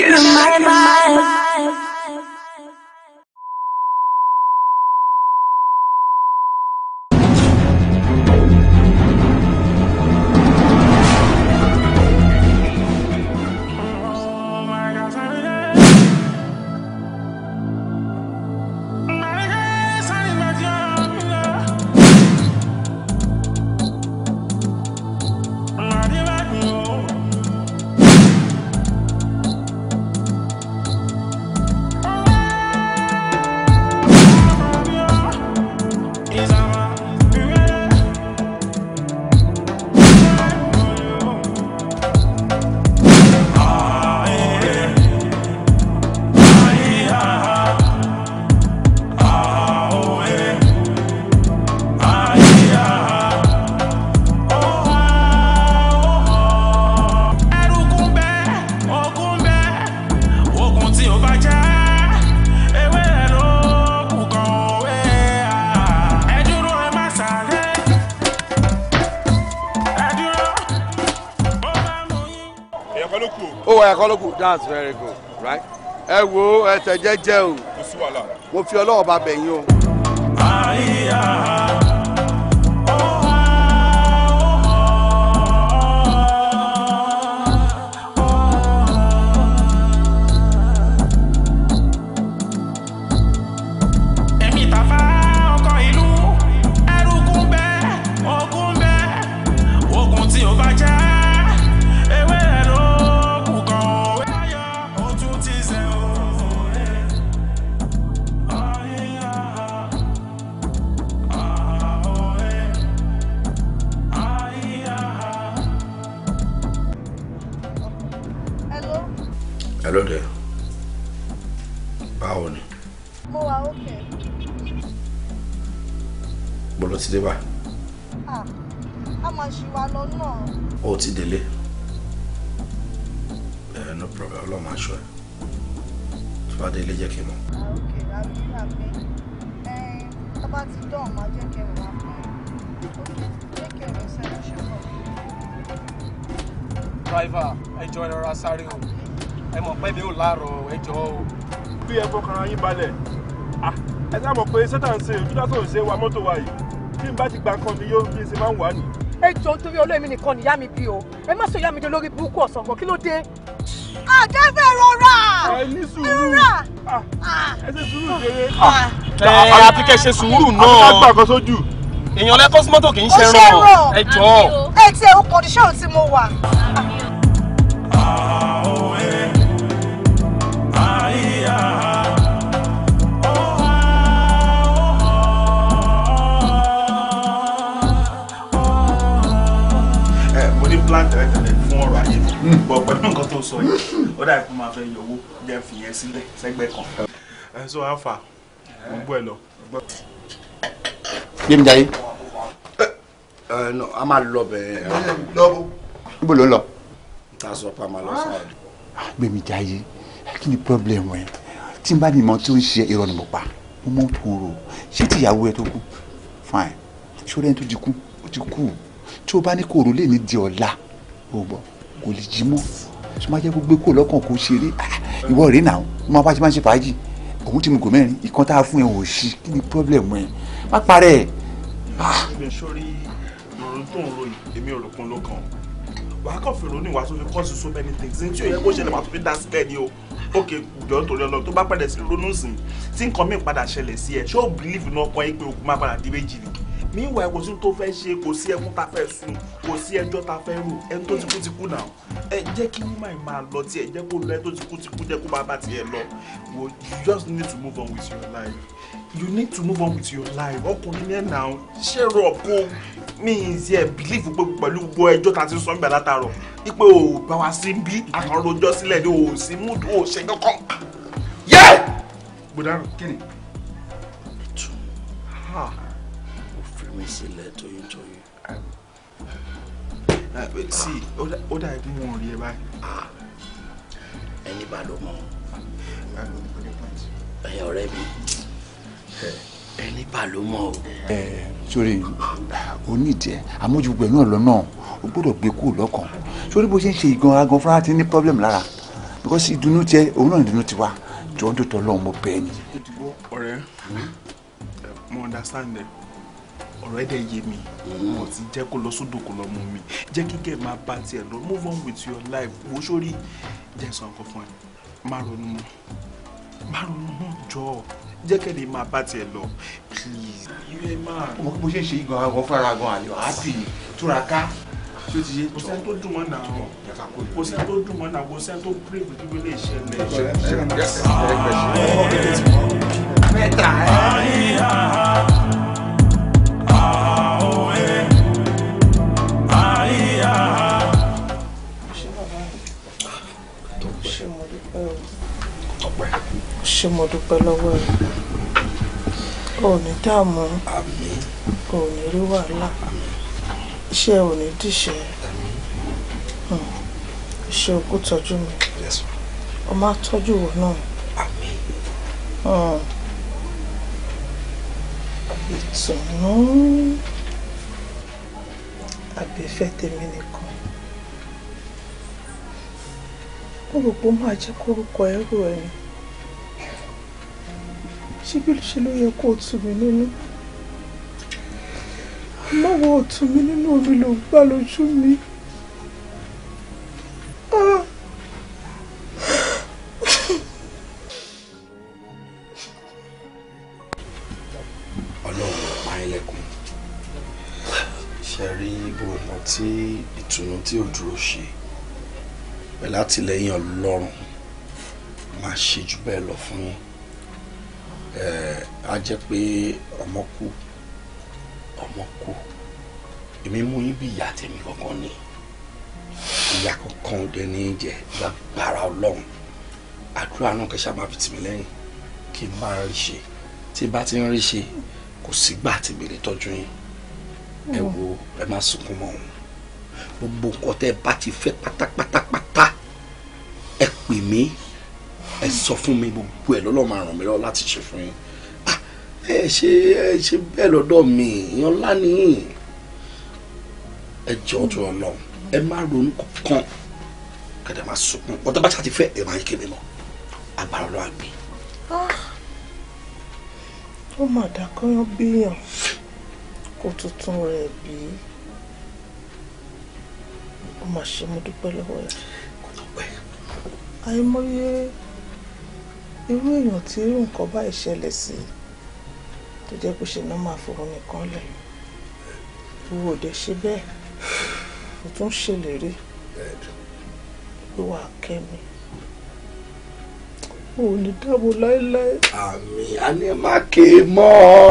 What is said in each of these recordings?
Yes. kọ́ that's very good right ẹ wo ẹ tẹ̀ jẹ́jẹ́ o mo fi ọlọ́wọ́ bá bẹ̀ yín o. ṣe ojúdá tó ń ṣe wa mọ́tò wa yìí tí n bá ti gba nǹkan mi yóò bí n ṣe máa ń wà ní. ẹ jọ nítorí olóyè mi nìkan nìyá mi bí o ẹ má sọ ìyá mi di olórí burúkú ọ̀sán kan kí ló dé. àgẹ́fẹ́ rọra. ẹ ní sùúrù ẹ ṣe sùúrù ah. jẹrẹ. Ah. ẹ àti kẹ ṣe sùúrù náà. àti ká gbà sójú. èèyàn lẹ́kọ́ kì í ṣe rán ẹ jọ. ẹ tiẹ̀ ó kọ̀ọ̀dù ṣọ́ọ̀ tí mo wà. sọ yìí ó dà kó máa fẹ́ yọwọ́ jẹ́ fìyẹn sílẹ̀ sẹ́gbẹ́ kan. ẹ sọ àfà mo ń bọ̀ ẹ lọ. yémi jayé. ẹ ẹ nọ a máa lọ bẹ́ẹ̀. lọ́wọ́. níbo ló ń lọ. n ta sọ pa máa lọ sọ́ọ̀. Ah, gbẹ̀mí jayé kí ni pọ́blẹ̀mù ẹ tí n bá ní ìmọ̀ tí ó ń ṣe irọ́ ni mo pa mo mọ̀ kúrò ṣé tìyàwó ẹ tó kú fine ṣó lẹ́yìn tó ti kú ó ti kú tí o bá ní kòrò lè ní di ọ̀la o gbọ́ kò lè jí mọ́ ṣe máa jẹ́ kó gbé kó lọ́kàn kó ṣeré ah, ìwọ rèé náà ó máa bá ṣe máa ṣe fàájì òun ti mú gò mẹ́rin ìkan tá a fún ẹ ò sí kí ni pọ́blẹ̀mù ẹ má parẹ́ ẹ. mi sori ìròyìn tó ń ro èmi òrùkún ló kàn wàá kàn fi ronú ìwà tó fi kọ́ sí so many things ní tí òye kó ṣẹlẹ̀ màá tó fi dá sí bẹ́ẹ̀ ni o ókè ìjọ nítorí ọlọ́run tó bá padà sí ronú sìn tí nǹkan mi padà ṣẹlẹ̀ sí ẹ ṣé o believe náà kọ́ ẹ pé ogun má padà dé méjì ni meanwhile kò sí tó fẹ́ ṣe kò sí ẹkún ta fẹ́ sùn kò sí ẹjọ́ ta fẹ́ rò ẹni tó ti kú ti kú náà ẹ jẹ́ kí ní máa máa lọ tiẹ̀ jẹ́ kó lọ ẹni tó ti kú ti kú jẹ́ kó máa bá tiẹ̀ lọ you just need to move on with your life you need to move on with your life ọkùnrin yẹn náà ṣe rọ kó mi ì ṣe ẹ believe pé pẹ̀lú gbogbo ẹjọ́ ta ti sọ nígbà látàrọ̀ ipe ò bá wa sí bí àkànrojọ́ sílẹ̀ ni ò sí mood ò ṣe kankan. yẹ́ẹ̀ gbọ̀dọ̀ kí ni. mi sílẹ̀ tóyúntóyún. Uh, sí ó dà bí wọn ò rí ẹ báyìí. ẹni bá ló mọ ẹ̀yin ọ̀rẹ́ mi ẹni bá ló mọ o. ẹ sórí onídìí amójú gbẹ náà lọ́nà o gbọ́dọ̀ gbé kúrò lọ́kàn sórí bó ṣe ń ṣe ìgan agan fúnra ti ní pọ́blẹ́mù lára because ìdùnnú tiẹ̀ òun náà ìdùnnú tiwa jọ́ńdọ̀tọ̀ lọ́hùn mo bẹ́ẹ̀ ni. ọ̀rẹ́ hmm? mo understand it ọ̀rọ̀ ẹ̀dẹ̀ yé mi kò mm. ti jẹ́ kó lọ sódò kó lọ mú mi jẹ́ kíkẹ́ máa bá tiẹ̀ lọ move on with your life wo sórí jẹ́ sọ ọkọ fún ẹ má ronú mọ́ má ronú mọ́ jọ jẹ́ kẹ́lẹ́ máa bá tiẹ̀ lọ please. ìwé máa. mo bó ṣe ṣe igan àwọn fara gan àlè àbí túraká tí ó ti yé jọ. kò sẹ́ni tó dùn mọ́ náà kò sẹ́ni tó dùn mọ́ náà kò sẹ́ni tó pray pé kí wọ́n lè ṣẹlẹ̀. Ah, mẹ́ta ẹ̀. Eh? Ah, ṣé mo dúpẹ́ lọ́wọ́ ẹ ò ní dààmú ò ní rí wàhálà iṣẹ́ ò ní dìṣẹ́ hmm. iṣẹ́ òkú tọ́jú mi ó máa tọ́jú wọn náà. Hmm. ìtùnú àbẹ̀fẹ́ tèmi nìkan mo rò pé ó máa jẹ́ kórúkọ ẹrú ẹni ṣé bí ṣe yẹ kó o tù mí nínú àmọ́ wọ́n ò tù mí nínú omi ló gbà lójú mi. tí ìtùnú tí ò dúró ṣe pẹ̀lú àtìlẹ́yìn ọlọ́run máa ṣe jù bẹ́ẹ̀ lọ fún yín. Eh, a jẹ́ pé ọmọ kú ọmọ kú èmi mú yín bí ìyá tèmi kankan ni ìyá kankan dẹ ní í jẹ gbàgbára Ọlọ́run àdúrà náà kẹsà máa fi tì mí lẹ́yìn kí n máa rí ṣe tí bá ti ń rí ṣe kò sígbà tí mi lè tọ́jú yín ẹ hmm. wo ẹ má sunkún mọ́ òun gbogbo nǹkan tẹ́ bá ti fẹ́ pátápátápátá ẹ pè mí ẹ sọ fún mi gbogbo ẹ lọ́lọ́ máa ràn mí lọ́wọ́ láti ṣe fún yín ah, ẹ ṣe ẹ ṣe bẹ́ẹ̀ lọ́dọ̀ mi èèyàn ńlá ni ẹ jọ ọdún ọ̀nà ẹ má ronú kankan kẹ̀dẹ̀ máa sunkún ọ̀tọ́ bá ṣáà ti fẹ́ ẹ máa kéde mọ́ agbára ọlọ́wà gbé. Ah, ó mà dákọ́yán bíyàn kó tuntun rẹ̀ bí ó mà ṣe mo dúpẹ́ lọ́wọ́ ẹ̀. àìmọye irú èèyàn tí irú nǹkan báyìí ṣẹlẹ̀ sí tó jẹ́ kó ṣe náà máa fòun nìkan lẹ̀ ìwọ òde ṣe bẹ́ẹ̀ ó tún ṣèlérí pé wàá kẹ́mi ò ní dáàbò láéláé. àmì àní má kì í mọ́ ọ.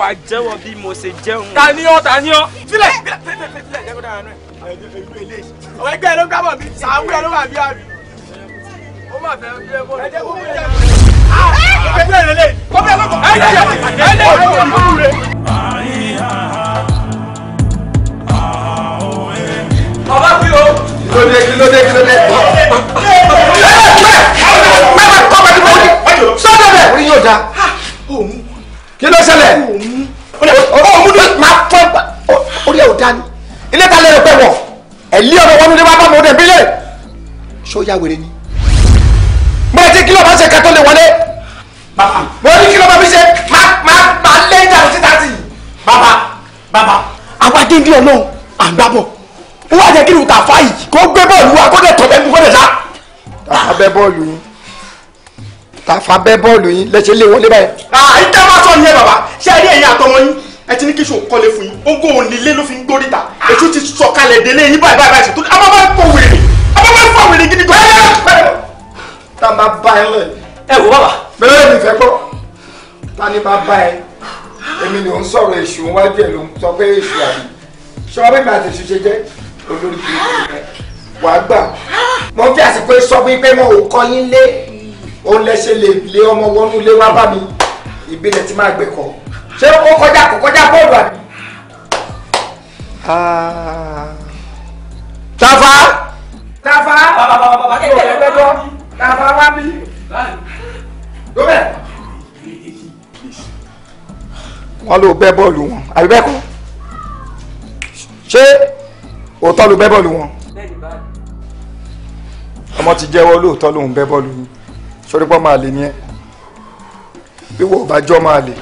wàá jẹ́wọ́ bí mo ṣe jẹun. ta ni ọ ta ni ọ. sílẹ̀ sílẹ̀ sílẹ̀ sílẹ̀ jẹ́ kó dára náà ọ̀rẹ́ gbẹ́ ló gbàbọ̀ mi sàáwú ẹ ló wà bí àbí. ó mà fẹ́ bí ẹ bọ́ ẹ jẹ́ kó mú jẹ́ mi. ẹ jẹ́ ìrẹ̀lẹ̀ kọ́ bí ẹ lọ́kọ̀ ẹ jẹ́ ìrẹ̀lẹ̀ ẹ jẹ́ ìrẹ̀lẹ̀. ọba bí o. kílódé kílódé kílódé. sọ́dọ̀ bẹ̀ orí yóò já kí ló ṣẹlẹ̀ ó mú ní máa pẹ́ orí ẹ̀ ò dání ilé ta lẹ́rọ pẹ́ wọ̀ ẹ̀ lé ọ̀rọ̀ wọn ní wàá bá mọ̀ ọ́dẹ̀ bílẹ̀ ṣó yá wèrè ni mo ti kí ló máa ṣe ká tó lè wọlé mo ní kí ló máa fi ṣe máa máa lé ìdàrú síta sí i bàbá bàbá àwa dídí ọlọ́run à ń gbábọ̀ wọ́n á jẹ́ kí ni ìtàfà yìí kó gbé bọ́ọ̀lù wa kó dẹ̀ tọ̀ bẹ́ẹ̀ mú kó dẹ̀ sá. àbẹ bọ́ọ̀lù yìí tàfà bẹ́ bọ́ọ̀lù yín lẹ́sẹ̀ lé wọlé báyìí. àìtẹ́ ah, bá sọ nìyẹn bàbá ṣé ẹ rí ẹ̀yin àtọmọ yín ẹ ti ní kí sòkò kọ́lé fún yín ogó onílé ló fi ń gbórí ta èso ti sọ̀kalẹ̀ délé yín báyìí báyìí báyìí tó a máa bá fọ wèrè a máa bá fọ wèrè gidi gan. tá a máa bá ẹ lẹ. ẹ wò bàbá. bẹ́ẹ̀ mi fẹ́ gbọ́ ta ni máa bá ẹ èmi ló ń sọ̀rọ̀ èṣù wájú ẹ̀ ló ń sọ pé èṣù àbí ṣọ́ mi àti èṣù jẹ́ olórí kìí wàá gbà ah. mo fi àsìkò sọ fún yín pé mo ò kọ́ yín lé òun lẹ ṣe lè ọmọ wọnú ilé wá bá mi ìbílẹ̀ tí máa gbẹ̀kọ́ ṣé ó kọjá kò kọjá bọ́ọ̀lù àbí. Ah. Tafa. Tafa. bàbá bàbá bàbá Tafa wá bí. lóbẹ̀. wọ́n ló bẹ́ bọ́ọ̀lù wọn àbí bẹ́ẹ̀ kọ́ ṣé òótọ́ ló bẹ́ bọ́ọ̀lù wọn ọmọ ti jẹ́wọ́ lóòótọ́ lòun bẹ́ bọ́ọ̀lù yìí sọ́rípọ́ máa lè ní ẹ́ bí wọ́n bá jọ́ máa lè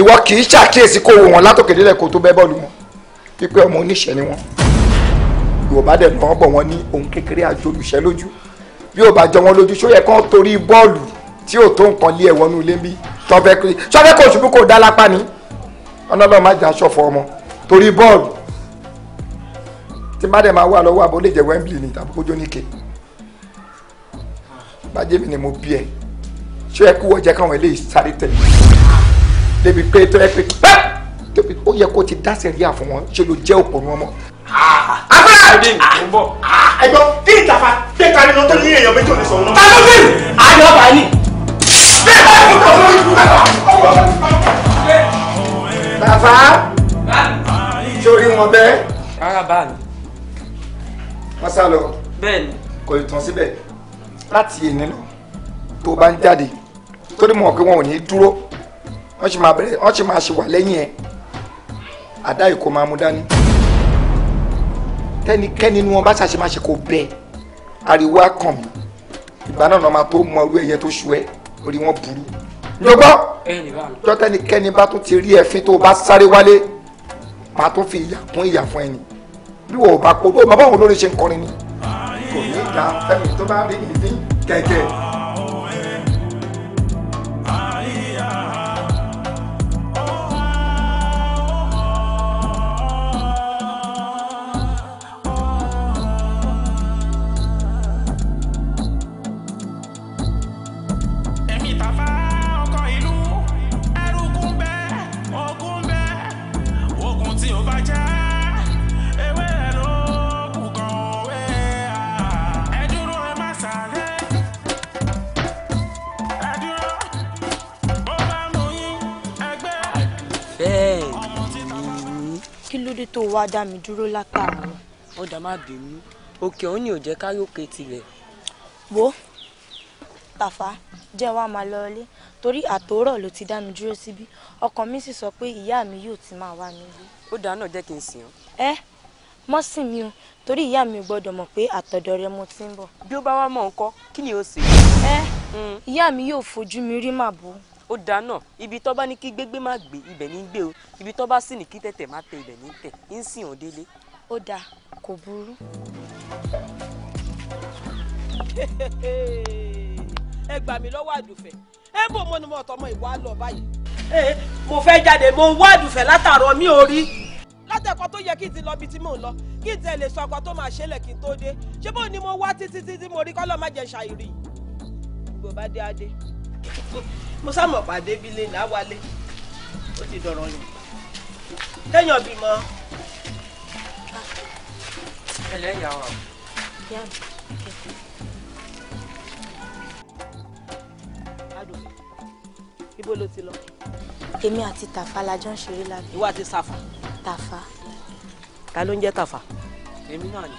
ìwọ kì í ṣàkíyèsí kó wò wọ́n látòkè délẹ̀ kó tó bẹ́ bọ́ọ̀lù wọn pípẹ́ ọmọ oníṣẹ́ ni wọ́n ìwọ bá dẹ̀ lọ́wọ́ bọ̀ wọ́n ní ohun kékeré àjolùṣẹ́ lójú bí ó bá jọ wọn lójú ṣó yẹ kán torí bọ́ọ̀lù tí ò tó nǹkan lé ẹ̀wọ̀n nínú ilé ń bí sọfẹ́ kiri sọfẹ́ kò ṣubú kò dá lápá ni ọlọ́lọ́ má jà ṣọ̀fọ̀ ọmọ torí bọ́ọ̀lù tí má dẹ̀ máa wà lọ́wọ́ àbọ̀ lè jẹ́ tàbí kójó níke bàjẹ́ mi ni mo bí ẹ ṣé ẹ kú wọ́jà káwọn eléyìí sáré tẹ̀lé débi pé tó ẹ pé pẹ́ débi ó yẹ kó ti dá sẹ̀ríà fún wọn ṣe ló jẹ́ òpònú ọmọ. abẹ́rẹ́ ẹ̀gbọ́n kí ni tàfà tẹ́ ta nínú tó ní èèyàn méjì òní sọ̀rọ̀ náà. tàbí bí àyọ̀ bá ní. bẹ́ẹ̀ bá yóò kọ̀ lórí ìlú bẹ́ẹ̀. tàfà sórí wọn bẹ́ẹ̀. rárá báà ni. wọ́n sá lọ. bẹ́ẹ̀ ni. kò ì tán síbẹ̀ láti èní lọ tó bá ń jáde torí mọ̀ pé wọn ò ní dúró wọ́n sì máa bẹ̀rẹ̀ wọ́n sì máa ṣe wà lẹ́yìn ẹ̀ àdá ìkó máa mú dání tẹ́nikẹ́ni ni wọ́n bá ṣàṣe máa ṣe kó bẹ́ẹ̀ ariwo akàn mi ìgbà náà lọ́ọ́ máa tó mọ irú ẹyẹ tó ṣu ẹ orí wọn burú yọgbọ́ jọ tẹ́nikẹ́ni bá tún ti rí ẹfin tó bá sáré wálé máa tún fi ìyà kún ìyà fún ẹni bí wọ́n ò bá kó bó máa bá wọn lórí ṣe ń kọrin ni kò ní í ta tó bá rí ìdín kẹ̀kẹ́. dé tó wá dá mi dúró látàárọ̀. ó dá má bínú òkè òun ni ò jẹ́ káyọ̀kẹ́ tilẹ̀. wo tàfà jẹ́ wàá máa lọ ilé torí àtòrọ̀ ló ti dá mi dúró síbí ọkàn mi sì sọ pé ìyá mi yóò ti máa wá mi lé. ó dáa jẹ́ kí n sìn ọ́. ẹ mọ́ sí mi o torí ìyá mi ò gbọ́dọ̀ mọ̀ pé àtọ̀dọ̀ rẹ mo ti ń bọ̀. bí ó bá wá mọ̀ nǹkan kí ni ó ṣe. ẹ mm. ìyá mi yóò fojú mi rí màbó ó dáa ibi tó bá ní kí gbégbé má gbé ibẹ̀ ní gbé o ibi tó bá sì ní kí tẹ̀tẹ̀ má tẹ ibẹ̀ ní tẹ̀ ń sìn ọ́ délé. ó dáa kò burú. ẹ gbà mí lọ́wọ́ àdùfẹ́ ẹ bò mo ni mo tọ́ ọmọ ìwà lọ báyìí. mo fẹ́ jáde mo ń wá àdùfẹ́ látàárọ̀ mi ò rí látẹ̀kọ́ tó yẹ kí n ti lọ bí tí mò ń lọ kí n tẹ̀ lè sọ ọkọ tó máa ṣẹlẹ̀ kí n tó dé ṣé bó ni mo wá títí títí mo rí kọ́lọ́ má jẹ́ ṣàìrì. gbogbo bá dé adé mo sáàmọ̀ pàdé bílé láwálé ó ti dọ̀rọ̀ yìí kéèyàn bímọ. ẹlẹ́ ibo ló ti lọ. èmi àti tàfà la jọ ń ṣeré lábẹ́. ìwọ àti sàfà. tàfà. ta ló ń jẹ́ tàfà. èmi náà ni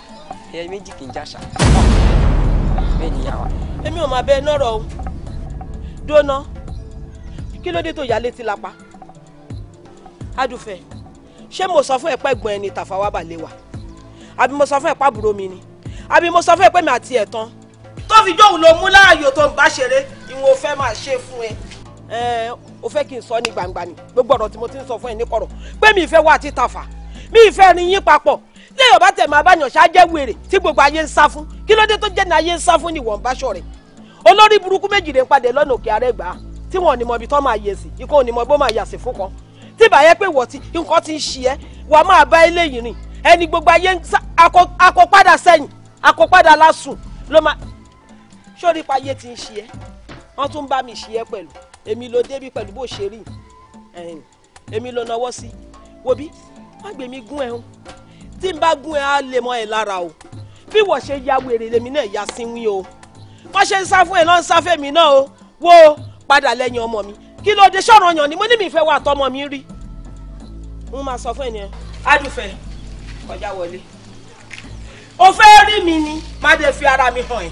ẹyẹ méjì kì í jáṣà. bẹ́ẹ̀ ni ìyá wa. èmi ò máa bẹ ẹ nọ́rọ̀ o dóná kí ló dé tó yà létí lápá adùfẹ́ ṣé mo sọ fún ẹ pé ẹ̀gbọ́n ẹni tàfàwà balẹ̀ wà àbí mo sọ fún ẹ pé àbúrò mi ni àbí mo sọ fún ẹ pé mi àti ẹ̀ tán tó fi jóun ló mú láàyò tó ń bá ṣeré ìwọ̀n fẹ́ máa ṣe fún ẹ ẹ o fẹ́ kí n sọ ní gbangba ni gbogbo ọ̀rọ̀ tí mo ti ń sọ fún ẹ ní kọ̀rọ̀ pé mi ìfẹ́ wà àti tàfà mi ìfẹ́ rin yín papọ̀ léèyàn bá tẹ̀ máa bá yàn ṣáájẹ́ wèrè tí gbogbo ayé ń sá fún kí ló dé tó jẹ́ ní ayé ń sá fún ni wọ́n bá ṣọ̀rẹ́ olórí burúkú méjì lè padà lọ́nà òkè àrẹ́gbà tí wọn ò ní mọ ibi tó máa yẹ sí ikú ò ní mọ bó máa yàsí fún kan tí bàyẹ pé wọ́n ti nǹkan ti ń ṣe ẹ́ wàá máa bá eléyìí rìn ẹni gbogbo ayé ń akọpadà sẹ́yìn akọpadà lásùn ló máa sórí pa ayé ti ń ṣe ẹ́ wọ́n tún bá mi ṣe ẹ́ pẹ̀lú èmi ló débi pẹ̀lú bó ṣe rí èmi ló náwó sí wòbí wọ́n gbé mi gún ẹ o tí n bá gún ẹ á lè mọ ẹ lára o bí wọ́n ṣe ya wèrè lèmi náà ya sí wí o kọ́ ṣe ń sá fún ẹ lọ́n sá fẹ́mi náà o wo padà lẹ́yìn ọmọ mi kí ló dé sọ̀rọ̀ yàn ni mo ní mi fẹ́ wà tọmọ mi rí n máa sọ fún ẹ nìyẹn adùfẹ́ kọjá wọlé o fẹ́ rí mi ni má dé fi ara mi hàn ẹ́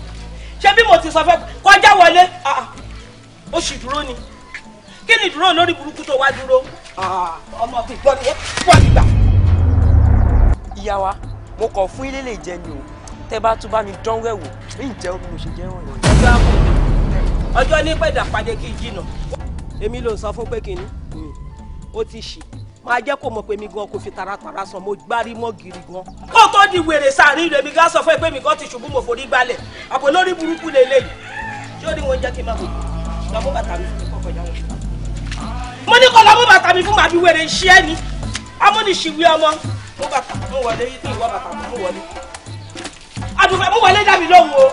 ṣé bí mo ti sọ fẹ́ kọjá wọlé ó ah, sì dúró ni kí ni dúró lórí burúkú tó wá dúró ah, ọmọ mi gbọ́ ni wọ́n ti gbà. ìyá wa mo kàn fún ilé lè jẹ ni o tẹ́ bá tún bá mi dánwò ẹ̀wò mí jẹ́ omi mo ṣe jẹ́ wọ̀nyí. ọjọ́ àpò ọjọ́ ní pẹ̀dà pàdé kí n jìnà èmi ló ń sọ fún pé kínní hmm. ó ti ṣì máa jẹ́ kó mọ̀ pé mi gan kò fi taratara sàn mo gbárí mọ́ gírí gan. kó tó di wèrè sàárín rẹ̀ mi gá sọ fún ẹ pé mi gan ti ṣubú mo forí gbalẹ̀ àpò lórí burúkú lélẹ́yìí ṣé ó ní wọn jẹ́ kí n máa bọ̀ ṣùgbọ́n mo bàtà mi fún kọ̀ọ̀kan yàrá mo ní kọ́ lọ mú bàtà mi fún màbí wèrè iṣẹ́ ni amúnisìwé ọmọ mo bàtà mo wọlé yìí tó ìwọ bàtà mo wọlé àdùfẹ́ mú wọlé dàbí lóhùn o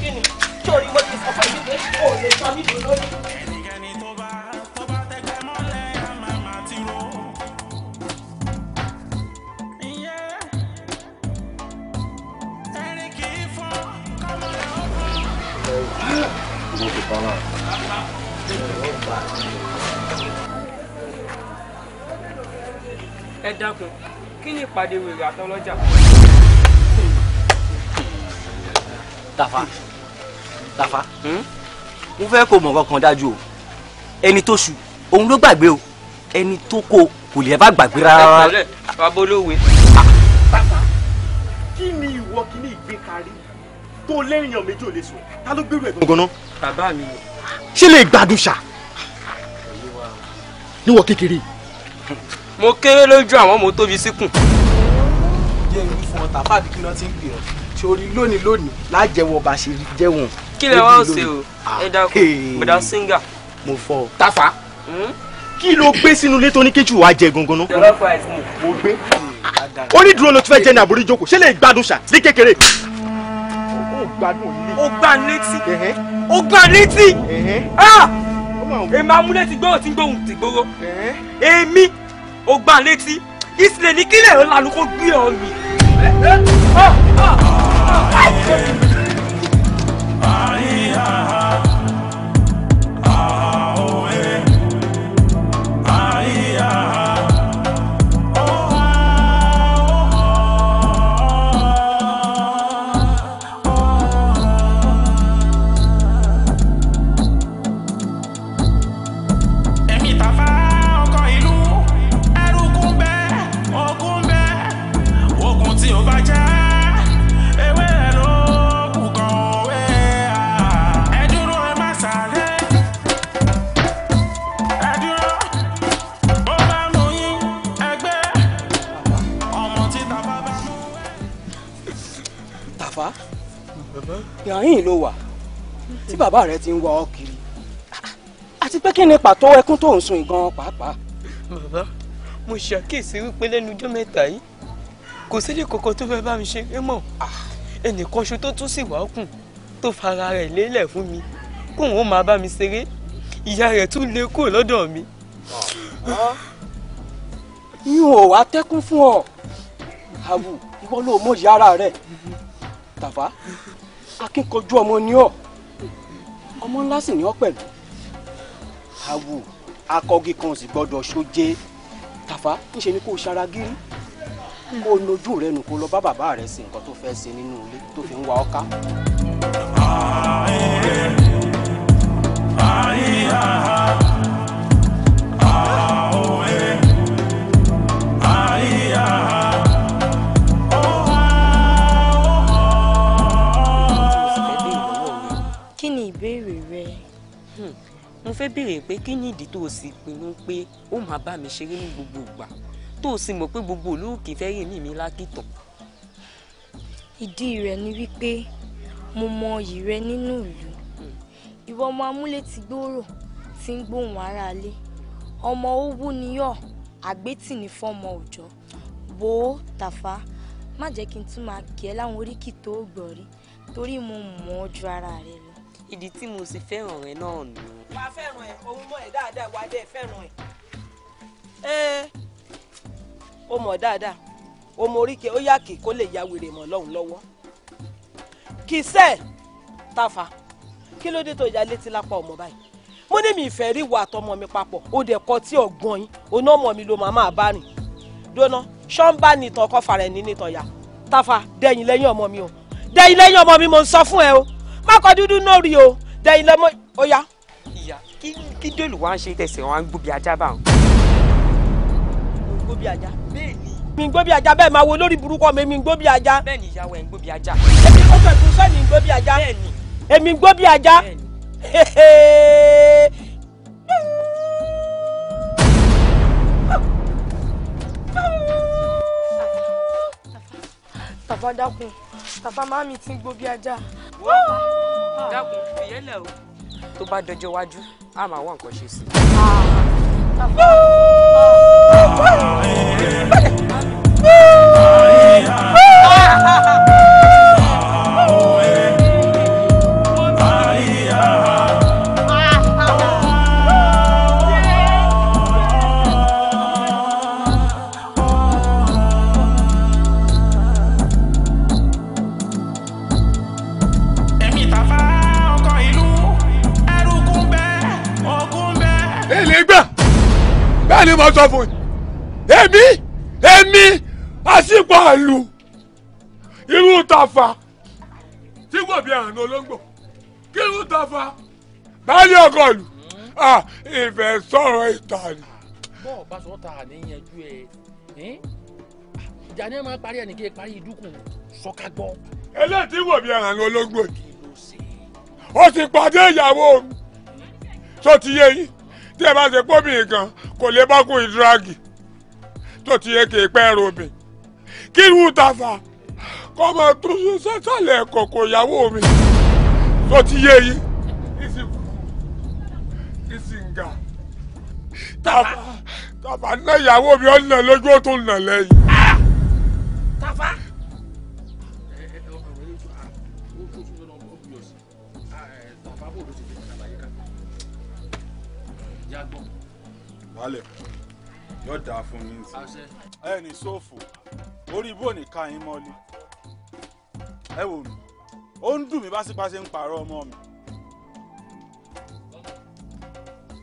kí ni sórí mo ti sọ fún mi o lè sọ mí dùn lórí. ẹ dákun kí ni ìpàdé wèrè àtọlọ́jà. Tafa Tafa hmm? mo fẹ́ kó mọ̀ kankan dájú o ẹni tó ṣu òun ló gbàgbé o ẹni tó kó kò lè bá gbàgbé rárá. abolówe. Ah. Tafa kí ni ìwọ kí ni ìgbékarí tó lẹ́yìn méjì ò lè sùn ta ló gbèrú ẹ̀ gangan. bàbá mi. ṣé lè gbádùn ṣá níwọ kékeré. mo kéré lójú àwọn mo tóbi síkùn. jẹ́ ìwé fún ọ Tafa kí ló ti ń pè ọ́ sórí lónìí lónìí lájẹwọ bá ṣe jẹwọn. kí lè wá ṣe o ah, ẹ dákun bùdá singa. mo fọ Tafa hmm? kí ló gbé sínú ilé tó ní kéjù wá jẹ gangan náà. mo gbé. ó ló ti fẹ́ jẹ ní àbúrò ìjókòó ṣé lè gbádùn ṣá ní kékeré. ó gbà létí. ó gbà létí. Ah! èmi amúlẹ̀ ti gbọ́ òtí gbóhùn ti gbóró. èmi ó gbà létí ìsìlẹ̀ ní kílẹ̀ ọ̀làlú kó gbé ọ̀ mi. Ah, Yeah. yàhín ló wà tí bàbá rẹ ti ń wá ọ kiri àti pé kí ni pàtó ẹkún tó ń sun ìgan pàápàá. bàbá mo ṣàkíyèsí wípé lẹ́nu ọjọ́ mẹ́ta yìí kò sílé kankan tó fẹ́ẹ́ bá mi ṣe é mọ̀ ẹnìkan ṣo tó tún sì wá kùn tó fara rẹ̀ lélẹ̀ fún mi kóun ó máa bá mi ṣeré ìyá rẹ̀ tún lé kúrò lọ́dọ̀ mi. ihò wá tẹ́kún fún ọ àwù ìwọ ló mọ ìyá ara rẹ tàfá akíkanjú ọmọ ni ọ́ ọmọ ńlá sì ni ọ́ pẹ̀lú àwù akọgi kan sì gbọ́dọ̀ sóje tàfà ńṣe ni kò ṣara gírí kó lójú rẹ nù kó lọ bá bàbá rẹ ṣe nǹkan tó fẹ́ ṣe nínú ilé tó fi ń wa ọ́ká. ààyè ààyè ààyè. mo fẹ́ béèrè pé kí ni ìdí tó o sì pinnu pé ó máa bá mi ṣeré ní gbogbo ìgbà tó o sì mọ̀ pé gbogbo olóòkè fẹ́ rìn mí mi lákìtàn. ìdí rẹ̀ ni wípé mo mọ iyì rẹ nínú ìlú ìwọ ọmọ amúlétigbòòrò tí ń gbóhùn aráalé ọmọ owó níyọ àgbétì ní fọmọ òòjọ́ wò ó Tàfà má jẹ́ kí n tún máa kí ẹ láwọn oríkì tó gbọ̀rí torí mo mọ̀ ọ́ ju ara rẹ lọ. ìdí tí mo sì fẹ́ràn rẹ náà nù wa á fẹ́ràn ẹ̀ òun mọ̀ ẹ̀ dáadáa wà á dẹ́ fẹ́ràn ẹ̀. ẹ ó mọ̀ dáadáa ó mọ oríkè ó yá kì kó lè ya wèrè mọ̀ lọ́hùn lọ́wọ́. kìsẹ́ Tafa kí ló dé tó ya létí lápá ọmọ báyìí mo ní mi ìfẹ́ rí ìwà àtọmọ mi papọ̀ ó dẹ̀ kọ tí ọ̀gbọ́n yín oná ọmọ mi ló máa máa bá rìn dóná ṣọ́ńbà nìtàn kọ́ fara ẹni nìtàn yá Tafa dẹ̀yìn lẹ́yìn ọmọ mi o dẹ̀yìn lẹ́yìn ọmọ mi mo ń sọ fún ẹ o má kọ dúdú náà rí o dẹ̀yìn lẹ́mọ́ ó kí dèlù wá ń ṣe tẹ̀sẹ̀ wọn á ajá bá wọn. gbó ajá. bẹ́ẹ̀ mi gbó ajá bẹ́ẹ̀ máa wo lórí burúkọ mi mi gbó ajá. bẹ́ẹ̀ ìyàwó ẹ̀ ń gbó ajá. èmi kò fẹ́ fún sẹ́ni gbó ajá. bẹ́ẹ̀ èmi gbó ajá. bẹ́ẹ̀ ni. dákun bàbá máa mi ti ń ajá. dákun fìyẹ́lẹ̀ o tó bá dọjọ́ iwájú a máa wá nǹkan ṣe sí i. mo sọ fún yìí èmi èmi àsìkò àlù irú tàfà tí kò bí àrùn olóńgbò kí irú tàfà báyìí ọkọ lù ìfẹ́ sọ̀rọ̀ ìta ni. bọ́ọ̀ bá sọ ta àníyànjú ẹ̀ ìjà ni ẹ máa parí ẹnì kí ẹ parí ìdúkù sọ́ka gbọ́. eléyìí tí wò bí àrùn olóńgbò ni ó ti pàdé ìyàwó mi tó ti yé yín tí ẹ bá ṣe pómìnì kan kò lè bọ́kùn ìdúrágì tó ti yẹ kéè pẹ́ robin kí irú tàfà kọ́ mọ tó ṣe sẹ́sàlẹ̀ kòkò ìyàwó mi tó ti yé yìí ìsì ìsìǹgà tàfà tàfà ná ìyàwó mi ọ̀nà lójú ó tún nà lẹ́yìn. tàfà. wálẹ̀ yóò da fún yín sí ẹ ní sóòfù orí ibú òní ká yín mọ́lí ẹ wò mí ó ń dùn mí bá sípa ṣe ń pààrọ̀ ọmọ mi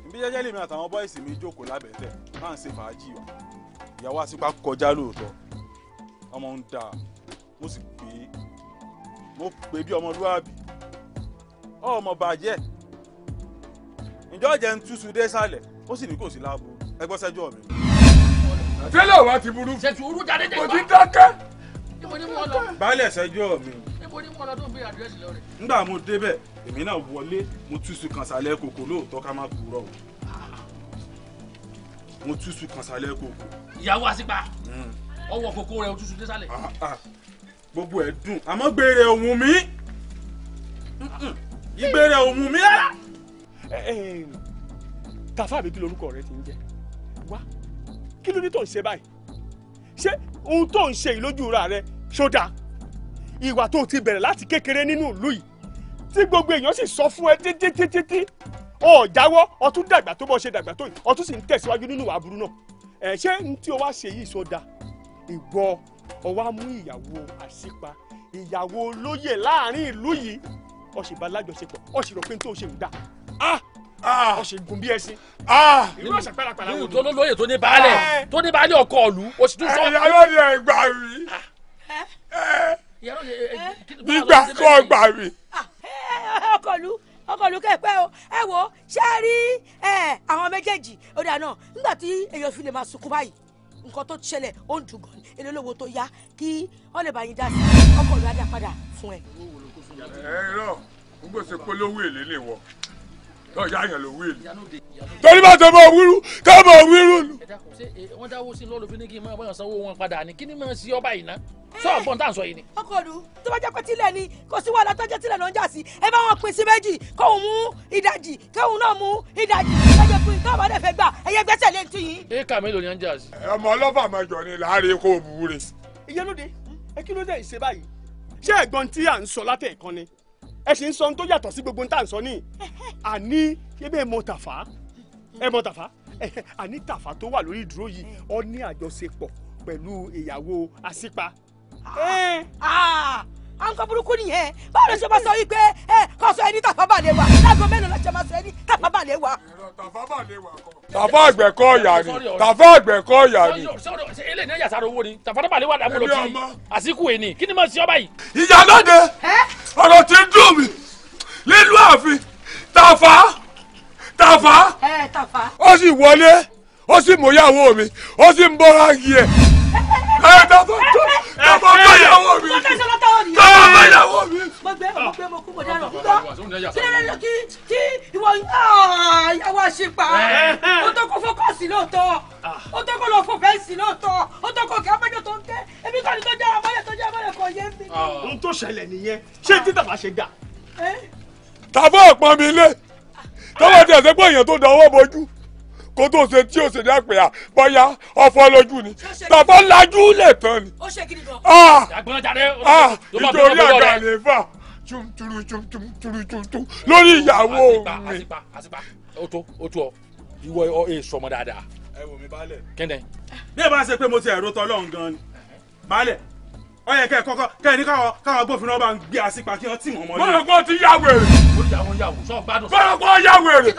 ìbí jẹ́jẹ́ lèmi àtàwọn bọ́ìsì mi jókòó lábẹ́tẹ̀ máa ń ṣe fàájì wa ìyàwó àsìpá kọjá lóòótọ́ ọmọ ń dáa mo sì pè é mo pè bí ọmọlúwàbí ọmọ bàjẹ́ ǹjọ́ jẹ́ ń túṣu dé sálẹ̀ ó sì ní kò sí láàbò ẹ gbọ́ sẹ́jọ́ mi. tẹ́lẹ̀ wa ti burú kò ti dákẹ́. baálẹ̀ sẹ́jọ́ mi. nígbà mo débẹ̀ èmi náà wọlé mo túṣu kan sálẹ̀ kòkó lóòótọ́ ká má purọ́ o mo túṣu kan sálẹ̀ kòkó. ìyàwó àsìgbà hmm. ọwọ́ kòkó rẹ̀ o túṣu dé ah, ah. gbogbo ẹ̀ dùn àmọ́ gbére ohun mi ìgbére ohun mi rárá. Eh, eh, Tafa àbí kí lorúkọ rẹ ti ń jẹ wá kí ló ní tó ń ṣe báyìí ṣé ohun tó ń ṣe yìí lójú ra rẹ ṣódà ìwà tó ti bẹ̀rẹ̀ láti kékeré nínú ìlú yìí tí gbogbo èèyàn sì sọ fún ẹ títítítí ọ jáwọ́ ọ tún dàgbà tó bọ́ ṣe dàgbà tó yìí ọ tún sì ń tẹ̀síwájú nínú ìwà aburú náà ẹ ṣé n tí o wá ṣe yìí ṣódà ìwọ ọ wá mú ìyàwó àṣìpa ìyàwó olóyè láàrin ìlú yìí ọ sì tó ṣe ń ah Ah. ó ṣe gùn bí ẹṣin. Ah. irú ọ̀sẹ̀ pẹ́lápẹ́lá wo ni. tó lóye tó ní baálẹ̀ ah. tó ní baálẹ̀ ọkọ ìlú o sì tún sọ. ẹ̀yà ló ní ẹgbà rí. gbígbà kọ́ gbà rí. Eh, ọkọ ìlú ọkọ ìlú kẹpẹ o ẹ wo ṣé ẹ rí àwọn méjèèjì ó dà náà nígbà tí èèyàn fi lè máa sunkún báyìí nǹkan tó ṣẹlẹ̀ ó ń dùn gan-an èlé olówó tó yá kí wọ́n lè bá yín dá sí ọkọ ìlú á dá padà fún ẹ. ẹ ẹ lọ gbogbo ṣe polówó èlé lè wọ ọ̀yá yẹn ló wí èlé torí bá tọ́ bọ̀ wíru tọ́ bọ̀ wíru nù. wọ́n dáwọ́ sí lọ́lọ́ fi kí n máa bá sanwó wọn padà ní kí ni máa sí ọba yìí sọ ọgbọ́n tá yìí ni. ọkọ lu tó bá jẹ́ pé tílẹ̀ ni kò sí wàhálà tó jẹ́ tílẹ̀ náà ń jà sí ẹ bá wọn pín sí méjì kóun mú ìdajì kóun náà mú ìdajì lọ́jọ́ pé tó bá dẹ̀ gbà ẹ̀yẹ gbẹ́sẹ̀ lé ti yín. éka mélòó ni à ń jà sí. ọmọ ọlọ́fà mẹjọ ni láàrin kó o bù ú re. ẹ kí ló dé ìṣe báyìí ṣé ẹ̀gbọ́n tí à ń sọ látẹ̀ ìkànnì ẹ ṣe ń sọ ohun tó yàtọ̀ sí gbogbo ohun tá à ń sọ ní àní ebe mọ tàfà ẹ mọ tàfà àní tàfà tó wà lórí ìdúró yìí ó ní àjọṣepọ̀ pẹ̀lú ìyàwó àṣìpa àǹkọ burúkú nìyẹn báwo ló ṣe máa sọ yìí pé ẹ eh, kò sọ ẹni tàfà bàlẹ̀ wà lágbo mélòó la ṣe máa sọ ẹni tàfà bàlẹ̀ wà. tàfà àgbẹ̀ kọ́ ọ̀yà ni tàfà àgbẹ̀ kọ́ ọ̀yà ni. ilé ní ẹ̀yà sáré owó ni tàfà bàlẹ̀ wà lágbo lọ́tí àsìkò èní kí ni mo ṣe ọ báyìí. ìyá lóde ọ̀rọ̀ ti dùn mí lílù ààfin tàfà tàfà ó sì wọlé ó sì mọ̀yàwó mi ó sì ń bọ́ra yìí ẹ̀ ẹ dàbọ tó dàbọ bá ìyàwó mi dàbọ bá ìyàwó mi. mo gbé mo gbé mo kú mo dáná kúndọ kílẹ̀ kí kí ìwọ ìyàwó àṣepa o tó kó fọkọ̀sì lóòótọ́ o tó kó lọ fọ fẹ́ǹsì lóòótọ́ o tó kó kí abẹ́jọ tó ń tẹ́ ebi kọ́ni tó dára mọ́lẹ̀ tó jẹ́ mọ́lẹ̀ kọ́ yé mi. ohun tó ṣẹlẹ̀ nìyẹn ṣé tí tàbá ṣe dà. tàbá ọ̀pọ̀ mi lé tọ́wọ́ tí ẹ̀sẹ̀ pé èèyàn tó dán owó bojú kó tó ṣe tí ò ṣe dá pé à bóyá ọ̀fọ̀ lójú ni bàbá lajú lè tán ni. ó ṣe kiri gan. Ah! Ah! nítorí àgbà lè fà tùrùtùrùtùrùtùrùtù lórí ìyàwó mi. o tó o tó ọ ìwọ ẹ sọmọ dáadáa. ẹ wò mí baálẹ̀. kẹ́ndẹ̀. bí ẹ bá ṣe pé mo ti ẹ̀rọ tọ́lọ́ gan-an ni baálẹ̀ ó yẹ kẹ́ kọ́kọ́ kẹ́ ẹ ní káwọn káwọn agbófinró bá ń gbé àsìpà kí wọ́n tì wọ́n mọ́lẹ̀. bọ́lá gbọ́ ti yá wèrè. olùyàwó yàwó sọ gbádùn. bọ́lá gbọ́ yá wèrè.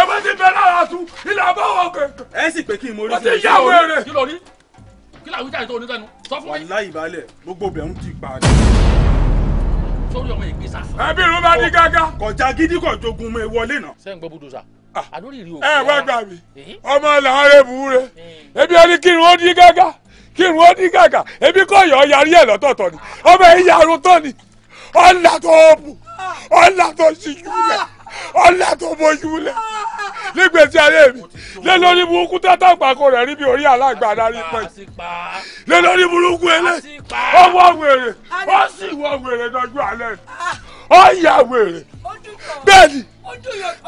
ẹ bá ti bẹ lára tu ilà bá wọ kẹkẹ. ẹ sì pé kí n mórí. ó ti yá wèrè. kí ló rí kí làwọn ìjà ìtòwò nígbàánu sọ fún mi. wàhálà ìbálẹ̀ gbogbo bẹ̀rù ti pa á sórí ọmọ ìgbésà. ẹbí irun bá ní gágá. kọjá gidi kò jogun mi wọlé náà. sẹ́yìn gbọ́ budusa. Ah. àlórí rí o. ẹ wá gbà mí eh? ọmọ làárẹ̀ bùúrẹ́ ebi eh. ẹni kírun ó di gágá kírun ó ní gàgà ebi kò yọ yarí ẹ̀ lọ́tọ̀ọ̀tọ̀ ni ọmọ yìí yarun tán ni ọ̀là tó bù ọ̀là tó ṣíjú lẹ̀ ọ̀là tó bójú lẹ̀ nígbèsí ayé mi lé lórí burúkú tẹ́tà gbàgbọ́ rẹ̀ rí orí alágbà adarí pẹ́ lé lórí burúkú ẹlẹ́ ọwọ́ wèrè ó sì wọ wèrè lọ́jọ́ alẹ́ ó yà wèrè bẹ́ẹ̀ ni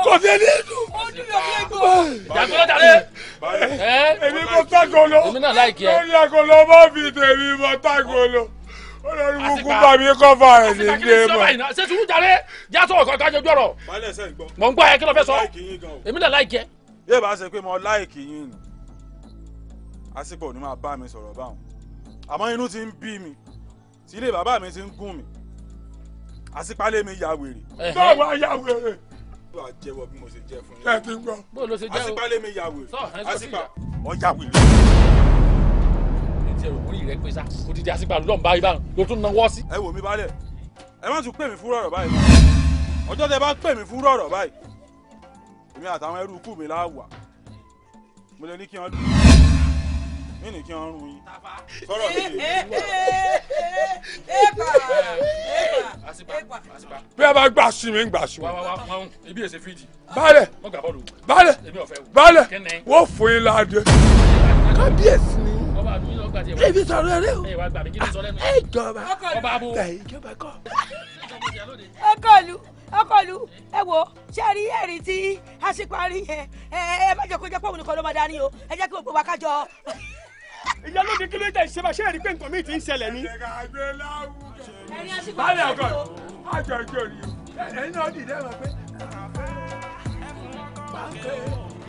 kọfẹ ní dùn. jàgbọ́n èmi mọ tagolo lórí agolo mọ fi tèmi mọ tagolo olórí kúkú bá mi kọ́ fa ẹ̀ ní ilé mọ. ṣé sùúrù jàre já sọ̀rọ̀ kan kájọ jọ̀rọ̀ mọ̀ ń gbọ́ ẹ kí ló fẹ́ sọ èmi náà láì kẹ́. yé bá ṣe pé mo láìkì yín ni àsìkò ò ní bá mi sọ̀rọ̀ báwọn àmọ́ inú ti ń bí mi tí ilé bàbá mi ti ń gún mi àsìpálẹ̀ mi yà wèrè. báwo a yà wèrè wàá jẹ́wọ́ bí mo ṣe jẹ́ fún yín. ẹ ti ń gbọ́. bó ló ṣe jẹ́ o àṣìpá lèmi yàwó àṣìpá ọjà wèrè. ètò ìròyìn orí rẹ pé sá mo ti di àṣìpá lọ́nba ibà ló tún náwó sí. ẹ wò mí balẹ̀ ẹ má tún pè mí fúrọ̀rọ̀ báyìí ọjọ́ tẹ bá pè mí fúrọ̀rọ̀ báyìí èmi àtàwọn ẹrú ikú mi láwà mo lè ní kí wọ́n dùn mí ní kí wọ́n rún yín sọ̀rọ̀ mi lè. bí a bá gbà sí mi ń gbà sí wọn. báyẹ̀ báyẹ̀ báyẹ̀ wọ́n fún yín láàdé kábíyèsí ni ebi sọ̀rọ̀ rẹ o ẹ jọba ẹ jọba kọ. ẹ kọlu ọkọlu ẹ wo ṣe rí ẹrí tí a ṣe parí yẹn ẹ ẹ má jẹ́ kó jẹ́ pọ̀ òun nìkan ló máa dání o ẹ jẹ́ kí gbogbo wa kájọ ìyálóde kí ló tẹ̀ ṣe bá ṣe rí pé nǹkan mi ti ń ṣẹlẹ̀ ni. báyọ̀ ọkọ àjọ ìjọ rí ẹ̀yin náà dìde ẹ̀ máa pé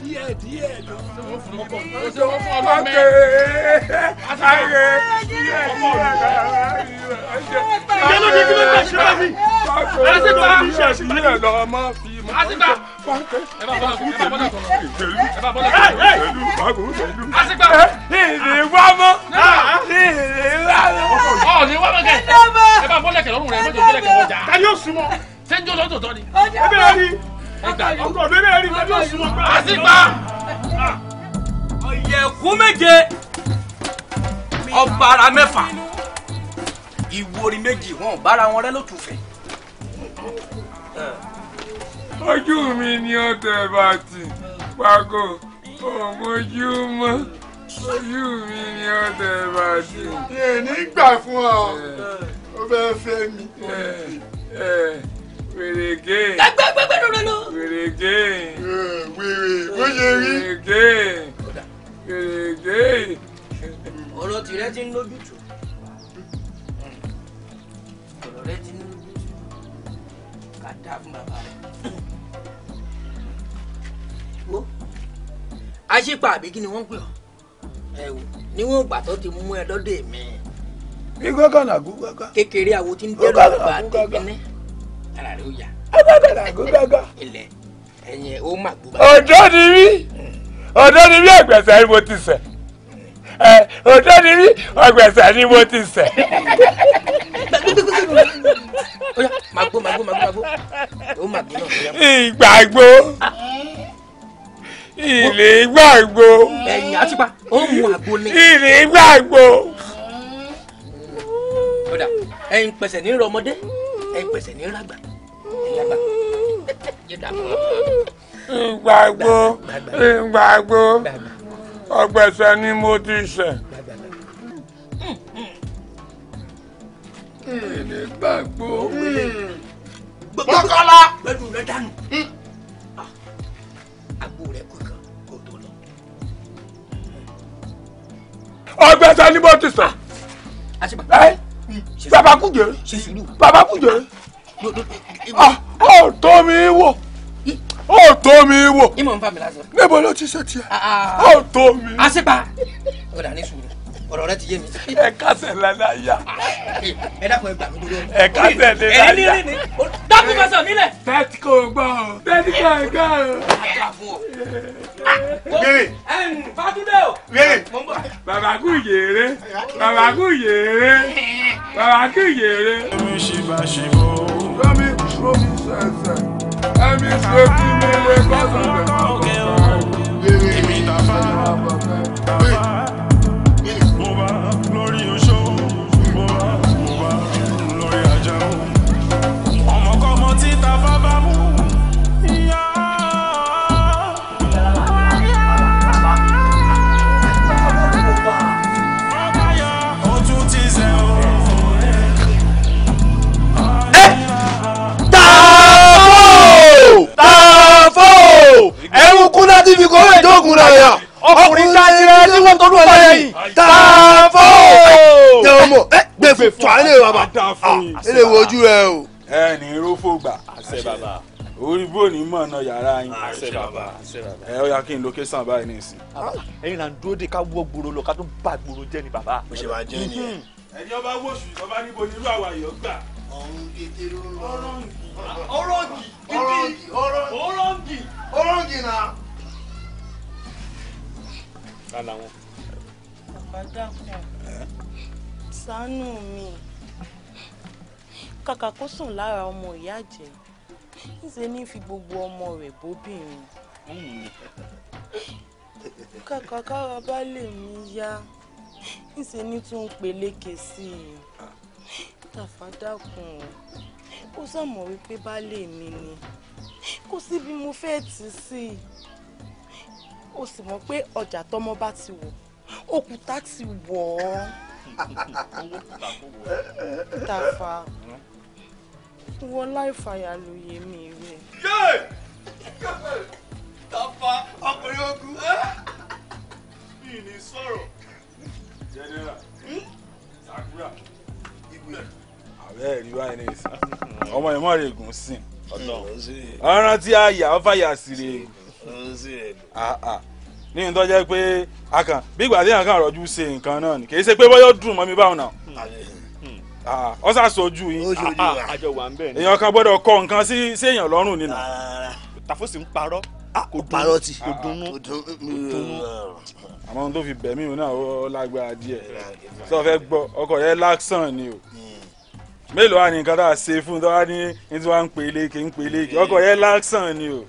díẹ̀ díẹ̀ ló ń sọ fún ọkọ ó ṣe wọ́n fún ọdún mẹ́rin àtàrẹ díẹ̀ díẹ̀ ìyá ló ní kí ló bá ṣe báyìí àṣìbá àṣìbá lọ́mọ fi mọ́ àṣìbá ẹ bá bọ́lá ẹ bá bọ́lá pẹ̀lú ẹ bá bọ́lá pẹ̀lú pàgọ́ pẹ̀lú àṣìbá ìrè wá mọ́ ìrè wá mọ́ ọ̀ ní wá mọ́ kẹ ẹ bá bọ́lá kẹ lọ́rùn rẹ mọ́tò bọ́lá kẹ wọ́jà. ta ni yóò súnmọ́ sẹ́ńjọ́ lọ́tò tọ́ ni. ẹ bẹ̀rẹ̀ ni ọkọ mi bẹ́ẹ̀ rí mi ló sùn ọ̀yẹ̀kú méje ọ̀bàrà mẹ́fà ìwòrì méjì wọn ò bára wọn rẹ lótùfẹ́. ojú mi ni ó tẹ bàtì pàgò òmojú ojú mi ni ó tẹ bàtì. èyí nígbà fún ọ ó fẹ́ fẹ́ mi wèrè gé. gbẹgbẹ gbẹgbẹ ló lọ. wèrè gé. wèrè bó ṣe rí. wèrè gé. wèrè gé. ọ̀rọ̀ tìrẹ ti ń lójú tù. ọ̀rọ̀ rẹ ti ń lójú tù. ká dá fún bàbá rẹ. wo aṣípa àbí kí ni wọ́n ń pè ọ́ ẹ wò níwọ̀n ìgbà tó ti mú ẹ lọ́dọ̀ èmi. ní gbọ́kànlá gúgbọ́kà. kékeré àwo ti ń dẹ́rù àgbà tèmi náà ara rẹ ó yà. agbádàrà gógágá. ilẹ̀ ẹ̀yìn ó mà gbó. ọ̀dọ́ ni mí ọ̀dọ́ ni mí àgbẹ̀sẹ̀ ni mo ti sẹ̀ ọ̀dọ́ ni mí àgbẹ̀sẹ̀ ni mo ti sẹ̀. màgbó màgbó màgbó màgbó ó màgbó náà. ìgbàgbó ìlè gbàgbó. ẹ̀yìn àtúpa ó mu àgbo ni. ìlè gbàgbó. ẹ̀yìn pẹ̀sẹ̀ ní ìrọmọdé ẹ pèsè ní rágbà ẹ lágbà yóò dà mọ́. ìgbàgbọ́ ìgbàgbọ́ ọgbẹ̀sẹ̀ ni mo ti ṣẹ̀. èdè gbàgbọ́. Hmm. gbọ́kọ́lá. pẹ̀lú rẹ dànù. Hmm. Ah. àgbo rẹ kankan kò tó lọ. ọgbẹ̀sẹ̀ ni mo ti ṣẹ̀. Ah. àṣìbà baba kújèrè baba kújèrè ọ tó mi wò ó tó mi wò níbo ló ti ṣe tiẹ̀ ah, ah. ó tó mi. àṣepa ọ̀dà ní sùúrù ọ̀rọ̀ rẹ ti yé mi. ẹ kásẹ̀ lẹ́la yá. ẹ dákun ẹ gbà mí dúró. ẹ kásẹ̀ lẹ́la yá. ẹni rí ni dákun bá sọ nílẹ̀. bẹ́ẹ̀ kò gbọ́ bẹ́ẹ̀ tí kò gbọ́. Fátúndé o. Bàbá kú yèrè. Bàbá kú yèrè. Bàbá láti fi kó ìdóògùn rẹ̀ yà ọkùnrin dájẹ́ tí wọ́n tọ́jú ẹ̀ lẹ́yìn tààfọ́ ní ọmọ ẹ gbẹ̀fẹ̀ tó à ń lè bàbá ẹ lè wojú rẹ o. ẹ ní rófò àṣẹ bàbá orí bó ní mọ̀ ọ̀nà yàrá yín àṣẹ bàbá ẹ ó yá kí n location báyìí ní ìsìn. ẹ̀yin là ń dúró de ká wọ gbòòrò lọ ká tún bá gbòòrò jẹ́ ni bàbá. mo ṣe máa jẹ́ ni ẹ. Hmm. ẹni ọba wọṣù ìjọba níbo ni irú gbà. ọ̀run kété ló ń lọ. ọ̀rọ̀ǹgì ọ̀rọ̀ǹgì ọ̀rọ̀ǹgì ọ̀rọ̀ǹgì náà lálá wọn. bàbá dàpọ̀ ṣàánú mi kàkà kó sùn lára ọmọ ìyá jẹ ńṣe ní fi gbogbo ọmọ rẹ̀ bóbìnrin kàkà kára bá lè mí yá ńṣe ní tún peléke sí i tàfà dàkùn ó sàmọ̀ wípé baálé mi ni kò sí mo fẹ́ tì sí i o sì mọ̀ pé ọjà tọmọ bá ti wọ̀ òkúta ti wọ̀ ọ́. Tafa wọ láìfàyà lóye mi rẹ̀. Tafa ọkùnrin ogun mi ní sọ̀rọ̀ jẹ́nẹ́rà sàkúrà ìgbẹ́. ààrẹ ẹ̀rí wa ẹni ìsìn ọmọ ìmọ̀ rẹ̀ gùn sí ọ̀ràn tí a yà ọ́ fàyà sí rè é. Ah, ah. ní ìtọ́ jẹ́ pé a bí ìgbà tí èèyàn kàn rọ́jú ṣe nǹkan náà ni kì í ṣe pé bọ́yọ̀ dùn mọ́ mi báwọn náà ọ hmm. ṣàṣojú hmm. ah, yín èèyàn kan gbọ́dọ̀ kọ nǹkan sí èèyàn lọ́rùn nínú. tàfósì ń parọ́ kò fi bẹ̀ mí náà ó lágbára díẹ̀ fẹ́ ni o hmm. mélòó wà ní nǹkan tá a ṣe fún tó ni o.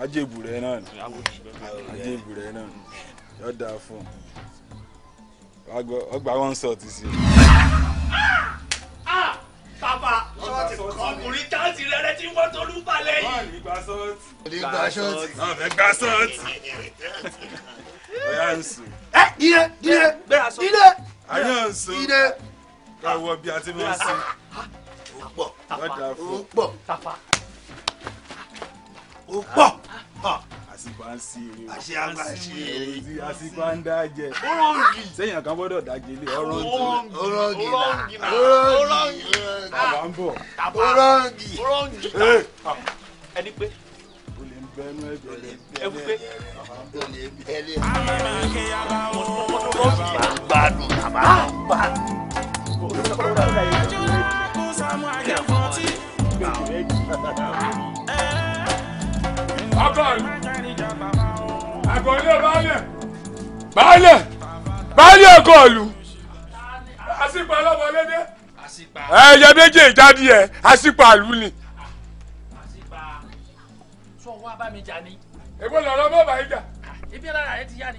ajébu rẹ náà ni ajébu náà ni yóò dáa fún ọgbà wọn sọ ti sí. Ah! bàbá ọkùnrin táàtì rẹ̀ ti wọ́n tó lù balẹ̀ yìí. bọ́ọ̀lù gba ṣọ́ọ̀tì. gba ṣọ́ọ̀tì. Ah, ń sùn. ẹ ire ire ire. àyà ń sùn. ire. ká wọ bí a ti máa ń ó pọ̀ ó pọ̀ tàfà ó pọ̀ àsìkò à ń sí eré o àṣẹ àgbà ṣe eré àsìkò à ń dá jẹ ọlọ́ngì sẹ́yìn kan gbọ́dọ̀ dájẹ́ lé ọlọ́ngì ọlọ́ngì ọlọ́ngì ọlọ́ngì bàbá ń bọ̀ ọlọ́ngì ọlọ́ngì ẹni pé o lè bẹnu ẹgbẹ́ rẹ ẹni pé o lè ń bẹ́lẹ̀ ń gbádùn bàbá ń gbádùn. Kò sí ọ̀rọ̀ ìgbà yẹn akọrin àgọ́lé baálẹ̀ baálẹ̀ baálẹ̀ ọkọ̀ọ̀lù àṣìpà ọlọ́mọlédè ẹ̀yẹ méjì ìjáde ẹ̀ àṣìpà àlù ni. sọ wá bá mi jà ni. èwo lọ̀rọ̀ bọ́ bàyí jà. ibi ara rẹ ti yá ni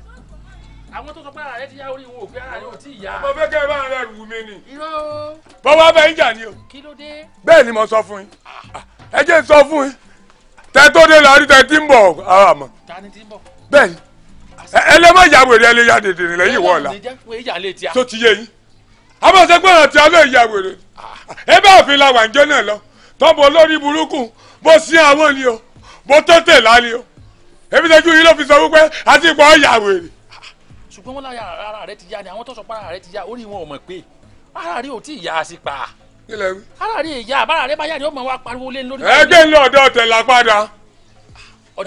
àwọn tó sọ pé ara rẹ ti yá orí wọn ò fi ara rẹ ò tí ì yá. mo fẹ́ kẹ́ ẹ bá rẹ wù mí ni. irọ́ o. bọ́wọ́ bẹ́ẹ̀ ń jà ni o. kí ló dé. bẹ́ẹ̀ ni mo sọ fún yín ẹ jẹ́ n sọ fún yín tẹ́tọ́ dé la rí tẹ́ tí ń bọ̀ ara mọ̀ bẹ́ẹ̀ ni ẹ lè má yàwé rẹ lè ya dèdè rẹ lẹ́yìn wọ́ọ̀la tó ti yé yín àmọ́ ṣe pé ọ̀tí alẹ́ yàwé rẹ ah. ẹ bá òfin la wà ń jẹ́ náà lọ tọ́bọ̀ olórí burúkú bó sí àwọn ni o bó tètè lálẹ́ o èmi tẹ́jú yín ló fi sọ wípé àti ìpọ̀ yàwé rẹ. ṣùgbọ́n wọn lára rẹ ti yá ni àwọn tó sọ pé ara rẹ ti yá orí wọn ò mọ̀ pé ara rẹ ò tí ì yá a sí pa kílẹ̀ wí. ara rẹ ìyá àbára rẹ báyà ni ó máa wá pariwo lé lórí. ẹgbẹ́ ńlẹ̀ ọ̀dọ́ tẹ̀lá padà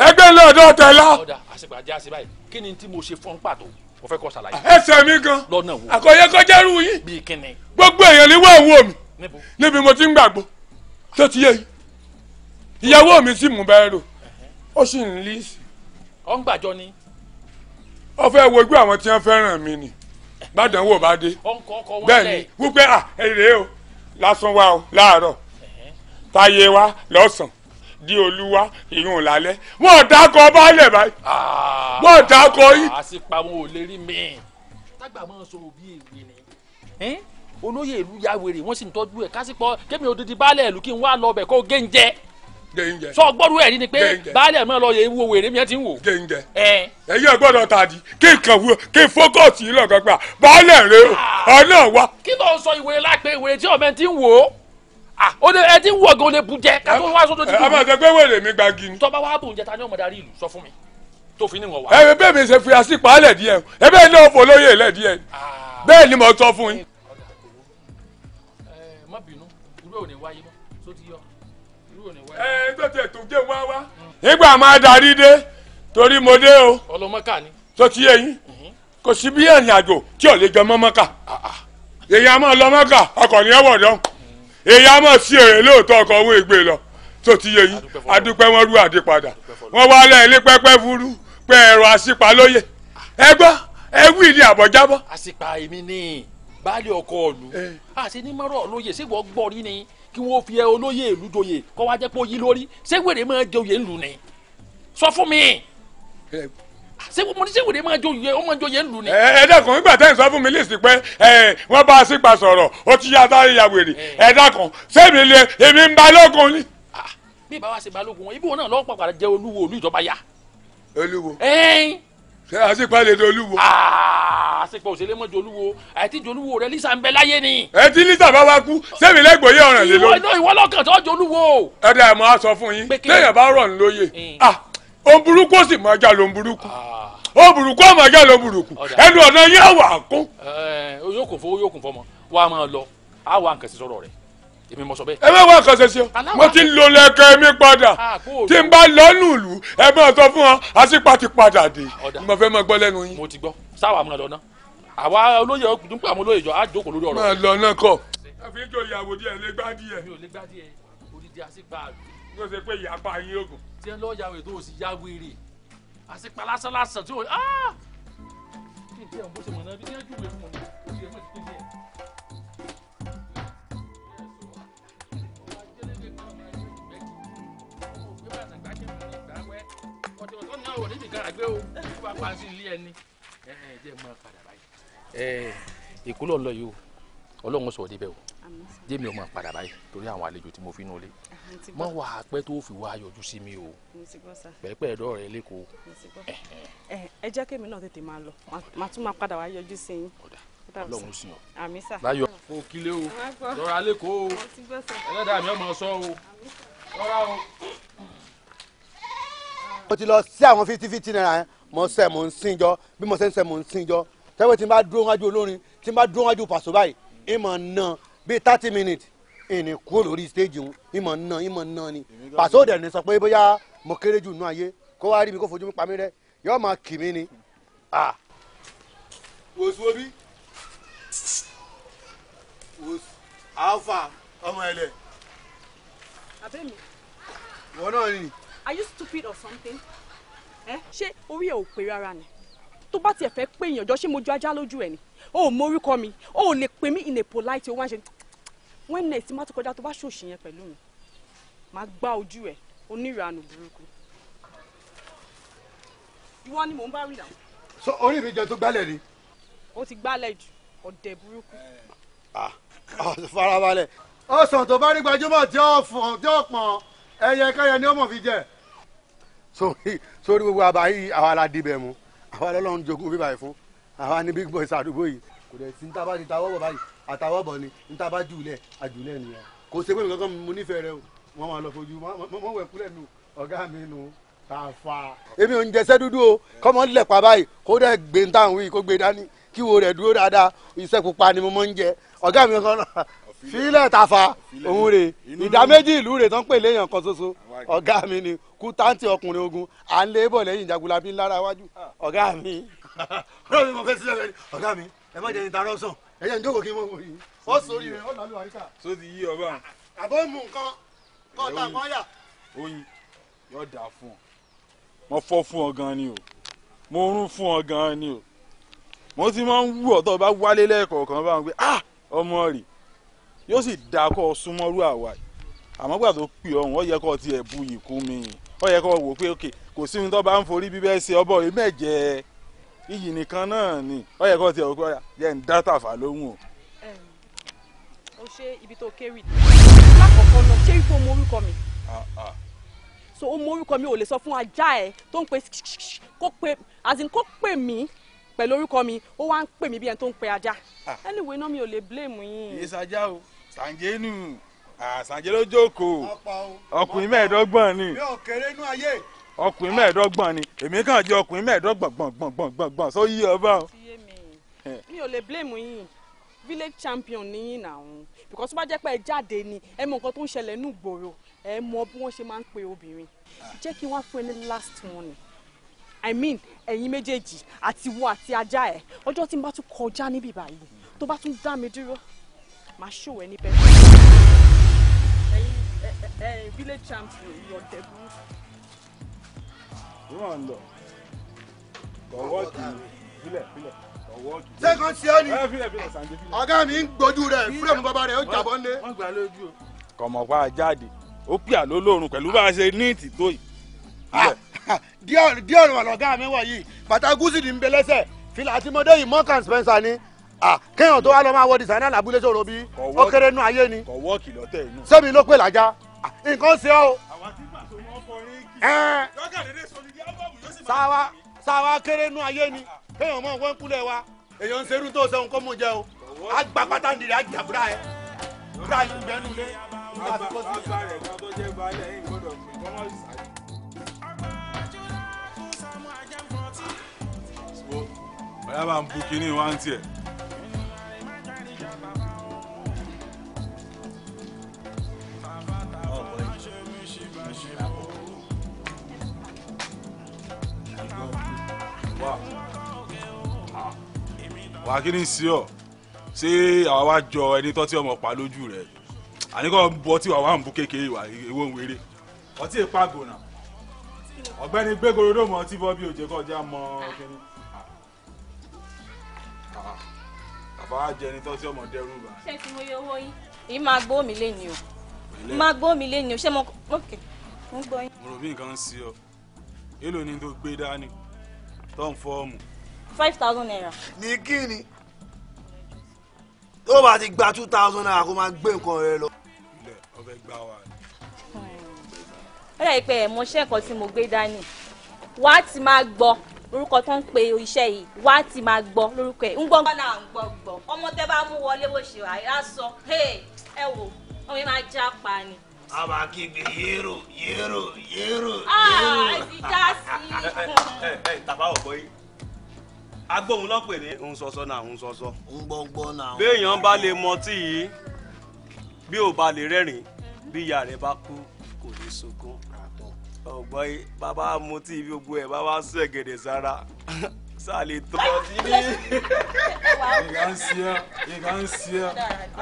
ẹgbẹ́ ńlẹ̀ ọ̀dọ́ tẹ̀lá. ọ̀dà àṣegbà jẹ́ àṣe báyìí kí ni tí mo ṣe fọ́n pàtó mo fẹ́ kọ́ ṣàlàyé. ẹsẹ̀ mi gan àkọyẹ kọjá rú yín gbogbo èèyàn ni wọ́n wò mí níbi mo ti ń gbàgbọ́ tó ti yé yìí ìyàwó mi sì mú bẹ́ẹ̀ rò ó sì ń lé sí. ọ̀ ń gbàjọ ni. ó fẹ́ wojú àwọn tí wọ́n fẹ́ràn mi ni bàdàn wò bá dé bẹ́ẹ̀ ni wípé à èrè o lásán wá o láàárọ̀ táyé wá lọ́sàn di olúwa ìrun lálẹ́ wọ́n dákọ̀ baálẹ̀ báyìí ah. wọ́n dákọ̀ yìí. Ah, àṣìpa wọn ò lè rí mi. tágbà máa ń sọ òbí èwe ni olóyè ìlú ya wèrè wọ́n sì ń tọ́jú ẹ̀ kásìpọ̀ kémi òdìdí baálẹ̀ ìlú kí n wá lọ ọbẹ̀ kó gé ń jẹ sọ gbọ́dọ̀ ẹ̀rí ni pé baálé mọ́ lọ yẹ wo wèrè mi ẹ ti ń wò. ẹyẹ gbọ́dọ̀ tàdí kí nǹkan wo kí fókọ̀tì lọ́gàn gbà baálé rẹ o ah! ọ̀nà wa. kí ló ń sọ ìwé lápẹ́ ìwé tí ọ̀bẹ ti ń wò ah, ó o de ẹ ti ń wọ gan o de bu jẹ ká tó wá sódò títí. àmọ́ ẹgbẹ́ wèrè mi gba gini. tọ́ba wa bò ń jẹ ta ni ọmọ darí ìlú sọ fún mi tó fi ní wọn wá. ẹ bẹ́ẹ̀ mi ṣe fi àsìkò alẹ̀ díẹ̀ ẹ bẹ́ẹ̀ ní ọ̀fọ̀ olóyè lẹ̀ díẹ̀ ah. bẹ́ẹ̀ ni mo sọ fún yín. ẹ má ẹ tó tiẹ̀ tó jẹ́ nígbà máa darí dé torí mo dé o. tó ti yé yín mhm. kò sí bí ẹ̀yìn àjò tí ò lè jẹ mọ́mọ́kà èyàn máa lọ mọ́kà ọkọ̀ ní lọ tó ti yín adúpẹ́ wọn rú wọn wá furu pé ẹ̀rọ ẹ gbọ́ ẹ wí ní èmi ni baálé ọkọ ọ̀lú lóye ṣé gbọ́ rí ni kí wọ́n fi olóyè ìlú joyè kọ́ wá jẹ́ pé ó yí lórí ṣé máa jẹ oyè ńlù ni sọ fún mi ṣé mo ní ṣé máa jẹ oyè ó máa jẹ oyè ńlù ni. ẹ dákun nígbà tẹ́ ẹ̀ sọ fún mi lẹ́sìn pé wọ́n bá a sípa sọ̀rọ̀ ó ti yá sáré ya wèrè ẹ dákun ṣé mi èmi ń balógun ni. bí ìbáwá ṣe balógun ibi wọn náà lọ́wọ́ pàpàrọ̀ jẹ́ olúwo olú ìjọba ya. olúwo. ẹ̀ẹ́n ṣe àṣepá lè dolúwo. àṣepá ah, òṣèlè mọ́jọ olúwo àti jolúwo rẹ lisa ń bẹ láyé ni. ẹ ti lisa bá wa kú sẹ́mi lẹ́gbọ̀ọ́yé ọ̀ràn lè lóye. ìwọ ìwọ lọ́kàn tó jolúwo. ẹ dẹ́ àmọ́ a sọ fún yín téèyàn bá rọ̀ ń lóye eh. ah, ohun burúkú ó sì máa já lóhun burúkú ah. ohun burúkú ó máa já lóhun burúkú ẹnu ọ̀nà yẹn wà á kún. Eh, yóò kún fún yóò kún fún ọmọ wa máa lọ á wà nǹkan sí sọ̀rọ̀ rẹ̀ èmi mọ sọ bẹ́ẹ̀. ẹ bá wà kàn ṣe ṣe o mo ti ń lo lẹ́kẹ́ mi padà ah, tí n bá lọ́nù ìlú ẹ bá sọ fún wọn àṣìpá ti padà dé mo fẹ́ máa gbọ́ lẹ́nu yín. mo ti gbọ́ sáwà máa lọ náà àwa olóyè ọkùnrin pé àwọn olóyè jọ á jókòó lórí ọ̀rọ̀. máa lọ náà kọ. ẹ fi ń jọ ìyàwó díẹ̀ lé gbá díẹ̀. mi ò lé gbá díẹ̀ odidi àṣìpá àgbẹ̀. ní ṣe pé ìyapa yín oògùn. tí ẹ lọ́ọ́ yàwó ètò òsì ya wèrè àṣìpá lásán lásán tí ò ah! ò ní ìdíkàrà gbé o kó bá pa sí ilé ẹni jẹ́ mọ́ padà báyìí. ìkúlọ̀ lọ yìí o ọlọ́run sọ̀rọ̀ débẹ̀ o jẹ́mi ò máa padà báyìí torí àwọn àlejò tí mo fi nulẹ̀ mọ wà á pẹ́ tó fi wá yọjú sí mi o pẹ́pẹ́ ẹ̀dọ́ rẹ lẹ́kọ̀ọ́. ẹ jẹ́ kémi náà tètè máa lọ màá tún máa padà wá yọjú sí yín. ọlọ́run sìn ọ́ àmì kò kílé o lọ́ra lẹ́kọ̀ọ́ o ẹlẹ́dàá mi ò sọ o lọ́ra o o ti lọ sí àwọn fifty fifty naira yẹn mo sẹ mo ń sinjọ bí mo sẹ ń sẹ mo ń sinjọ tẹ́wọ́ tí n bá dúró wájú olórin tí n bá dúró wájú pàṣọ báyìí ìmọ̀ náà bíi thirty minutes ìní kúrò lórí stage òun ìmọ̀ náà ìmọ̀ náà ni pàṣọ òdẹ̀ ni sọ pé bóyá mo kéré jù nù ayé kó wá rí mi kó fojú mi pa mí rẹ yóò máa kì mí ni. wòsùn obi wòsùn alfa ọmọ ẹlẹ. àbẹ́mi. wọ́n náà ni are you stupid or something? ẹ eh? ṣé orí ẹ ò pé rárá ni tó bá tiẹ̀ fẹ́ pé èèyàn jọ ṣé mo ju ajá lójú ẹ ni o ò mórúkọ mi o ò lè pè mí in a polite o wá ṣe wọ́n ní ẹ̀sìn má tó kọjá tó bá ṣòṣì yẹn pẹ̀lú mi màá gbá ojú ẹ onírànù burúkú ìwọ ni mò ń bá rìn àwọn. so orí mi jẹ tó gbálẹ̀ ni. o ti gbálẹ̀ jù ọ̀dẹ̀ burúkú. Ah, ah, farabalẹ̀ ó sàn tó bá rí gbajúmọ̀ tí ó pọ̀n ẹyẹ kẹyẹ ni ó mọ̀ fi jẹ sórí gbogbo àbáyé àwa la dibẹ̀ mu àwa lọ́lọ́run jogún bíbá yìí fún àwa ní big boys àdúgbò yìí kò dẹ̀ sí ntaba ni tawọ́ bọ̀ báyìí àtàwọ̀ bọ̀ ni ntaba jùlẹ̀ àjùlẹ̀ nìyẹn kò sí pé mi kankan mo nífẹ̀ẹ́ rẹ o wọ́n máa lọ fojú mọ́ wẹ̀ kúlẹ̀ nù ọ̀gá mi nù tàfà. èmi ò ń jẹsẹ́ dúdú o kọ́mọ ń lẹ̀pà báyìí kó dẹ̀ gbé ń tàn kó gbé dání kí wo rẹ̀ dúró dáadáa iṣẹ́ pupa ni mo máa ń jẹ ọ̀gá mi kan filẹ̀ tàfà òun rè ìdá méjì ìlú rè tán pè léèyàn kan ṣoṣo ọ̀gá mi ni kú táǹtì ọkùnrin ogun à ń lé bọ̀ lẹ́yìn jagunlabi ńlára wájú ah. ọ̀gá mi. ọ̀gá mi mo fẹ́ sílẹ̀ lẹ́yìn ọ̀gá mi ẹ má jẹ́ ní tarọ́ sàn ẹ jẹ́ ní jókòó kí n mọ̀ wò ó sori rẹ ó lálẹ́ wàyíká. so ti yí ọba. àbọ̀ mú nǹkan kọ́ ta nǹkan yà. oyin yóò dà fún ọ mo fọ́ fún ọ gan ni o mo rún fún ọ gan ni o mo ti máa ń wú ọ tó bá wálé lẹ́ẹ̀kọ̀ọ̀kan báwọn pé ah ọmọ rèé yóò sì dáa kọ́ ọ súnmọ́rú àwa àmọ́ gbà tó pè ọ̀hún ó yẹ kó tiẹ̀ bu yìí mi ó yẹ kó wò pé òkè kò sí ní tó bá ń forí bíbẹ́ ṣe ọbọ̀ rẹ mẹ́jẹ iyì nìkan náà ni ó yẹ kó tiẹ̀ wò pé yẹ ń dá tàfà lóhùn o. o ṣe ibi tó kéré lákọ̀ọ́kọ́ náà ṣé ipò mo orúkọ mi ah, ah. so ó mọ orúkọ mi ò lè sọ fún ajá ẹ tó ń pe kó pe àti kó pè mí pẹ̀lú orúkọ mi ó wá ń pè mí bí ẹni tó ń pe ajá ah. anyway náà mi ò lè blame yín. ìyẹn sàjá o sànjẹ́ nù sànjẹ́ ló jókòó ọkùnrin mẹ́ẹ̀ẹ́dọ́gbọ̀n ni ọkùnrin mẹ́ẹ̀ẹ́dọ́gbọ̀n ni èmi kàn jẹ́ ọkùnrin mẹ́ẹ̀ẹ́dọ́gbọ̀n gbọ̀ngbọ̀ngbọ̀ngbọ̀n sọ yí ọba o. mi ò lè blame yín village champion níyìn náà because tó bá jẹ́ pé ẹ jáde ni ẹ mọ nǹkan tó ń ṣẹlẹ̀ ní ìgboro ẹ mọ bí wọ́n ṣe máa ń pe obìnrin jẹ́ kí wọ́n fún ẹ ní last warning i mean ẹ̀yin méjèèjì àti wo àti ajá ẹ̀ ọjọ́ tí n bá tún kọjá níbí báyìí tó bá tún dá mi dúró máa ṣòwò ẹni bẹ́ẹ̀. ẹyin ẹyin village champion yọ dẹ̀bù. wọ́n ń lọ ọwọ́ kì í filẹ̀ filẹ̀ sẹ́kọ̀n sí ọ́ ni ọ̀gá mi ń gbójú rẹ̀ fúlẹ̀mù bàbá rẹ̀ ó jàbọ̀ ńlẹ̀. kọ̀mọ̀pá jáde ó pìà lólórun pẹ̀lú bá a ṣe níìtì tó yìí. díẹ̀ ọ̀rùn ọ̀lọ́gá mi wọ̀nyí bàtà gúúsì ní ń bẹ lẹ́sẹ̀ fìlà àti mọ́dé yìí mọ́kàn spencer ni kéèyàn tó wá lọ máa wọ dìsáínà làbúlé sọ̀rọ̀ bí ó kéré nú ayé ni sẹ́mi ló pè lájà nǹkan ṣe ọ́ sáwa sáwa kéré nú ayé ni kéèyàn mọ̀ wọ́n ń kúlẹ̀ wa èèyàn ń serú tó sẹ́wọ̀n kó mú jẹ o àgbà pátá nìyẹn àjà búra ẹ búra yìí gbẹnu lé. àgbà rẹ̀ bu kinní wá ń wà á kí ni sí ọ ṣé àwa wá jọ ẹni tó tí ọmọ pa lójú rẹ àníkọ́ ń bọ tí wàá wà ń bu kékeré wà ìwọ ń wéré ọtí ìpàgò náà ọ̀gbẹ́ni gbégoro mọ tí bọbí òjè kọjá mọ kíni bàbá jẹni tó tí ọmọ dẹrù bá. ṣé ti mo yọ owó yín èyí máa gbó mi lẹ́ni o máa gbó mi lẹ́ni o ṣé mo ok mo gbọ́ yín. mo rò bí nǹkan ń sí ọ èlò ni tó gbé dání tó ń fọ́ọ̀mù. five thousand naira. ní kí ni tó bá ti gba two thousand naira kó máa gbé nǹkan rẹ lọ. ilẹ̀ ọbẹ̀ gbá wa. ó dàbí pé ẹ̀mọṣẹ́ kan tí mo gbé dání wà á ti máa gbọ́ lórúkọ tó ń pe iṣẹ́ yìí wà á ti máa gbọ́ lórúkọ ẹ̀ ń gbọ́ náà ń ọmọ tẹ́ bá mú wọlé bó ṣe wà á sọ ẹ wò ọmọ yẹn máa já pa ni. Aba kigbe yero yero yero. Ah, ti já sí. Ẹ ẹ tàbá ọ̀bọ yìí. Agbóhun ló pè ní nsọ́sọ́ na nsọ́sọ́. Ngbọ́ngbọ́n náà. Béèyàn bá lè mọtí yìí, bí o bá lè rẹ́rìn, mhm. bí ìyá bá kú, kò ní sunkún. Ọ̀gbọ́n yìí, bàbá mutí ibi gbogbo ẹ̀ bá wá sẹ̀gẹ̀dẹ̀ sálẹ̀ tọ́ sí mi. ìgbà ń sí ọ ìgbà ń sí ọ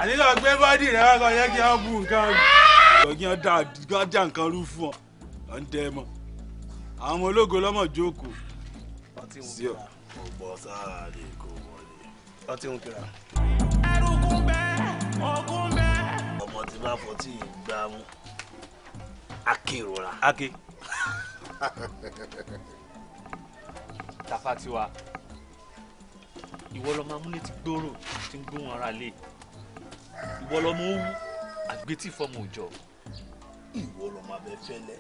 àní lọ gbé bọ́dì rẹ wá kọ yẹ kí wọ́n bu nǹkan rú. ìgbọ̀ngàn dá dá nǹkan rú fún ọ ọ̀ ń tẹ́ àwọn ológo lọ́mọ jókòó. ọtí ń kira mo gbọ́ sára lè kó wọlé. ọtí ń kira. ẹrùkún bẹ́ẹ̀ ọkùn bẹ́ẹ̀. ọmọ tí bá fọtí gbámú akérora. ake. àtàfà tiwa ìwọ lọmọ amúlé ti gbòòrò ti ń gbóhùn ara lé ìwọ lọmọ owú àgbétì fọmọ òjọ ìwọ lọmọ abẹ fẹlẹ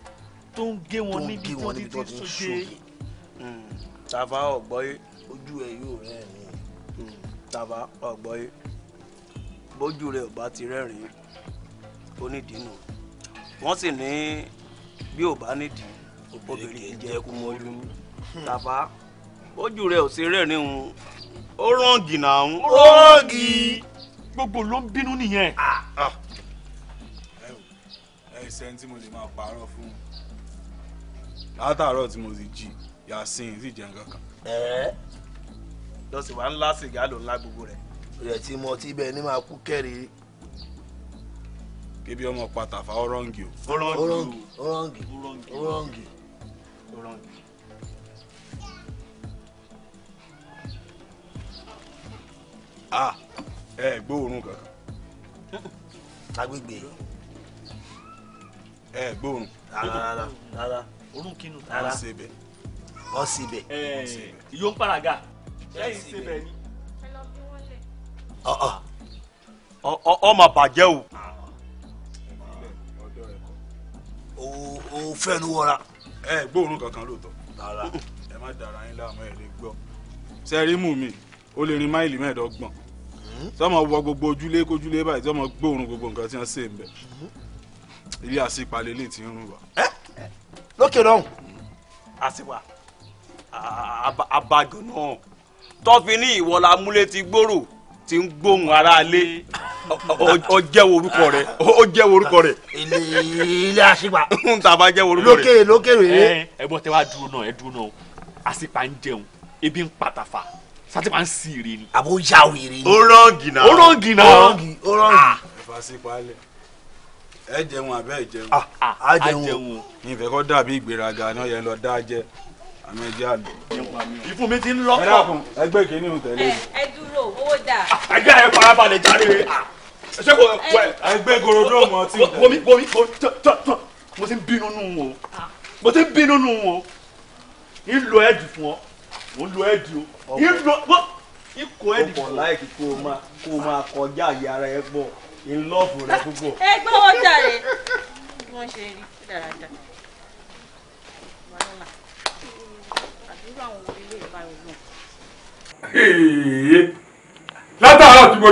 tó ń gé wọn níbi tó ti ti sóde. Hmm, tàfà ojú ẹ yóò rẹ̀ mí hmm, tàfà ọ̀gbọ́yé bójú rẹ ò ti rẹ́rìn-ín ó wọ́n sì ní bí ò nídìí obìnrin ìjẹkùn mọ́jú tàfà ojú rẹ ò ṣe ni un ó rọ́ǹgì náà ń. rọ́ǹgì. gbogbo ló ń bínú nìyẹn. ẹ ṣe ń tí mo lè máa parọ́ fún un tí mo ti jí yasin sì jẹun kankan. ẹ lọ sí wa ńlá sìgá ló ńlá gbogbo rẹ. rẹ tí mo ti bẹ ní máa kú kẹrì. kébí ọmọ pàtàfà ọrọǹgì o. ọrọǹgì ọrọǹgì ọrọǹgì ọrọǹgì. ah ẹ gbóòórùn kankan. agbègbè yìí. ẹ gbóòórùn. rárá rárá orun kinu. rárá wọ́n ṣe bẹ̀. wọ́n ṣe bẹ̀. yóò ń paraga. ẹ̀yin ṣe bẹ̀ ni. ọmọ bàjẹ́ o. o fẹ́nu wọra. ẹ gbóòórùn kankan lóòótọ́. rárá ẹ má dara yín láàmú ẹ lè gbọ́ sẹ́rí mú mi ó lè rin máìlì mẹ́ẹ̀ẹ́dọ́gbọ̀n sọmọ wọ gbogbo ojúlé kójúlé báyìí sọmọ gbóòórùn gbogbo nǹkan tí wọ́n ṣe ń bẹ̀ ilé àṣepalẹ̀ lè ti ń rún wa. lókè lọ́hùn àṣìwà abájọ náà tọ́fi ní ìwọlá múlẹ̀ ti gbòòrò ti ń gbóhùn aráalé ó jẹ́wọ́ orúkọ rẹ̀ ó jẹ́wọ́ orúkọ rẹ̀. ilé àṣìwà. n ta bá jẹ́wọ́ orúkọ rẹ̀ lókè lókè rèé. ẹ bọ́ tẹ́ wá dúró náà ẹ dúró náà àṣìpà ń jẹun ebi ń pàtàfà sati ma n si ire ni. àbò ya wèrè ni. ó rọ́ọ̀gì náà. ó rọ́ọ̀gì náà. ó rọ́ọ̀gì ó rọ́ọ̀gì. Ah. ẹ jẹun àbẹ́ ẹ ah, ah, jẹun. a jẹun ìfẹ́ kọ́ dàbí ìgbéraga náà yẹn lọ dá jẹ àmì ẹjẹ àlè. ìfún mi ti ń lọ́kọ̀. ẹ ẹgbẹ́ kìíní ò tẹ̀lé. ẹ eh, ẹ dúró owó dà. ẹgbẹ́ ẹ farabalẹ̀ jáde. ṣé ẹgbẹ́ gorodó mọ tí. bomi bomi mo ti bínú nù wọn mo ti bínú nù wọn ń lo ẹ̀dì fún ọ mo ń lo ẹ̀dì o. ikú ẹ dìbò láìkí kó o máa kọjá àyè ẹ pọ̀ in love rẹ púpọ̀. ẹ gbọ́ ọjà rẹ bí wọ́n ṣe rí wàhálà àdúrà àwọn ilé ìbáyọ̀ náà tí mo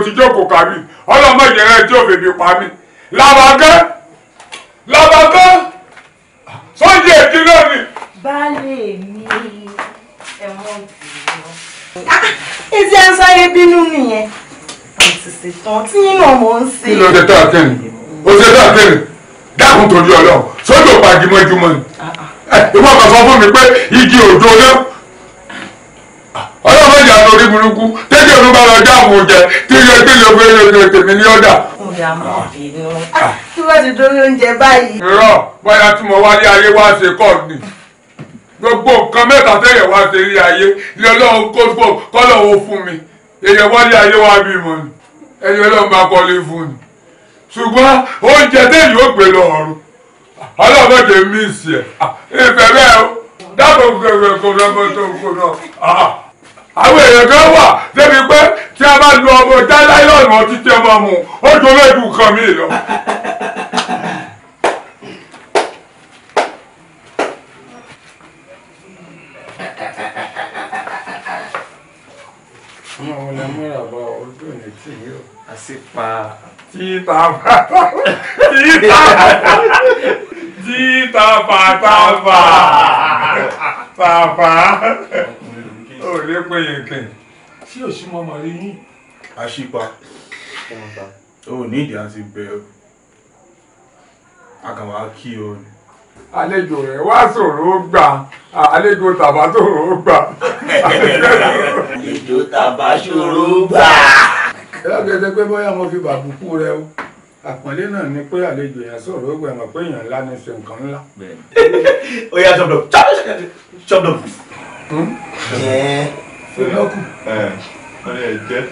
ti mi ẹ̀wọ̀n ètí ah, ẹ ń sáré bínú nìyẹn àti ṣetán tí yín náà mò ń ṣe. kí ló dé tó àkẹ́rì ó ṣe tó àkẹ́rì dákun torí ọlọ́run sódò pàjùmọ̀jùmọ̀ ni ah, ah. ìwọ kan sọ fún mi pé igi òjò náà ọlọ́run ìjà lórí burúkú tẹ́jọ́ ló bá lọ jáàmù jẹ kí ló kí ló fẹ́ lè lè tèmi ní ọ̀dà. kí wọ́n ti dórí oúnjẹ báyìí. irọ́ bóyá tí mo wá ní ayé wá ṣe kọ́ọ̀dù gbogbo nǹkan mẹ́ta tẹ̀yẹ̀ wá sí ilé ayé ilé ọlọ́run kó tó kọ́lọ̀ wo fún mi èyẹ wálé ayé wá bí mọ̀ ni ẹni ọlọ́run bá kọ́lé fún ni ṣùgbọ́n oúnjẹ tẹ̀yìn ó gbé lọ ọ̀run ọlọ́run ọ̀dẹ̀ mí sí ẹ̀ ìfẹ́ bẹ́ẹ̀ o dábò gbẹ̀gbẹ̀ kò lọ́mọ tó kò náà àwọn èèyàn kan wà débi pé tí a bá lu ọmọ dáláìlọ́nù ọtí tí a máa mú ó dolóògùn kan mí lọ. òun lè mú ìyàbá ojú òní tì yí o. àṣìpa. títa bàbà títa bàbà títa bàbà bàbà ò lè pe yèké. tí òsì mọ màá rí yín. àṣìpa ò ní ìdí àti bẹ́ẹ̀ àkànwá kí o ni àlejò rẹ̀ wá sòrò ó gbà àlejò tàbá sòrò ó gbà. àlejò tàbá sòrò ó gbà. ẹlẹ́gbẹ̀ẹ́ pé bóyá mo fi bàbùkù rẹ o àpọ́nlé náà ni pé àlejò yẹn sòrò ó gbà mọ̀ pé èèyàn ńlá ni ṣe nǹkan ńlá. ó yá ṣọ́bùdọ̀ ṣọ́bùdọ̀. ṣe lọ́kù. wọ́n lè jẹ́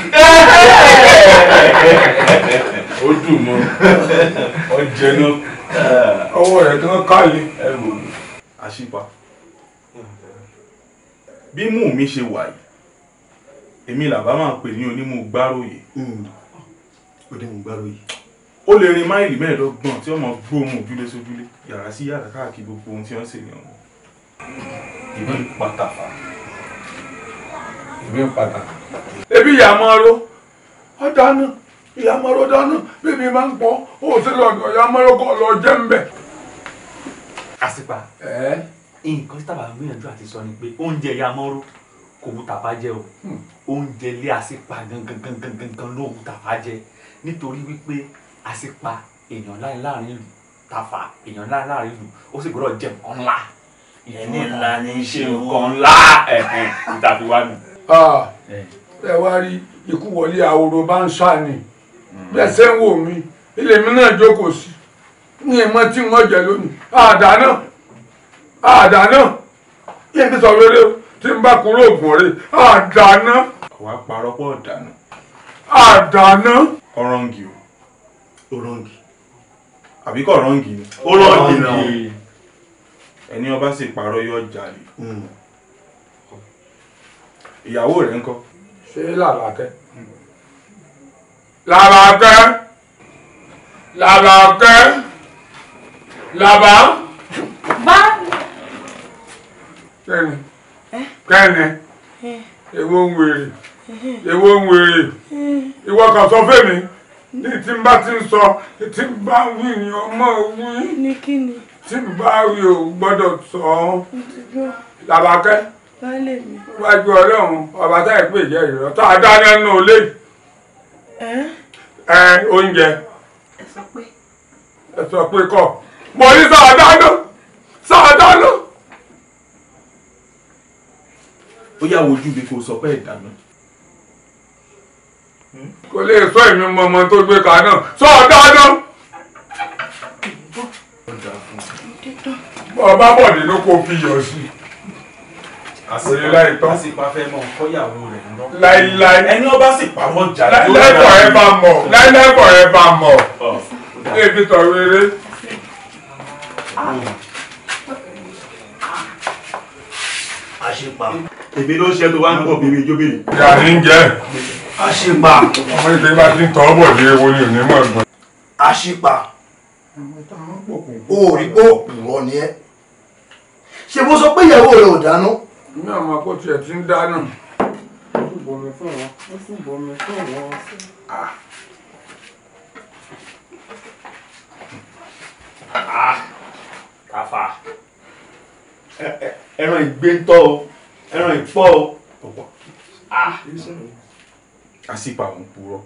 ó dùn mọ́ ọ jẹ náà ọwọ́ rẹ̀ gan káàlì. ẹ wò ó àṣìpa bí mú mi ṣe wà yìí èmi làbá máa pè ní onímù gbáròyè. Mm. onímù gbáròyè. ó lè rin máìlì mẹ́ẹ̀ẹ́dọ́gbọ̀n tí ọmọ gbóhùn ojúlé sójúlé yàrá sí yàrá káàkiri gbogbo ohun tí wọ́n ṣe ní ọmọ. ìbí pàtàkì. ìbí pàtàkì. ebi yà máa ró ọ̀dà náà ìyá mọ́rọ́ dáná bíbí máa ń pọ́n ó sì lọ́dọ̀ ìyá mọ́rọ́ kọ́ lọ jẹ́ ń bẹ̀. àsìpà nǹkan tí tàbá gbìyànjú àti sọ ni pé oúnjẹ ìyá mọ́rọ́ kò wù tàbá jẹ o hmm. oúnjẹ ilé àsìpà gangan ló wù tàbá jẹ nítorí wípé àsìpà èèyàn láì láàrin ìlú tàfà èèyàn láì láàrin ìlú ó sì gbọ́dọ̀ jẹ nǹkan ńlá ẹni ńlá ní ṣe nǹkan ńlá ẹ̀ẹ́dẹ́gbẹ̀ta fi wá nù. Ah. ẹ wá rí ikú wọlé àwòrán bá ń sá ni bẹ́sẹ̀ mm. ń wò mí ilé mi náà jókòó sí ní ìmọ̀ tí wọ́n jẹ lónìí àdáná àdáná yín ti sọ rere tí n bá kúrò ògùn rè àdáná. àwa parọ́ pọ̀ dáná. àdáná. ọ̀rọ̀ǹgì o ọ̀rọ̀ǹgì àbí kò ọ̀rọ̀ǹgì ni ọ̀rọ̀ǹgì náà ẹni ọba sì parọ́ yọ jàre mm. ìyàwó rẹ̀ ńkọ́. ṣé làlàkẹ́. Mm. Làbàkẹ́ Làbàkẹ́ Làbà. Kenny. Eh? kẹ́ni èwo eh. ń wèrè èwo eh. ń wèrè eh. ìwọ kan sọ fẹ́mi ní tí n bá ti ń sọ tí n bá wí ni ọmọ wí ní kí ni tí n bá wí o gbọ́dọ̀ sọ ọ́ Làbàkẹ́ wájú ọlọ́run ọba táyà pé ìjẹ́ ìrọ̀ tá a dáná nù lẹ́yìn ẹ oúnjẹ ẹ sọ pé ẹ sọ pé kọ mo ní sáà dáná sáà dáná. ó yà wojú mi kó sọ pé ìdáná. kò lè sọ èmi mọ̀mọ́ tó gbé ka náà sọ dáná. bàbá bọ̀dé ló kó fi yọ̀ sí àṣírí láìtọ́ àṣìpàfẹ́ mọ̀ kọ́yàwó rẹ̀ ń lọ. láíláí ẹni ọba sì pàwọ́ jà lórí ọ̀la ẹ bá mọ̀ láíláí ẹ bá mọ̀ ebi tọ̀ rere. àṣìpà. èmi ló ṣe tó wá ń bọ̀ bíbí jóbìrì. ìyá ní jẹ́. àṣìpà. ọmọ ilé bá ti ń tọ́ bọ̀ dé ewo ni òní mọ̀ gbọ́n. àṣìpà. o ò rí pé òpùrọ̀ ni ẹ ṣe bó sọ pé ìyàwó rẹ ò dáná ní àwọn apótí ẹ̀ ti ń dáná. ó sì bomi fún wọn ó sì bomi fún wọn. Ah. Ah. kàfà ẹran ìgbé ń tọ́ o ẹran ìpọ́ o. àṣìpà ò ń purọ́.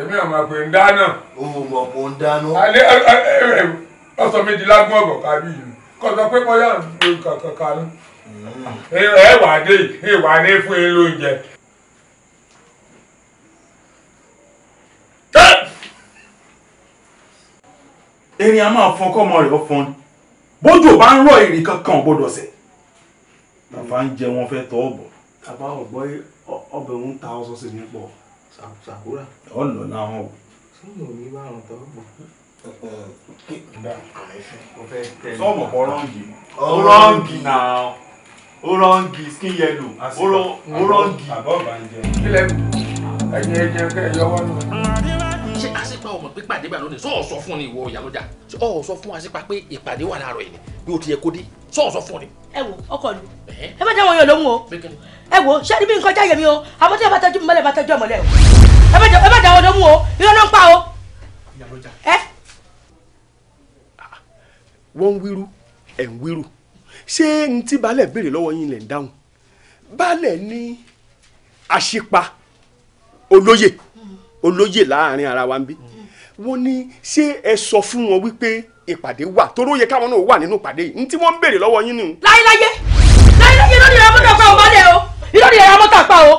èmi àwọn àpè ń dáná. ó mọ̀ kó ń dáná. alẹ́ ọ̀sán méjìlá gbọ́ngàn kábíyì kọ́sọ́ pé bóyá nǹkan kankan ni ẹ wà dé ẹ wà ní fún ẹ lóúnjẹ. erin a máa fọn kọ́mọ rẹ̀ ọ̀fọn bójú bá ń rọ èrè kankan gbọ́dọ̀ sẹ̀ tàbá ń jẹ wọn fẹ́ tọ́ ọ̀bọ̀. tàbá ọ̀gbọ́ ọbẹ̀ ń ta ọsọ sí ní pọ̀ ṣàkúrà. ọ̀nà náà wọ̀. sọ́nà mi bá ràn tọ́ ọ̀pọ̀. sọ́ọ̀mù kọ́ rọ́ǹgì. rọ́ǹgì náà ó skin yellow ó rọ́ǹgì. ẹ̀yin ẹ̀jẹ̀ kẹ́ ẹ̀ yọwọ́ nù. ṣé àṣìpá ọmọ pípa àdébà lónìí sọ̀ọ̀ sọ fún ni ìwọ ìyálójà ọ̀ sọ fún àṣìpá pé ìpàdé wà láàárọ̀ yìí bí o ti yẹ kó dé sọ̀ọ̀ sọ fún ni. ẹ wo ọkọ lu ẹ má jẹ́ wọn yàn lóhùn o ẹ wo ṣé ẹni bí nǹkan jáyè mi o àmọ́ tí ẹ bá tẹ́jú mi mọ́lẹ̀ bá tẹ́jú ọmọlẹ̀ o ẹ má jẹ́ wọn lóhùn o irọ́ ló ń pa o. wọ́n ń wíru ẹ̀ ń wíru ṣé n tí baálẹ̀ béèrè lọ́wọ́ yín lẹ̀ ń dáhùn baálẹ̀ ní àṣìpa olóyè olóyè láàrin ara wa ń bí wọ́n ní ṣé ẹ sọ fún wọn wípé ìpàdé wà toró yẹ káwọn náà wà nínú ìpàdé yìí n tí wọ́n ń béèrè lọ́wọ́ yín nù. láyéláyé láyéláyé lórí ẹ̀rọ mọ́tò àpá ọ̀bálẹ̀ o lórí ẹ̀rọ mọ́tò àpá o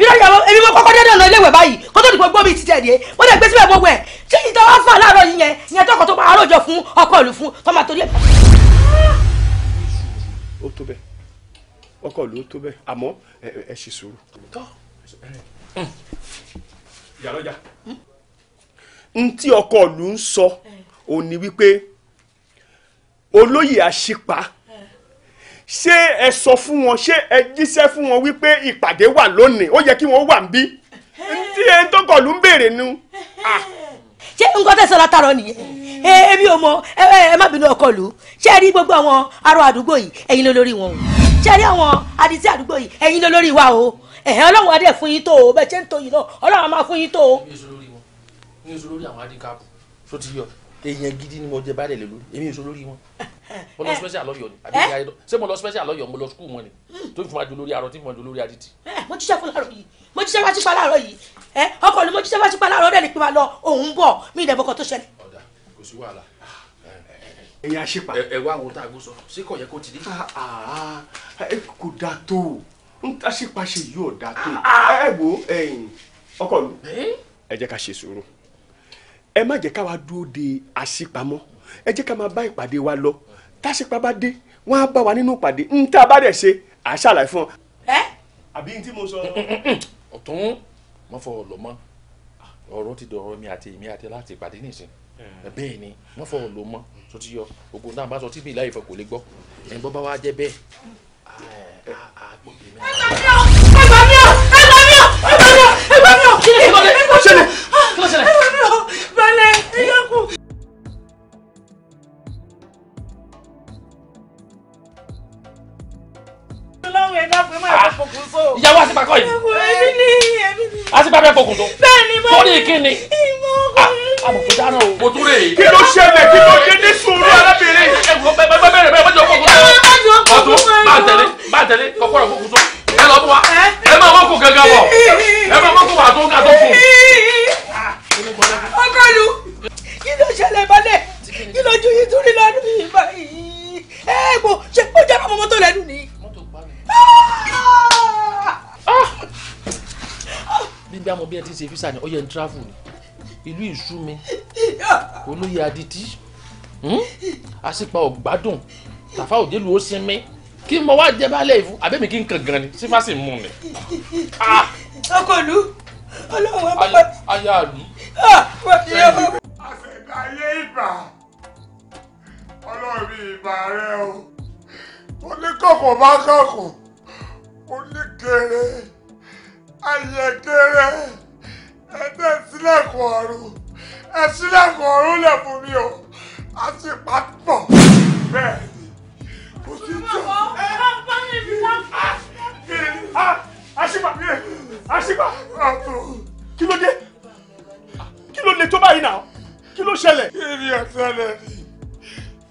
lórí ẹ̀rọ èmi mo kọ́kọ́ dẹ́nu ilé ìwẹ̀ báyìí kó tó di gbogbo mi ti tẹ̀ dé mo dẹ̀ gbé síbẹ̀ gbogbo ẹ̀ tí ìtọ́wọ́ fà láàárọ̀ yìí yẹn ìyẹn tọkọ tó máa rọ̀jọ̀ fún ọkọ̀ ìlú fún tọ́mọ torí ẹ̀ ó tó bẹ́ẹ̀ ọkọ ló tó bẹ́ẹ̀ àmọ́ ẹ ṣe sùúrù. tọ́ ìyàlọ́jà. n tí ọkọ ló ń sọ òun ni wípé olóyè àṣìpá ṣé ẹ sọ fún wọn ṣé ẹ jíṣẹ́ fún wọn wípé ìpàdé wà lónìí ó yẹ kí wọ́n wà ń bí tí ẹ tọkọ ló ń béèrè nu ṣé nǹkan tẹ̀sán látàrọ nìyẹn èmi ò mọ ẹ má bínú ọkọ lù ú ṣé rí gbogbo àwọn arọ àdúgbò yìí ẹ̀yin ló lórí wọn o ṣé rí àwọn adití àdúgbò yìí ẹ̀yin ló lórí wa o ẹ̀hẹ́ ọlọ́run adé fún yín tó o bẹ́ẹ̀ ṣe ń tó yìí náà ọlọ́run máa fún yín tó o. èmi ò sọ lórí àwọn adìkáàpù tó ti yọ èèyàn gidi ni mo jẹ bá dẹ̀ lè lórí èmi ò sọ lórí wọn mo lọ eh. special lọyọ ni àbí eh? ìyá ẹdọ ṣé mo lọ special lọyọ mo lọ school mọ ni tó fi máa di olórí arọ tí fi máa di olórí adití. Eh, mo jíṣẹ́ fún láàárọ̀ yìí mo jíṣẹ́ wá sípa láàárọ̀ yìí ọkọ ni mo jíṣẹ́ wá sípa láàárọ̀ rẹ̀ ni pé máa lọ òun bọ̀ mí ìdẹ̀bọ̀ kan tó ṣẹlẹ̀. ọ̀dà kò sí wàhálà ẹ̀yin àṣepa. ẹ wá àwọn tá a gbó sọ sí kò yẹ kó ti dé. Ah, ah, ah, kò dáa tó àṣepa ṣe yìí ò dáa tó ẹ wo ọkọ mi ẹ jẹ́ ká ṣe sùúrù ẹ má jẹ́ ká wá dúró de àṣepamọ́ ẹ jẹ́ ká máa bá ìpàdé wa lọ táṣepá bá dé wọn á bá wa nínú ìpàdé Nta tá a bá dẹ̀ ṣe à á ṣàlàyé fún ọ. ẹ. àbí n tí mo sọ. Mm, mm, mm. ọ̀tún mo fọ ọ̀lọ́ mọ́ ọ̀rọ̀ ti dọ̀rọ̀ mi àti èmi àti láti ìpàdé nìsín eh. bẹ́ẹ̀ ni mo fọ ọ̀lọ́ mọ́ tó ti yọ ogun náà bá sọ tí mi láyè fọ kò lè gbọ́ ẹ̀ ń bọ́ bá wa jẹ́ bẹ́ẹ̀. Eh, ah, ah, ẹ lọ sí ọ. lọ́rùn ẹ̀dá pé máa fẹ́ fokùn so. ìyàwó àti bàkọ́ yìí. èmi ni èmi ni. àti bàbá fokùn so. bẹ́ẹ̀ni mo ní. torí kíni. ìmọ̀ ọkùnrin. àbùkù dáná o. mo tún rè é. kí ló ṣẹlẹ̀ kí ló dé ní sùúrù arábìnrin. ẹ bẹ bẹ bẹ bẹ bẹ jọ fokùn so. ọtún máa tẹ̀lé máa tẹ̀lé kọ́kọ́rọ́ fokùn so. ẹ lọ mú wa ẹ máa mọ́kù gẹ́gẹ́ bọ̀ ẹ máa mọ́kù wà tó ń ga tó kù. ṣe físà ni ó yẹ ń travel ni ìlú ìṣú mi olóyè adití àṣìpa ọ̀gbádùn tàfà òdèlú ó sinmi kí mo wá jẹ balẹ̀ ìfún abẹ́mi kí n kàn gan ni sífà sì mú mi. Ah! ọkọ ìlú ọlọ́run ọba. aya ìlú. Ah, àṣẹ̀dá ayé ìbà ọlọ́run ìbà rẹ o oníkọ̀kọ̀ bá kọ̀kọ̀ oníkèrè ayẹ̀kẹ̀rẹ̀ ẹ tẹ́ sílẹ̀kùn ọ̀run ẹ sílẹ̀kùn ọ̀run lẹ̀ fún mi o a ti pàtó bẹ́ẹ̀ ni kò sí jọ. àṣìbà ah, ah, àṣìbà kí ló dé kí ló le tó báyìí náà kí ló ṣẹlẹ̀. kí ni ọ̀ṣẹlẹ̀ ni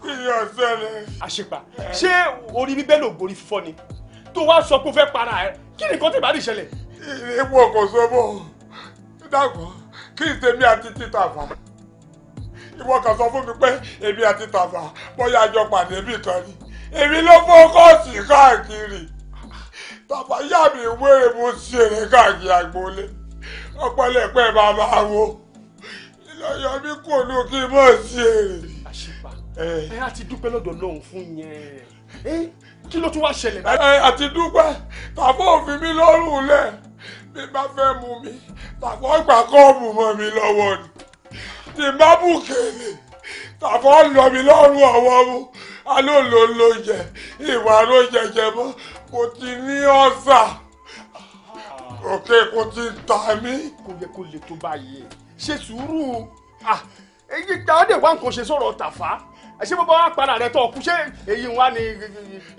kí ni ọ̀ṣẹlẹ̀. àṣìbà ṣé orí bíbẹ́ ló borí fífọ́ ni tó wá sọ pé ó fẹ́ para ẹ kí ni nǹkan tẹ̀ bá rí ṣẹlẹ̀. ìrẹ́pọ̀ kò sọ́mọ́ dàgbọ́ kí n tèmi àti títà fà ìwọ kan sọ fún mi pé èmi àti tàfà bóyá àjọ pàdé bì kan ni èmi ló fọkọ́ọ̀sì káàkiri tàfà yá mi wéré mo ṣeré káàkiri àgbọ̀lé ọpẹ́lẹpẹ́ bàbá wo ìlọyọ mi kò ló kí n mọ̀ sí àṣìpà ẹ á ti dúpẹ́ lọ́dọ̀ lọ́hùn fún yẹn kí ló tún wá ṣẹlẹ̀ ẹ àti dúpẹ́ tàbí òfin mi lọ́rùn lẹ̀ bí n bá fẹ́ mú mi tàbọ̀ gbà kọ́ọ̀mù mọ́ mi lọ́wọ́ ni tí bá bù kèrè tàbọ̀ lọ mi lọ́rùn ọ̀wọ́ mu alóòlò jẹ ìwà ló jẹjẹ mọ́ kò ti ní ọ̀sà òkè kò ti ta mí. kò yẹ kó lè tó báyìí ṣe sùúrù ah, èyí tá a lè wá nǹkan ṣe sọ̀rọ̀ tàfà ẹ ṣé gbogbo apàdà rẹ tó kú ṣé èyí wá ní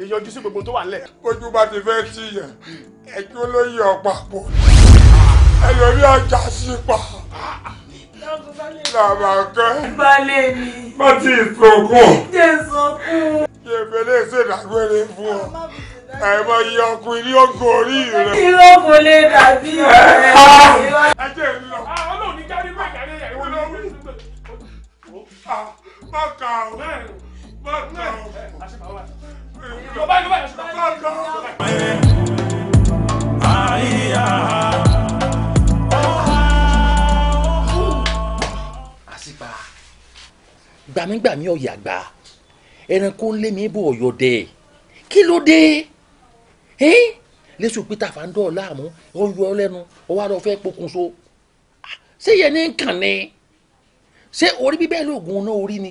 ìyọjú sí gbogbo tó wà nílẹ̀. bójú bá ti fẹ́ tí yẹn ẹjọ́ ló yẹ ọ̀pá pọ̀ ẹ̀yọ́ rí ọjà sí pa làbàkẹ́. balẹ̀ mi. má ti sọkún. jẹ́ sọkún. jẹ́ fẹ́lẹ́ ṣèdágbére fún ọ ẹ̀mọ iye ọkùnrin ní ọgọ́ orí rẹ. kí ló kò lè dàbí ọ̀rẹ́ rẹ. ẹ jẹ́ ń lọ. Ah, ọlọ́run ní jáde bẹ́ẹ̀ jáde ẹ̀wọ̀n lọ́wọ́ má kà ó má kà ó. má kà ó. àṣìpà gbàmígbàmí ọ̀yà gbà ẹranko lé mi bò ọ̀yọ̀ dẹ̀ kí ló dé lẹ́sùn pété àfàǹdọ̀ ọ̀la àmú ọ̀yọ̀ lẹ́nu ọwọ́ àdó fẹ́ pokùnso ah, ṣé yẹn ní kàn ṣé orí bíbẹ́ lóògùn ọ̀nà orí ni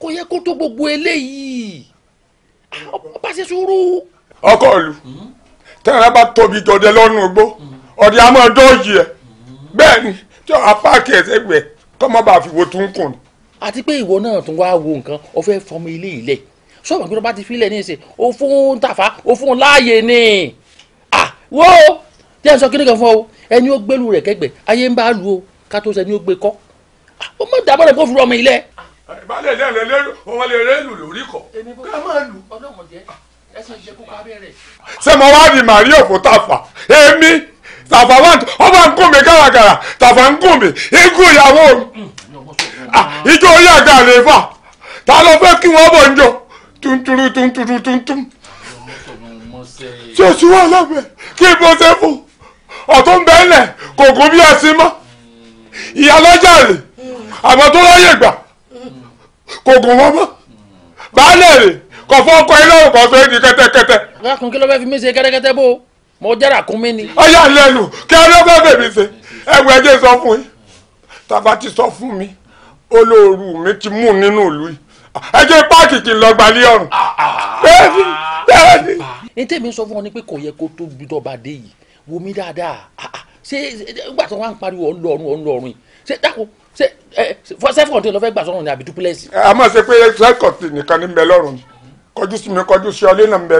kò yẹ kó tó gbogbo eléyìí ọba ṣe sùúrù. ọkọ ìlú tẹ́lẹ̀ bá tóbi jọdẹ lọ́nù igbó ọ̀dẹ a máa dọ́ọ̀jì ẹ̀ bẹ́ẹ̀ ni tí ọ̀hà páàkì ẹ̀ sẹ́gbẹ̀ẹ́ kọ́ mọ́ bá fi wo tún kùn. àti pé ìwọ náà tún wá wo nǹkan o fẹ́ fọmọ ilé ilẹ̀ sọ́ọ̀bù àgbẹ̀rọ̀ bá ti filẹ̀ ní ìsìn o fún tàfà o fún láàyè ni wo jẹ́ sọ kí fún ọ ẹni ó gbẹ́lu rẹ̀ kẹ́gbẹ́ ayé ń bá lu o ká tó sẹ́ni ó gbé kọ́ o má dábọ̀ rẹ̀ kó fi rọmọ ilẹ̀. ìbálẹ̀ ilé rẹ̀ lẹ́rù wọn lè rẹ́ lù lórí kọ̀. èmi bó ká máa lù ọlọ́mọdé ẹsẹ̀ ìjẹ́ kó kábẹ́ rẹ̀. ṣé mo wá ní màrí òfò tàfà èmi tàfà wà ọba ń gùn mi kárakára tàfà ń gùn mi ikú ìyàwó mi ìjọ orí àga rẹ̀ fà ta ló fẹ́ kí wọ́n bọ̀ ń jọ tuntun tuntun tuntun ṣé wà lábẹ́ kí n bọ́ sẹ́fù ọ̀tún bẹ́ẹ̀ lẹ̀ kò gún bí ẹ̀sìn mọ́ ìyálọ́jà rè àmọ́ tó ráyè gbà kò gùn wọ́n mọ́ baálẹ̀ rè kò fọ́ kọ́ iná òkò tó di kẹ́tẹ́kẹ́tẹ́. lákùn kí ló fẹ́ fi mí ṣe kẹ́tẹ́kẹ́tẹ́ bó mo jára kún mi ni. ó yà lẹ́nu kí ló fẹ́ bèbí ṣe ẹ̀wù ẹ̀jẹ̀ sọ fún yín tàbá ti sọ fún mi olóoru mi ti mú nínú ìlú yìí ẹjẹ páàkì kì í lọ gbalẹ ọrùn. bẹ́ẹ̀ni bẹ́ẹ̀ni. ní tèmi sọ fún ọ ni pé kò yẹ kó tó dọba yìí wo mi dáadáa ah, ah. ṣé gbàtọ́ wa ń pariwo ọ̀ ń lọ ọ̀run ń lọ yìí ṣé dákun ṣe ẹ sẹfọ̀ntì ló fẹ́ gbà sọ́run ni àbí duplex. a máa ṣe pé sẹ́kọ̀tì nìkan ní bẹ́ẹ̀ lọ́rùn kọjú sí mi kọjú sí ọlé náà ń bẹ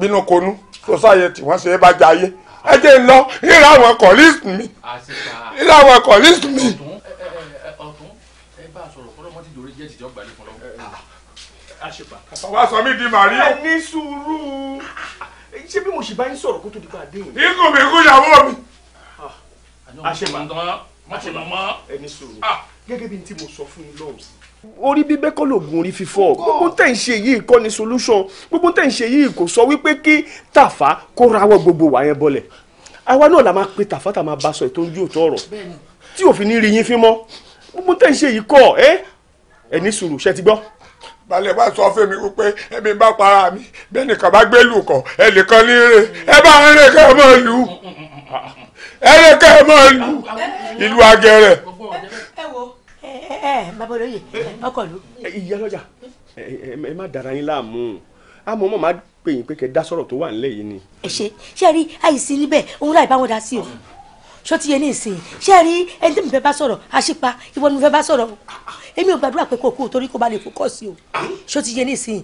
bínú konú society wọ́n ṣe é bá jayé ẹ jẹ́ ń lọ ìrà àwọn colleagues mi ìrà àwọn colleagues mi. ọ̀tún ẹ bá a sọ̀rọ̀ fọlọ́mọ́ ti dòrí jẹ́ ìjọba ìlú fọlọ́mọ́. àwa sọ mí di màrí. ẹ ní sùúrù ṣé bí mo ṣì bá ń sọ̀rọ̀ kó tó di pa àdéhùn. ikú mi kú ìyàwó mi. àṣepà má ṣe lọ mọ́. ẹni sùúrù ah. gẹ́gẹ́ bí n tí mo sọ fún yín lọ́wọ́ sí. orí bíbẹ́ kọ́ lóògùn orí fífọ́ gbogbo tẹ̀ ń ṣe yìí kọ́ ni solution gbogbo tẹ̀ ń ṣe yìí kò sọ wípé kí tàfà kó rawọ́ gbogbo wà yẹn bọ́lẹ̀ àwa náà la máa pe tàfà tá a máa bá sọ ètò ojú òtọ́ ọ̀rọ̀ tí òfin ní rí yín fín mọ́ gbogbo tẹ̀ ń ṣe yìí kọ́ ẹ ẹni sùúrù ṣe ti gbọ́ balẹ̀ bá sọ fún mi wípé ẹ̀mí bá para mi bẹ́ẹ̀ nìkan bá gbé lù kọ́ ẹnìkan ní rè é bá ń rè kẹ́ ẹ lù mm, mm, mm, ẹrẹ ká ẹ máa lu ìlú agẹrẹ. ẹ wo ẹ ẹ bàbá olóye ọkọ lu. ìyá lọ́jà ẹ má dara yín láàmú àmọ́ mọ̀ máa pè yín pé kẹ́ dá sọ̀rọ̀ tó wà nílẹ̀ yìí ni. ẹ ṣe ṣe rí àìsí níbẹ̀ òun láì bá wọn dá sí o ṣó ti yẹ ní ìsìn ṣé rí ẹni tí mo fẹ́ bá sọ̀rọ̀ àṣìpa ìwọ ni mo fẹ́ bá sọ̀rọ̀ èmi ò gbàdúrà pé kò kú torí kó ba lè fòkọ́ sí o ṣó ti yẹ ní ìsìn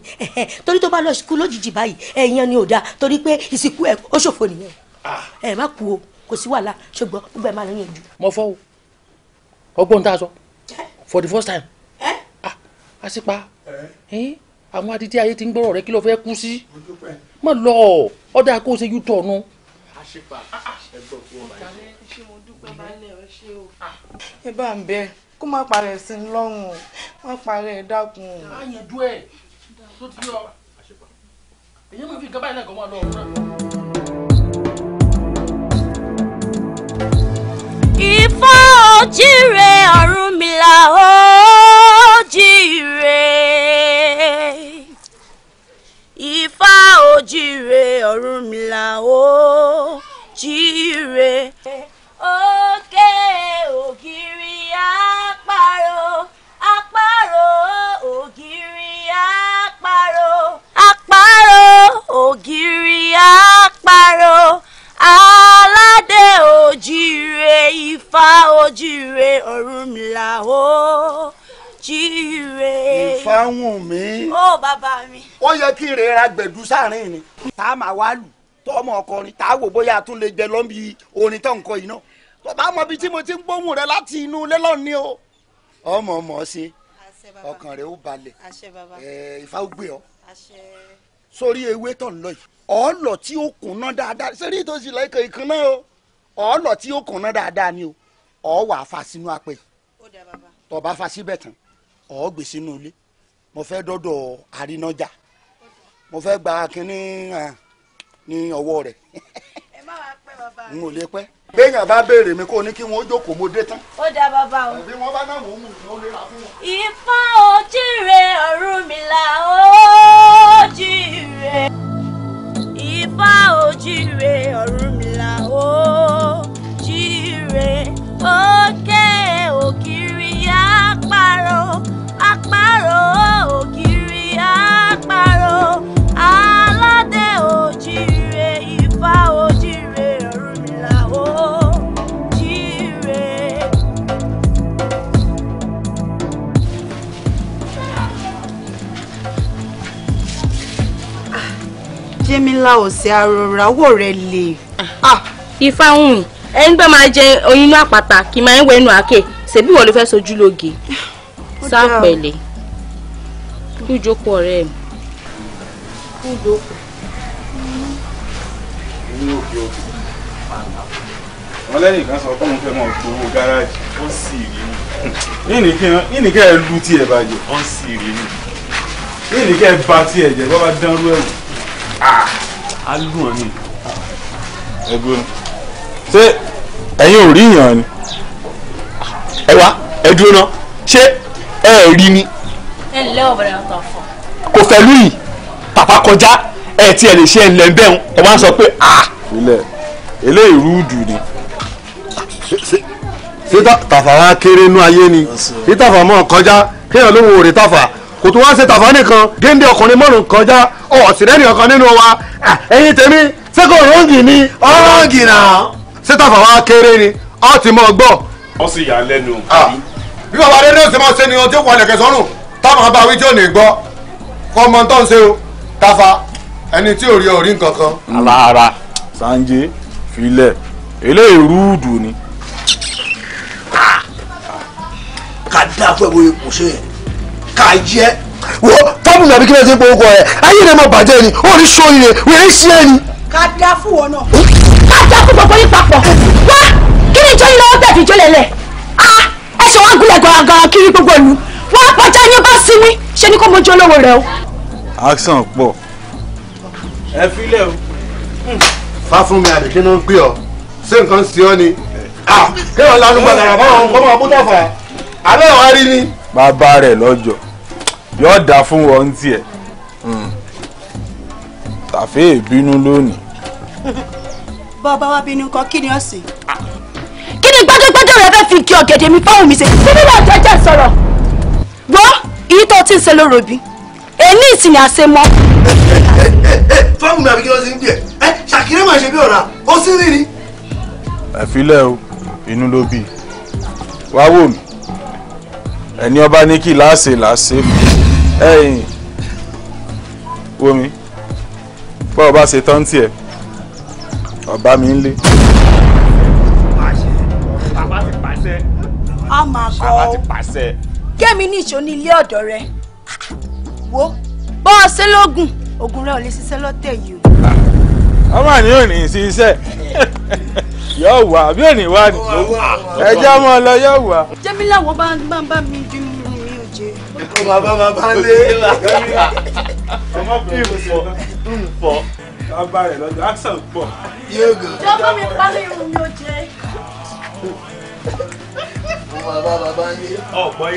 torí tó bá lọ kú lójijì báyìí ẹ̀yàn ni ò dáa torí pé ìsìnkú ẹ̀ ó ṣòfò nìyẹn ah. ẹ̀ má kú o kò sí wàhálà ṣùgbọ́n gbogbo ẹ̀ máa lọ yẹn jù. mo fọ́ o ọgbọ́n tá a sọ for the first time ah àṣìpa àwọn adití ayé ti ń gbọ́rọ̀ rẹ kí ló fẹ́ kú sí má lọ ọ̀dà kó o ṣe yútọ̀ ọ̀nà. àṣìpa ẹ bá ń bẹ kó má parẹ́ sí lọ́rùn o má parẹ́ ẹ dákun o. a yẹn ẹ tó ti yọ èyí mú fi gaba yìí náà kọ́ lọ Ifá o jíire Ọ̀rúnmìlà o jíire Ifá o jíire Ọ̀rúnmìlà o jíire. òkè ògiri àparò àparò ògiri àparò àparò ògiri àparò. ifá ojúre ọ̀rúnmìlà o jíire. ìfáwọn mi. ó bàbá mi. ó yẹ kí n rèé ra gbẹ̀dú sáàrin ni. tá a máa wá lù tọmọ ọkọrin tá a wò bóyá a tún lè jẹ lọ́nbi orin tó nǹkan yìí náà tó bá mọ ibi tí mo ti ń gbóhùn rẹ láti inú ilé lọ́ọ̀ni o ọmọ ọmọ ṣe ọkàn rẹ ó balẹ̀ ìfà ó gbé ọ sórí ewé tó ń lọ yìí ọ̀ọ́lọ̀ tí ó kùn náà dáadáa sórí tó sì lọ ikọ̀ o ọlọ tí ó kùnà dáadáa ni o ọ̀ wà á fa sínú apẹ̀ tó fa síbẹ̀ tán gbé sínú ilé mo fẹ́ dọ́dọ̀ àrínájà mo fẹ́ gba kínní ní ọwọ́ rẹ̀ n ò lè pẹ́. béèyàn bá béèrè mi kó ní kí wọ́n jókòó mo dé tán. ó dá bàbá o. Àbí wọn bá náà mò ń mú rà fún wọn. ìfọ́n ìbà ò jíire Ọ̀rúnmìlà ó jíire òkè ògiri àparò àparò ògiri àparò aládé ò jíire ìbà ò. Jẹ́mílá ọ̀sẹ̀ arọra owó rẹ̀ lè. ifá ń wìn ẹni tó máa jẹ oyin inú àpáta kì í máa ń wẹ inú àáké ṣèbí wọn ló fẹ́ sojú lóge sápẹ̀lẹ̀ kí ìjókòó ọ̀rẹ́ mi kí kan sọ fóun fẹ́ mọ̀ gbowó gáràjì ó sì rí mi yìnyín ẹ lu tiẹ̀ bàjẹ́ ó sì rí mi yìnyín ẹ ba tiẹ̀ jẹ́ bọ́ bá dánrú ẹ̀wò alùn ni. ẹgbẹ́ ṣé ẹ̀yin ò rí yàn ni ẹ wá ẹ dúró ná ṣé ẹ rí ni. ẹ ǹlẹ́ ọ̀bẹ̀rẹ̀ ọ̀tọ̀ fún. kò fẹ́ lùyìn pàpà kọjá ẹ tiẹ̀ lè ṣe ẹ̀ ńlẹ̀ bẹ́ẹ̀ ẹ wá ń sọ pé ah. ilẹ̀ eléyìí rúdù ni tí tàfà wá kéré nú ayé ni tí tàfà mọ́ kọjá kéèyàn ló wo òrè tàfà kò tún wá ṣe tàfà nìkan géńdé ọkùnrin márùn kọjá ọ̀sìnrẹ́ nìkan nínú wa ẹ̀yin tèmi ṣé kò rọ́ǹgì ni. ọ̀rọ̀ǹgì náà. ṣé tàfà wa kéré ni ọ ti mọ gbọ́. wọ́n sì yà á lẹ́nu. bí bàbá adé náà ṣe ṣe ni ohun tí ó palẹ̀ kẹsàn-án táwọn abá wí tí ò ní gbọ́ kọ́ mọ tó ń ṣe o tàfà ẹni tí ò rí orí nǹkan alára sanje filẹ eléyìí rúùdù ni. ká dáa fún ẹ ṣe yẹn ká wo tábìlì àbí kí ló ti pọ̀ ọkọ rẹ ayé rẹ máa bàjẹ́ ni ó ní sóyè wẹ́ẹ́ ṣe é ni. ká dá fún wọn náà. ká dá fún gbogbo yín papọ̀ wá kí ni ìjọyìn lọ́wọ́ bẹ̀ẹ̀ fi jólẹ̀ lẹ̀ ẹsẹ̀ wọn gúnlẹ̀ gọ̀ọ̀gọ̀ọ̀ kiri gbogbo ìlú wọn apọ̀já ní bá sinmi ṣe ni kò mójú olówó rẹ o. action pọ̀. ẹ filẹ̀ o. fá fún mi àdìkí náà ń gbé ọ ṣé nǹkan ń ṣe ọ ni. kéwọn lanu gbàdàrà báwọn kọ́ máa bú tọ̀fà alẹ́ wàá rí ni bàbá rẹ̀ lọ́jọ́ yóò dá fún wọn tiẹ̀ hmm. tàfé ìbínú lónìí. bàbá wa bínú kan kí ni ó sì. Ah. kí ni gbájúgbájú rẹ fẹ́ fi kí ọ̀gẹ̀dẹ̀ mi fáwọn mi ṣe kí ni wàá jẹ́jẹ́ sọ̀rọ̀ gbọ́ èyí tó ti ń ṣe lóró bí èmi ìsìn àṣemọ́. fáwọn mi àbí kí ló ti ń gbé ẹ ṣàkíré ṣe bí ọ̀rá ó sì rí ni. ẹ̀fílẹ̀ o inú ló bí wàá wò mí ẹni ọba ní kí láàṣẹ láàṣẹ ẹyìn wo mi bọ́ ọba ṣe tán tiẹ̀ ọba mi ń lé. a máa kọ́ ọ bàbá ní ìṣó ní ilé ọ̀dọ̀ rẹ wo bọ́ ọ ṣe lóògùn oògùn rẹ ò lè ṣiṣẹ́ lọ́tẹ̀ yìí o ọmọ ni ò ní sí iṣẹ́ yóò wá bí ò ní wá ni ẹjọ́ ọmọ lọ yóò wá. jẹ́mi láwọn bá ń bá mi dín mi ò jẹ́. ọmọ bàbá bá lé ọmọ bí nfọ nfọ ọba rẹ lọ́jọ́ action pọ. jọba mi parí irun mi ò jẹ́. ọmọ bàbá bá lé. ọ̀pọ̀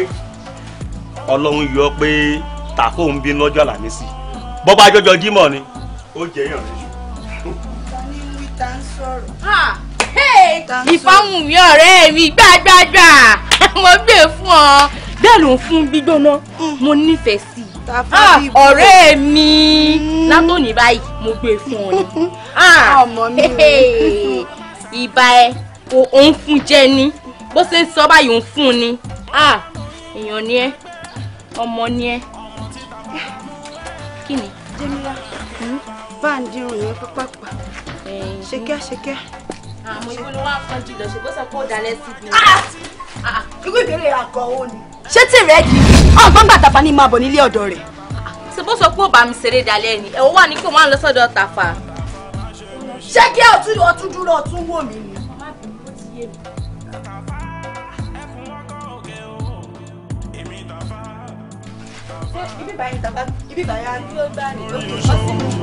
ọlọ́run yọ pé tàkó ń bí lọ́jọ́ àlàmísì bọ́bá jọjọ jímọ̀ ni ó jẹ́ yàn ní tá ń sọ̀rọ̀. ìfáwùnmí ọ̀rẹ́ mi gbàgbàgbà mo gbé e fún ọ bẹ́ẹ̀ ló ń fún gbígbóná mm. mo nífẹ̀ẹ́ sí i ah, ọ̀rẹ́ mi mm. látòní báyìí mo gbé e fún ọ ni ah, ọmọ mi ìbá ẹ òun fún jẹ ni bó ṣe ń sọ báyìí òun fún ni ah, èèyàn ni ẹ ọmọ ni ẹ kí ni. jẹ́mílá hmm? bá ń dirun pápá pa. Shake ṣekẹ́. shake ìwé Ah, mo fún jùlọ ṣe bó sọ pé ó dalẹ̀ síbi. ìwé ah! ah, ah. ìbéèrè àkọ́wọ́ ni. ṣé tèrè di ọgbọ́n gbàtàfà ni máa bọ̀ nílé ọ̀dọ̀ rẹ̀. ṣe bó sọ pé ó bá mi ṣeré dalẹ̀ ni ẹ̀wọ́ wà ní pé do á lọ sọ́dọ̀ o tu kí ọtún ọtún dúró ọtún wò mí ni. ibi báyìí tàbá ibi báyìí á dúró gbá ni lókè ọtí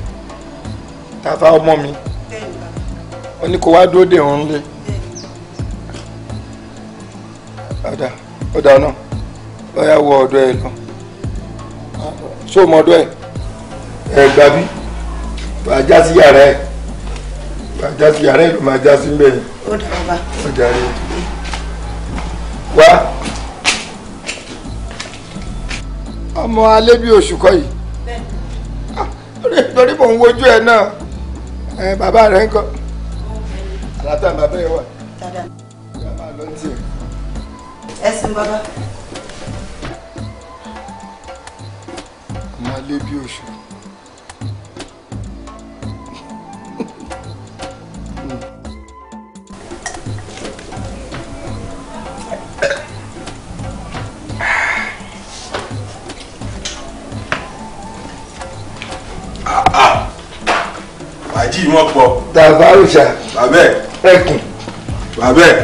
tàfà ọmọ mi ó ní kó wá dúró dè òun lé ọ̀dà ọ̀dà náà lọ́yà wọ ọ̀dọ̀ ẹ̀ lọ ṣó mọ ọ̀dọ̀ ẹ̀ ẹ̀ gbà bí bàá já sí yàrá ẹ̀ bàá já sí yàrá ẹ̀ ló máa já sí ń bẹ̀yìn ọ̀dà rẹ̀ wá ọmọ alẹ́ bí oṣù kọ́ yìí ah, lórí mò ń wojú ẹ náà ẹ bàbá rẹ ń kọ àlàtà bàbá yẹn wà. ìyá máa lọ tiẹ̀. ẹ sin bàbá. máa lé bí oṣù. kì í wọn pọ̀. bàbá òòṣà ẹkùn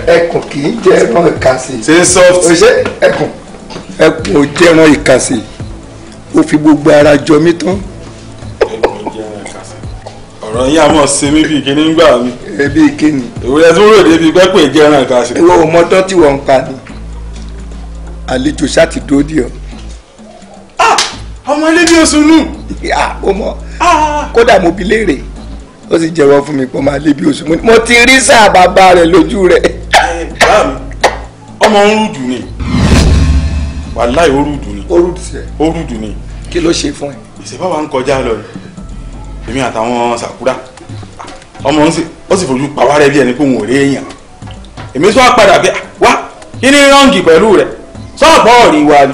ẹkùn kì í jẹ ẹran ìkàsì. ṣe soft. òṣè ẹkùn ẹkùn ò jẹ ẹran ìkàsì ó fi gbogbo ara jọ mí tán. ọ̀rọ̀ yín àmọ́ ṣe mí bíi kíní gbà mí. ẹbí kíni. ìwúrẹ́ tó rò débi pẹ́pẹ́ jẹ́ ẹran ìkàsì. ìwọ ò mọ tán tí wọ́n ń pa ni àlejò ṣáàtì tó dì ọ́ ah! ọmọ ilé ní oṣù nù. ó mọ ah! kódà mo bi léèrè ó sì jẹ́wọ́ fún mi pé máa lé bí oṣù mo ní mo ti rí sáà bàbá rẹ̀ lójú rẹ̀. bàbá mi ọmọ ń rúdù ni wàláì ó rúdù ni. ó rúdù sí ẹ. ó rúdù ni. kí ló ṣe fún ẹ. gbèsè báwa ń kọjá lọ èmi àtàwọn sàkúrà ọmọ ń sì ó sì fojú pa wárẹ́ bí ẹni pé òun ò rí èèyàn èmi sọ padà bí wá kí ni rọ́ǹgì pẹ̀lú rẹ̀ sọ́ọ̀pọ̀ ọ̀rì wa ni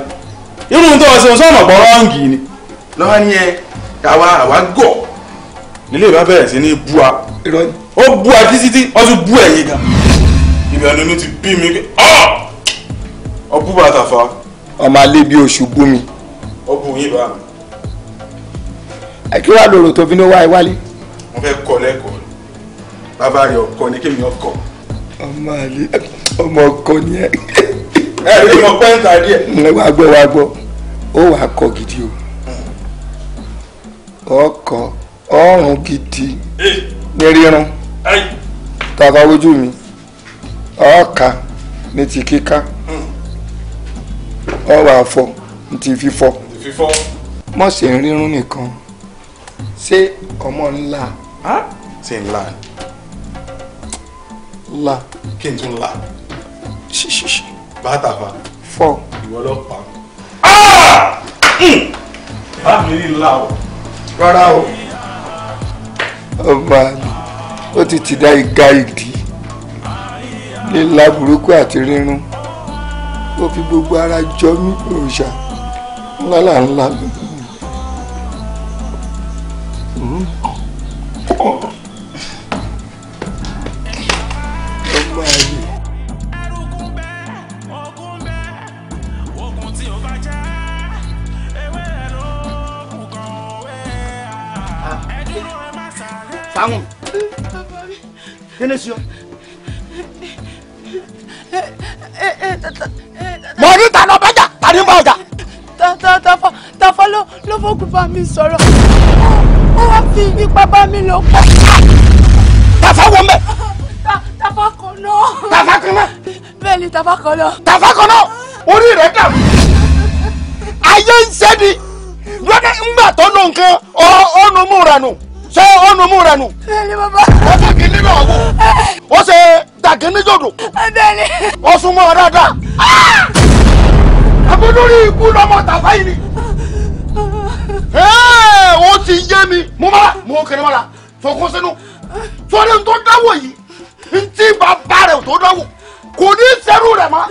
irun tó ọ̀sẹ̀ sọ́ọ̀mọ̀ pọ̀ ni lọ́wọ́ ni ẹ àwa àwa gọ̀ọ́ nílé ìbá bẹ̀rẹ̀ sí ní bú a ó bú a títí tí ó tún bú ẹ̀yìn ibi ti bí mi ọ bú bàtà fa. ọmọ alẹ́ bí oṣù bú mi. ó bú yín bá mi. kí wàá lòrò tó fi ní wá ẹ wálé. fẹ́ lẹ́kọ̀ọ́ ọkọ ni kémi ọkọ. ọmọ ọkọ ni ẹ. ẹ díẹ̀. wàá gbọ́ wàá gbọ́ ó wàá kọ gidi o hmm. ọrùn gidi ní rírun tá a bá wojú mi ọ̀ọ́ka ní ti kíká ọ̀rọ̀ àfọ ní ti fífọ mọ̀ sí rírun nìkan ṣé ọmọ ńlá. ṣe ńlá ńlá. kí n tún ńlá. ṣíṣíṣí. bàtà fa. fọ. ìwọ lọ pa. Ah! Hmm. bá mi rí ńlá o. rárá o. ọba ó ti ti dá igá ìdí lílá burúkú àti rírun ó fi gbogbo ara jọ mí òrìṣà ńlá ńlá mi. ọmọ àyè. fáwọn mi kí ni sí ọ. mo ní ta lọ bájà ta ní bá ọjà. tàfà tàfà ló ló fọkùn bá mi sọ̀rọ̀ ó wá fi ipá bá mi lò pọ̀. tàfà wọ mẹ. tàfà kan náà. tàfà kan náà. bẹ́ẹ̀ ni tàfà kan náà. tàfà kan náà orí rẹ̀ dà ayé ń ṣẹ́ni lọ́dẹ ńgbà tó lò nǹkan ọ̀ọ́nùmú ṣé ó nu mú rẹ nù. bẹ́ẹ̀ni bàbá. ó sì kì í níbẹ̀ ọ̀gùn. ó ṣe dàgé níjòdò. bẹ́ẹ̀ni. ó sún mọ́ ọ dáadáa. àbí lórí ikú lọ́mọ tàfá yìí ni. ó ti yé mi. mo máa mo kéré mọ́ra fọkún sínú. sórí tó dáwọ̀ yìí ntí bàbá rẹ̀ tó dáwọ̀ kò ní sẹ́rù rẹ̀ mọ́.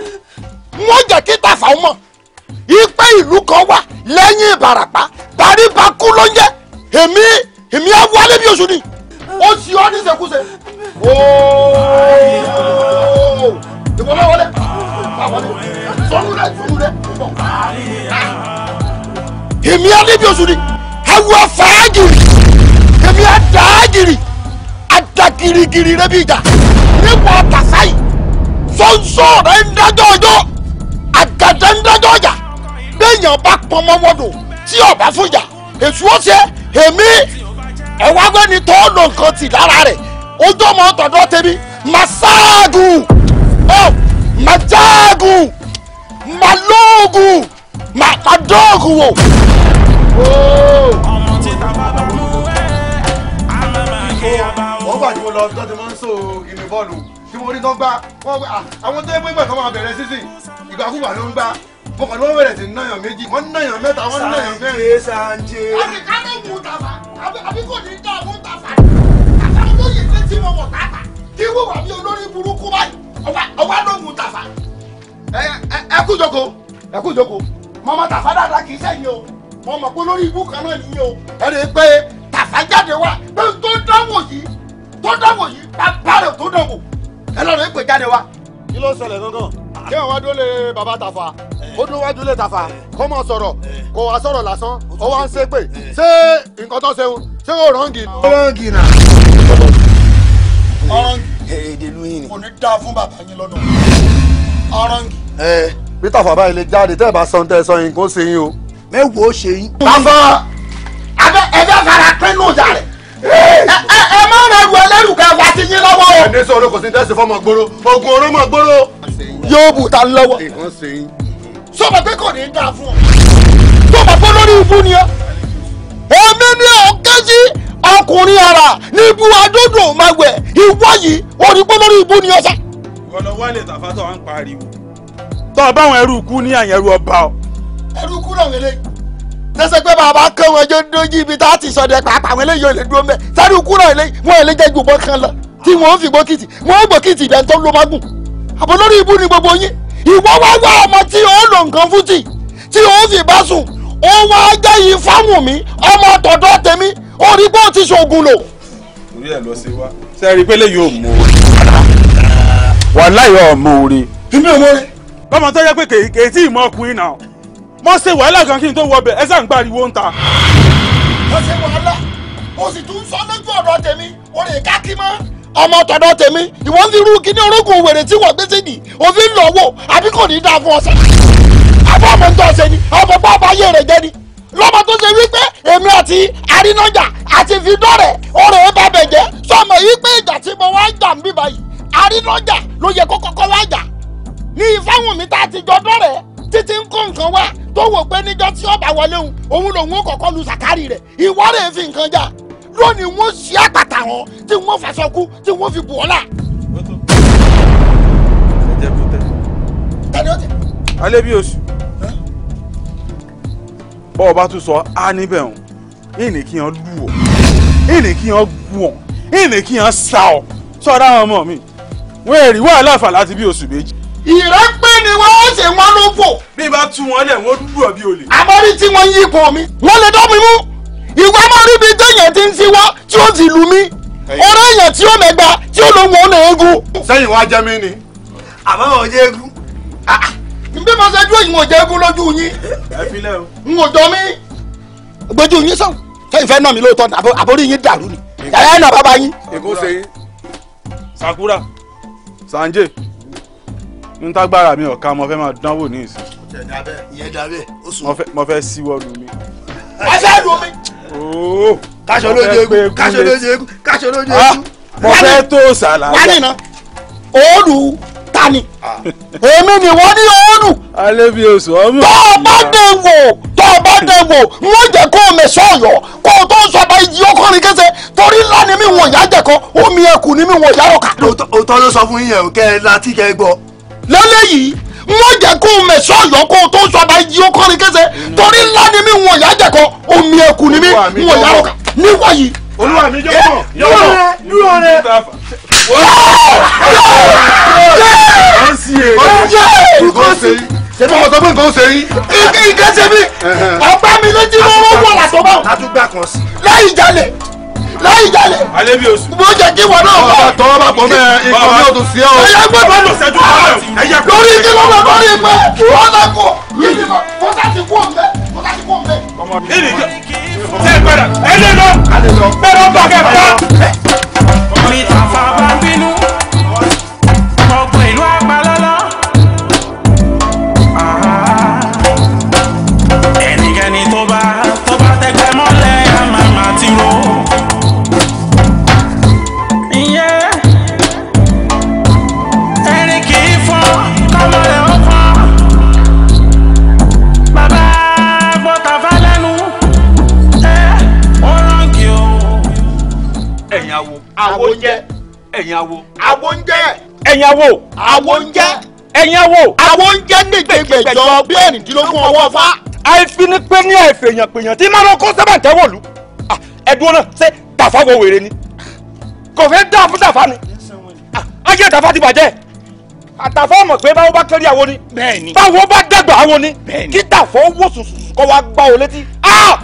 mo jẹ́ kí tàfà mọ̀ ipe ìlú kan wà lẹ́yìn Ìbàràpá tàbí bakú ló ń jẹ́ èmi èmi á wọ alẹ́ bí oṣù ni ó sì ọ́ ní ìṣekúṣe ooo ìwọ náà wọlé sọnù rẹ sọnù rẹ bọ. èmi á ní bí oṣù ni awọ fàájìrì èmi á dàájìrì adagirigiri rẹ bí ìjà nípa pàṣáyì sọ́nsọ́ rẹ ń dájọ́ ọjọ́ àgàdá ń dájọ́ ọjà béèyàn bá pọnmọ́wọ́dùn tí ọba fún ìjà èṣù ọ̀sẹ̀ èmi ẹ wá gbé ni tó lò nǹkan tì lára rẹ̀ ojú ọmọ tọ̀dọ̀ tèmi màsáàgù ọ màjáàgù màlóògù màdóògù wò. ìgbà kan ló ń gbá ọkọ̀ ni wọ́n bẹ̀rẹ̀ sí náyàn méjì wọ́n náyàn mẹ́ta wọ́n náyàn mẹ́rin. sanje sanje. àbí ká ló mú tàfà àbí kò ní dá mú tàfà àtàwọn olóyè fẹ́ tí mo mọ̀ tàfà kí wọ́n wà ní olórí burúkú báyìí ọwọ́ ló mú tàfà. ẹ kú jókòó ẹ kú jókòó mọ́mọ́ tàfà dáadáa kì í sẹ́yìn o wọ́n mọ̀ pé lórí ibú kan náà nìyí o ẹ lè pé tàfà jáde wá pé tó dánwò yìí tó dánwò yìí bá tó dánwò ẹ lọ́ọ́ kí ló ṣẹlẹ̀ gangan kí àwọn adúlé lè Tafa ó dún wájú lè Tafa kó mọ̀ sọ̀rọ̀ kó wá sọ̀rọ̀ lásán ó wá ń ṣe pé ṣé nǹkan tó ṣe ṣé kò rọ́ǹgì. rọ́ǹgì náà. ọ̀rọ̀ǹgì. èdè lu yín ni. kò ní dáa fún bàbá yín lọ́dọ̀. ọ̀rọ̀ǹgì. ẹ bí Tafa báyìí lè jáde tẹ́ ẹ bá sọ tẹ́ sọ yín kó ṣe yín o. mẹ́wòó ṣe yín. Tafa ẹ fẹ́ fara pín nù jàre ẹ má ra ẹrù ẹlẹ́rù ká wá sí yín lọ́wọ́ o. ẹni sọ olóko sí tẹ́sí fọmọ gbóró ogun oró mọ gbóró. yóò bù ta lọ́wọ́. sọ ma pé kò ní í dáa fún ọ. sọ ma pé lórí ibú ni ọ. èmi ni ọ̀kẹ́sí ọkùnrin ara ní ibú adódò máa wẹ̀ ìwọ yìí orí pé lórí ibú ni ọ sá. ìwọ lọ wálé tàfátọ̀ à ń pariwo. tọ́ ọ báwọn ẹrú ikú ní àyẹ̀rù ọba ọ. ẹrú ikú náà wẹ̀lẹ́ yìí tẹsẹ pé bàbá kẹ wọn jọ dojú ibi tá a ti sọdẹ pàápàá àwọn eléyìí ò lè dúró mẹ sáré kúrò ilé wọn ò lè jẹ gbogbo kan lọ tí wọn ò fi gbókìtì wọn ò gbókìtì ìdẹ́ntọ́ ló máa gùn àbọ̀ lórí ibú ni gbogbo yín ìwọ wá wá ọmọ tí ò lò nǹkan fún tì tí ò fi bá sùn ó wá jẹ́ yìí fáwọn mi ọmọ tọ̀dọ̀ tèmi ó rí pé ó ti ṣoògùn lò. torí ẹ lọ sí wa ṣe rí pélé yóò mú orí. wàhálà yóò mú orí. èmi ò mọ orí. bámọ tó yẹ pé kèé tí ì mọ ọkùnrin náà mo ṣe wàhálà gan kí n tó wọbẹ̀ ẹ sàn gbàriwo ń ta. mo ṣe wàhálà mo sì tún sọ lójú ọ̀rọ̀ tèmi o lè ká kí mọ́ ọmọ tọ̀dọ̀ tèmi ìwọ ń fi irú kíní orógùn wèrè tí wọ́n gbé sí ni òfin lọ wò àbí kò ní í dáa fún ọ̀sẹ̀ abọ́ ọmọ ń tọ́ ọ̀sẹ̀ ni ọmọ bá ọba ayé rẹ̀ jẹ́ ni lọ́mọ tó ṣe wípé èmi àti arínájà àti fidọ́rẹ̀ ọ̀rọ̀ ẹ bá bẹ̀ jẹ́ sọmọ yìí pé ìjà tí mo wá ń jà ń bí báyìí arínájà ló yẹ kó kọ́kọ́ wá jà ní ìfáwọn mi tá a ti jọ dọ́rẹ̀ títí ń kó nǹkan wá tó wò pé níjọ́ tí ọba wọlé òun òun lòun ó kọ́kọ́ lu sàkárì rẹ̀ ìwọ rẹ̀ fi nǹkan jà lónìí wọ́n ṣí àpàtà wọn tí wọ́n fàṣọ kú tí wọ́n fi bù ọ́ là. alẹ́ bí oṣù bọ́ ọba tún sọ á níbẹ̀ hàn ìní kí hàn lù ọ́ ìní kí hàn gùn ọ́ ìní kí hàn sa ọ́ sọ́ra àwọn ọmọ mi wọ́n èrì wàhálà fà láti bí oṣù méjì ìrẹ́pẹ́ ni wọ́n ṣe wọ́n ló fò. bí bá tú wọn lẹ̀ wọ́n dúdú ọ̀bí olè. àmọ́rí tí wọ́n yí ipò mi wọ́n lè dán mi mú ìwọ máa rí ibi téèyàn ti ń síwá tí ó sì lù mí ọ̀rẹ́ èèyàn tí ó mẹ́gbà tí ó lòun ò ní eégún. sẹ́yìn wá jẹ́ mi ni àmọ́ wọn jẹ́ eégún. Ah, ah. bí mo ṣe dúró yìí wọn jẹ́ eégún lójú yín. ẹ fi lẹ́ o. n ò jọ mí. gbójú yín sọ̀rọ̀ sẹ́yìn fẹ́ náà mi lóòótọ́ àbórí yín dàrú ni. yàrá ẹ̀ náà bàbá yín. èkó yín. sakura sanje n tágbára mi ọ̀ka mo fẹ́ máa dánwò ní ìsìn. ìyẹn dábẹ́ ó sùn. mo fẹ́ síwọ́lu mi. wọ́n fẹ́ lu omi. ooo kaṣọ lójú egun kaṣọ lójú egun kaṣọ lójú ah! egun. mo fẹ́ tó sàlàyé. wọ́n nìna òòlù tani ah! èmi ni wọ́n ní òòlù. alẹ́ bí oṣù ọmọ. tó o bá dé wò tó o bá dé wò mo jẹ́ kó o mẹ̀ sọ̀yọ̀ kó o tó sọ bá yí ọkọrin kẹsẹ̀ torí ńlá ni mi wọ̀nyá jẹ̀kọ́ omi ẹkùn ni mi wọ̀nyá ọkà. òótọ́ ló sọ fún yín yẹn kẹ́ ẹ láti kẹ́ gbọ́ lálẹ́ yìí wọ́n jẹ́ kó o mẹ̀sọ́ ọ̀yọ́ kó o tó sọ àbá yìí ó kọ́ni kése torí ńlá ni mí wọn jẹ̀kọ́ omi ẹ̀kú ni mí wọn ìyá níwọ̀ yìí. olúwa mi yọ̀ bọ̀ yọ̀ bọ̀ dúró rẹ. sẹ́mi ọ̀sán pé nǹkan ṣe yín. ike ike ṣe mí ọ̀pá mi ló jí wọ́n wọ̀ làtọ́ bá. a tún kan sí. láì jalè láyé jalè. alebi oṣù. mo jẹ kí wọn náà wá. tọwọ́ bá pọ̀ mẹ́ ikọ̀ mi ò tún sí ẹ o. ẹyẹ pé bá lọ sẹ́jú kan náà. lórí kí ló bẹ lórí pé wọ́n náà kọ̀. mo sá ti kú òǹbẹ mo sá ti kú òǹbẹ. ìlì jẹ ṣe gbẹdẹ ẹ lè lọ bẹ̀rẹ̀ ọgbà kẹfà. mi ta fa bá bínú. ẹ̀yin awo. awo ń jẹ́. ẹ̀yin awo. awo ń jẹ́. ẹ̀yin awo. awo ń jẹ́ nígbègbèjọ bí ẹ̀rìndínlógún ọwọ́ fa. àìfinipé ní àìfèèyàn pèèyàn tí máa lọ kó sábà tẹ́wọ̀lú. Ah, ẹ̀dùn náà ṣe tàfà wo wèrè ni kò fẹ́ dá fún tàfà ni ajé ah, tàfà ti bàjẹ́ àtàfà mọ̀ pé báwo bá kẹ́rí àwọn ni báwo bá dàgbà àwọn ni kí tàfà ó wò sùnsùn kọ́ wa gbá o létí ah!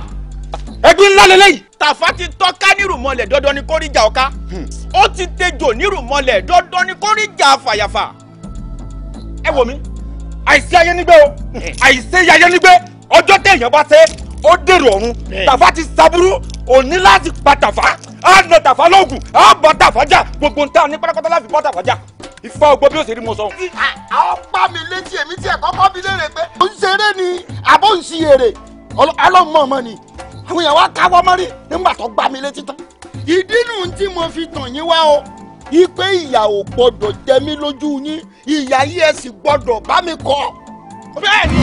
ẹgbẹ́ ńlá lélẹ́yìí tàfá ti tọ́ka nírùmọ̀lẹ̀ dandan ni kó rí ìjà ọ̀ka hmm. ó ti tejò nírùmọ̀lẹ̀ dandan ni kó rí ìjà fàyàfà. ẹ wò mí àìsí ayé nígbẹ́ o hmm. àìsí ayé nígbẹ́ ọjọ́ téèyàn bá ṣe ó dèrò ọ̀run hmm. tàfá ti saburú òní láti pa tàfá á nà tàfá lóògùn á bọ̀ tàfá jà gbogbo ntá ní pátápátá láfi bọ́ tàfá jà ìfọ ògbó bí ó ṣe rí mo sọ. àwọn pa mi létí èmi tí ẹ kọ́kọ́ bí léèrè pé. ó ń ṣeré ni àbó ń ṣiyèrè ọlọ́mọ ni àwọn èèyàn wá káwọ́ mọ́rí nígbà tó gbá mi létí tán. ìdínú tí mo fi tàn yín wá o ipe ìyà ò gbọdọ̀ jẹ mí lójú yín ìyà yìí ẹ sì gbọdọ̀ bá mi kọ. bẹ́ẹ̀ni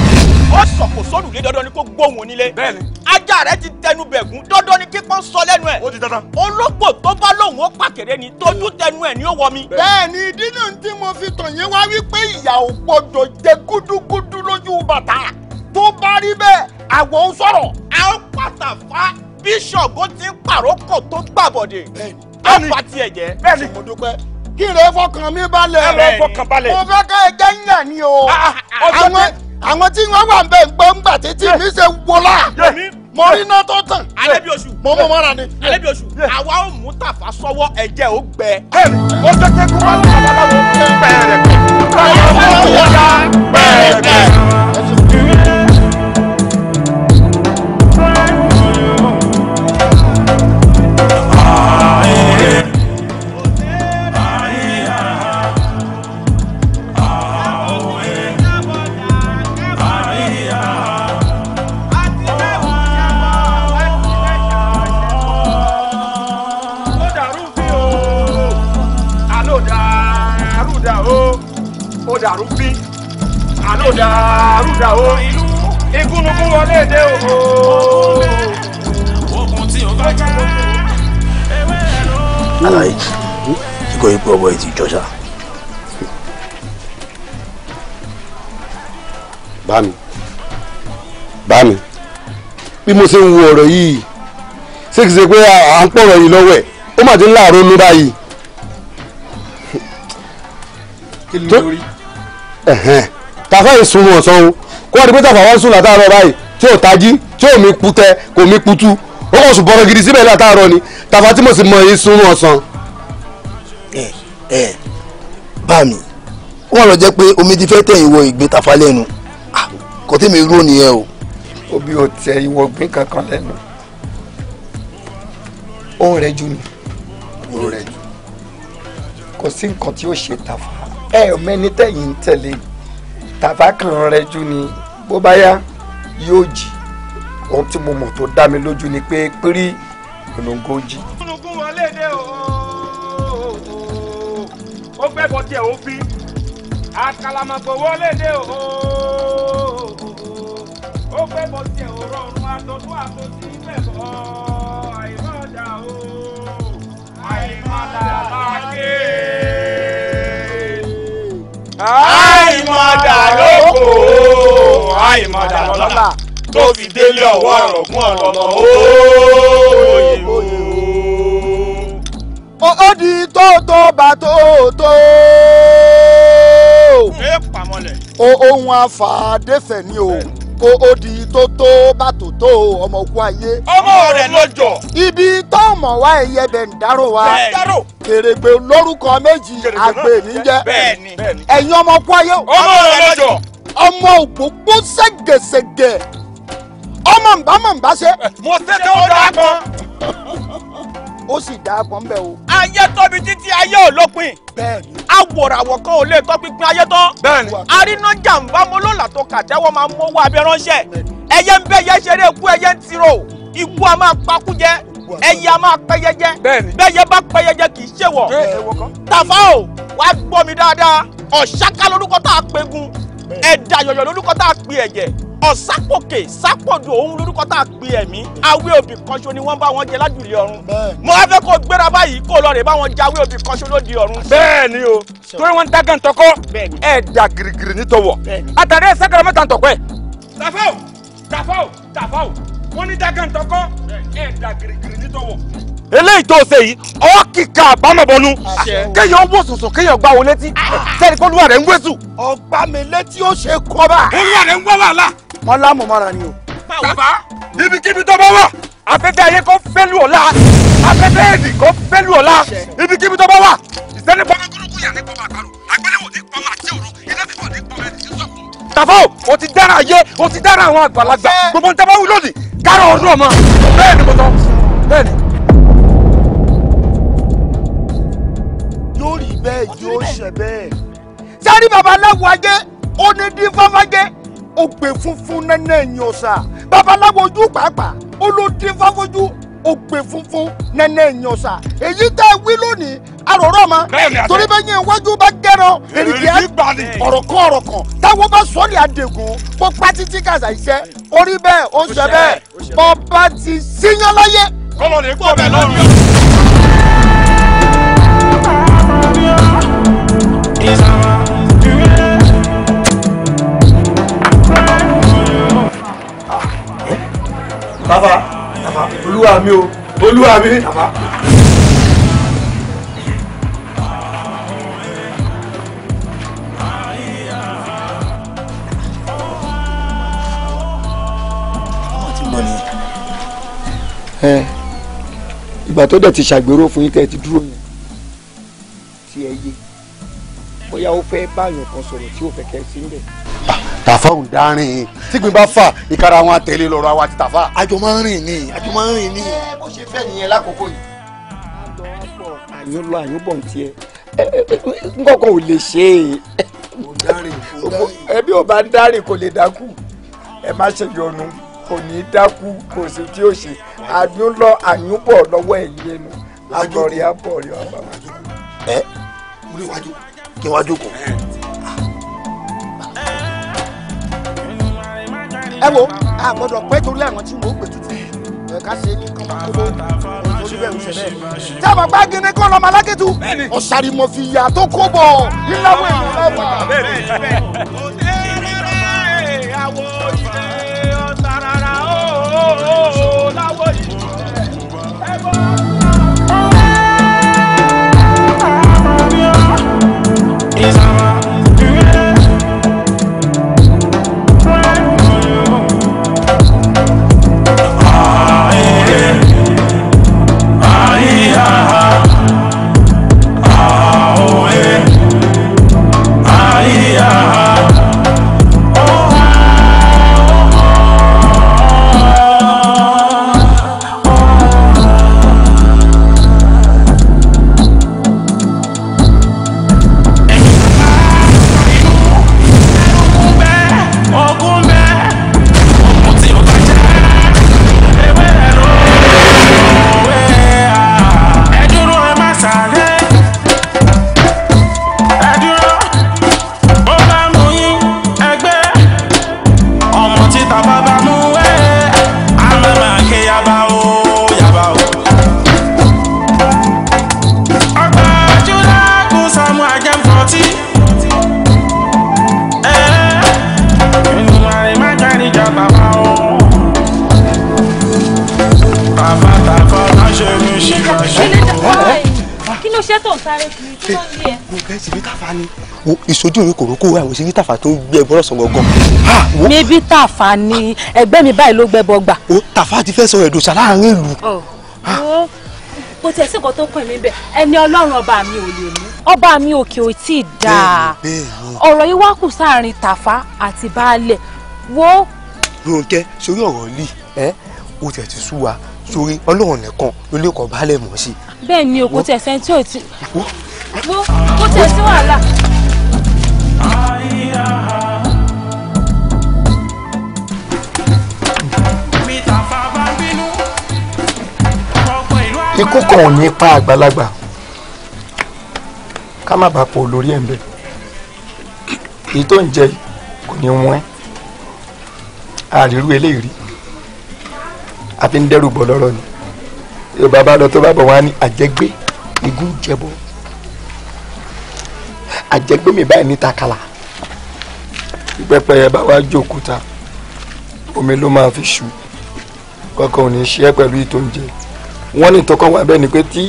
ó sọkò sọdún lé dandan ni kó gbóhùn onílé. bẹ́ẹ̀ni ajá rẹ ti tẹnu bẹ̀gùn dandan ni kíkọ́ sọ lẹ́nu ẹ̀. ó ti dandan. ológbò tó bá lóun ó pàkèrè ni tójú tẹnu ẹ̀ ni ó wọ mi. bẹ́ẹ̀ni ìdínú tí mo fi tàn yín wá wípé ìyà ò gbọdọ̀ jẹ gúdúgúdú lójú bàtà tó bá rí bẹ́ẹ̀ àwọ̀ ń sọ̀rọ̀ a ó pàtàfà bíṣọ̀bù ti ń pàrókò tó gbàbọ̀dẹ̀ a bá tiẹ̀ jẹ́ bẹ́ẹ̀ni mo dúpẹ́. kí lè fọkàn mi balẹ̀ ẹ lọ fọkàn balẹ̀ mo fẹ́ ká ẹ jẹ́ yàn ni o ah, ah, ah, àwọn àwọn tí wọ́n wà ń bẹ̀ ń gbọ́ ń gbà títí mi ṣe wọlá mo rí iná tó tàn alẹ́bí oṣù mo mọ mọ́ra ni alẹ́bí oṣù àwa ò mú tàfà sọ́wọ́ ẹ̀jẹ̀ ó gbẹ. bẹ́ẹ̀ni ó tẹ́tẹ́ kó wá lọ́wọ́ pẹ́ẹ́rẹ́ pẹ́ẹ́rẹ́ pẹ́ẹ́rẹ́ pẹ́ẹ́rẹ́ pẹ́ẹ́rẹ́ pẹ́ẹ́rẹ́ pẹ́ẹ́rẹ́ pẹ́ẹ́rẹ́ tó dàrúdà o ìlú igúnnugún wọlé dé o. ogun tí o bá ká ewé rẹ ló. aláì tí kò yí pé ọmọ ìtì ìjọsà. bámi bámi bí mo ṣe ń wo ọ̀rọ̀ yìí ṣé kìí ṣe pé à ń pọ̀rọ̀ yìí lọ́wọ́ ẹ̀ ó mà ti ń láàárọ̀ ló báyìí. kí ló lórí tàfà ìsun wọn sàn o kó wá di pé tàfà wá sùn látàárọ̀ báyìí tí ò tají tí ò mi kutẹ kò mi kutu ó kàn sùn bọ̀rọ̀ gidi síbẹ̀ látàárọ̀ ni tàfà tí mo sì mọ ìsun wọn sàn. ẹ ẹ bá mi wọn lọ jẹ pé omi ti fẹ́ tẹ̀yìn wọ ìgbín tàfà lẹ́nu kò tí mi rò nìyẹn o. obi ò tẹ ìwọ gbín kankan lẹ́nu ó rẹ jù ni ó rẹ jù kò sí nǹkan tí ó ṣe tàfà ẹ ò mẹ́ni tẹ̀yìn tẹ̀lé yìí tàfà kan rẹjú ni bó bá yá yóò jì ohun tí mo mọ̀ tó dá mi lójú ni pé pírí ònàgó jì. olùkún wọlé dé o ó fẹ́ bọ́ tiẹ̀ ó fi àkàlàmọ̀gbò wọlé dé o ó fẹ́ bọ́ tiẹ̀ ó rọrùn àtọ́tún àtọ́tún ìfẹ́ bọ́ àìmọ̀dà o àìmọ̀dà bá a ké àìmọ̀dà ló kò ó àìmọ̀dà lọ́la tó fi délé ọ̀wọ́ àrògún ọ̀nà òòyìnbó. ó di tóótó bá tóótó. ẹ pàmọ́lẹ̀. ohun àfàdéfẹ̀ ni o ó di tó tó bá tó tó ọmọ òkú ayé. ọmọ rẹ lọ́jọ́. ibi tó mọ̀ wá ẹyẹ bẹ̀ ń dárò wa. bẹ́ẹ̀ dárò. kèrègbè lórúkọ méjì àgbè níjẹ. bẹ́ẹ̀ni. ẹ̀yin ọmọ òkú ayé. ọmọ rẹ lọ́jọ́. ọmọ ògbógbó ségesège. ọmọ nbà mọ̀ nbà ṣe. mo ṣe tó dáa kan. ó sì dáa kan bẹ́ẹ̀ o. ayé tóbi títí ayé ò lópin. bẹ́ẹ̀ni awòràwọ̀ kan ò lè tọ́ pínpín ayé tán. bẹ́ẹ̀ni. arínájà ń bá mọ́lọ́lá tó kàtẹ́wọ́ máa ń abẹ́ránṣẹ́. bẹ́ẹ̀ni ẹyẹ ń bẹ ẹyẹ ṣeré ikú ẹyẹ ń tirò ikú a máa pakú jẹ ẹyẹ a máa pẹyẹ jẹ bẹyẹ bá pẹyẹ jẹ kì í ṣe wọ Tàfá o wàá gbọ́ mi dáadáa ọ̀ṣáká lórúkọ tá a pegun ẹ̀dà yọ̀yọ̀ lórúkọ tá a pe ẹ̀jẹ̀ ọ̀sápòkè sápòdò òun lórúkọ tá a pe ẹ̀mí awé òbí kanṣo ni wọ́n bá wọn jẹ lájùlé ọ̀run mo wá fẹ́ kó gbéra báyìí kó lọ rè bá wọn jẹ awé òbí kanṣo lóde ọ̀run. bẹ́ẹ̀ni o torí wọn ń ta gàǹtọkọ ẹ̀dà gírígírí nítọwọ àtàrí ẹsẹ kẹrẹmẹta ń tọpẹ. Tàfá o tàfà o tàfà o wọ́n ní dákàntọ́kọ́ ẹ̀ dàgìrìgìrì nítọ̀wọ̀ eléyìí tó ṣe yìí ọ kìka àbámọ̀bọ̀nu kéèyàn wò sòsò kéèyàn gbá wo létí sẹ́ni kó lúwa rẹ̀ ń wéṣù. ọgbà mi létí ó ṣe kọ́ba. olúwa rẹ̀ ń wá wàhálà. wọn láàmú mọ́ra ni o. bàbá ibikíbi tó bá wà afẹ́fẹ́ ayé kó fẹ́lú ọ̀la afẹ́fẹ́ èdè kó fẹ́lú ọ̀la ibikíbi tó bá wà ìsẹ́ni pọ́nmi kúrúkú yà ní pọ́nmi àkàrò àgbélẹ̀wò ní tàfọ́ o ti dára ayé o ti dára àwọn àgbàlagbà gbogbo níta bá wù lónìí kárọ̀ ọdún ọmọ bẹ́ẹ̀ ni mo sọ bẹ́ẹ̀ ni. yóò rí bẹ́ẹ̀ yóò ṣe bẹ́ẹ̀. sẹ́rí babaláwo ajé ó ní dín fáfájẹ́ ó gbé funfun nẹ́nẹ́ ẹ̀yìn ọ̀sà babaláwo ojú pàápàá ó ló dín fáfojú ògbè funfun nẹ́nẹ́ èèyàn sà èyí tẹ́ wí lónìí arọ̀rọ̀ ma torí bẹ́ẹ̀ yẹn iwájú bá gẹ́rọ èrìgì ọ̀rọ̀ kan ọ̀rọ̀ kan bá sọ àdègùn bó pa títí kàṣà iṣẹ́ orí bẹ́ẹ̀ ó ṣe bẹ́ẹ̀ bọ́ ti síyán láyé. kọ́lọ̀ lè gbọ́ bẹ́ẹ̀ lọ́rùn. Baba bàbá olúwa mi o olúwa mi ìgbà tó dẹ̀ ti ṣàgbéró fún yín tẹ́ ẹ ti dúró yẹn tí ẹ yé bóyá ó fẹ́ báyọ̀ kan sọ̀rọ̀ tí ó fẹ́ kẹ́ sí níbẹ̀. tàfà ò dárin tígbìn bá fà ìkara wọn àtẹ̀lé lọ́rọ̀ àwa àti tàfà àjọ máa ń rìn ni àjọ máa ń rìn ni. ẹ bó ṣe fẹ́ nìyẹn lákòókò yìí. àyùn lọ àyùn bọ̀ ń tiẹ̀ nǹkan ò lè ṣe é. ẹbí ò bá ń dárìn kò lè dákú ẹ má ṣe yọnu kò ní dákú kò sí tí ó ṣe àyùn lọ lọ́wọ́ ẹ̀yìn ẹnu agbọ̀rẹ̀ abọ̀rẹ̀ ọba. ẹ múlẹ̀ wájú kí n wá jókòó. ẹ wo a gbọ́dọ̀ pẹ́ torí àwọn tí wọ́n gbé tutù ká ṣe ní kọ́mọkọ́mọ olùbẹ̀ ń ṣẹlẹ̀. tí a bá gbá gíní kọ́ lọ́mọ alágẹ̀tù ọ̀sàrì mọ̀ fi yà tó kó bọ̀ níláwọ̀ èèyàn láwà. ìṣojú ìwé kòrókò àwọn òṣèré tàfà tó ń gbé ẹbọ lọ́sàn gangan. níbi tàfà ni ẹgbẹ́ mi báyìí ló gbẹ́bọ gbà. o tàfà ti fẹ́ sọ ẹ̀dọ̀ṣà láàrin ìlú. bó ti ẹsẹ̀ kan tó kàn mí bẹ̀ ẹni ọlọ́run ọba mi ò lè mú. ọba mi òkè ò tí ì dáa ọ̀rọ̀ yìí wá kù sáàrin tàfà àti baálẹ̀ wo. Rónkẹ́ sórí ọ̀rọ̀ lì ẹ́ o tẹ̀ ti sú wa sórí ọlọ́run nìkan ló lè kọ́ baálẹ̀ mọ̀ sí. bẹ́ẹ̀ ni o kò tẹ̀ sẹ́ńtì ò ti. wo kò tẹ̀ wàhálà. ikú kan ò ní pa àgbàlagbà ká má bàa pọ̀ lórí ẹ̀ ń bẹ̀ èyí tó ń jẹ kò ní wọ́n àrírú eléyìí rí àfi ń dẹ́rù bọ̀ lọ́rọ̀ ni yorùbá bá lọ tó bá bọ̀ wá ní àjẹgbé igun jẹbọ àjẹgbé mi báyìí níta kala ìpẹpẹyẹ bá wá jókòó ta omi ló máa fi ṣù kọkàn ò ní ṣe é pẹ̀lú ìtòǹjẹ wọ́n ní tọkàn wà bẹ́ẹ̀ ni pé tí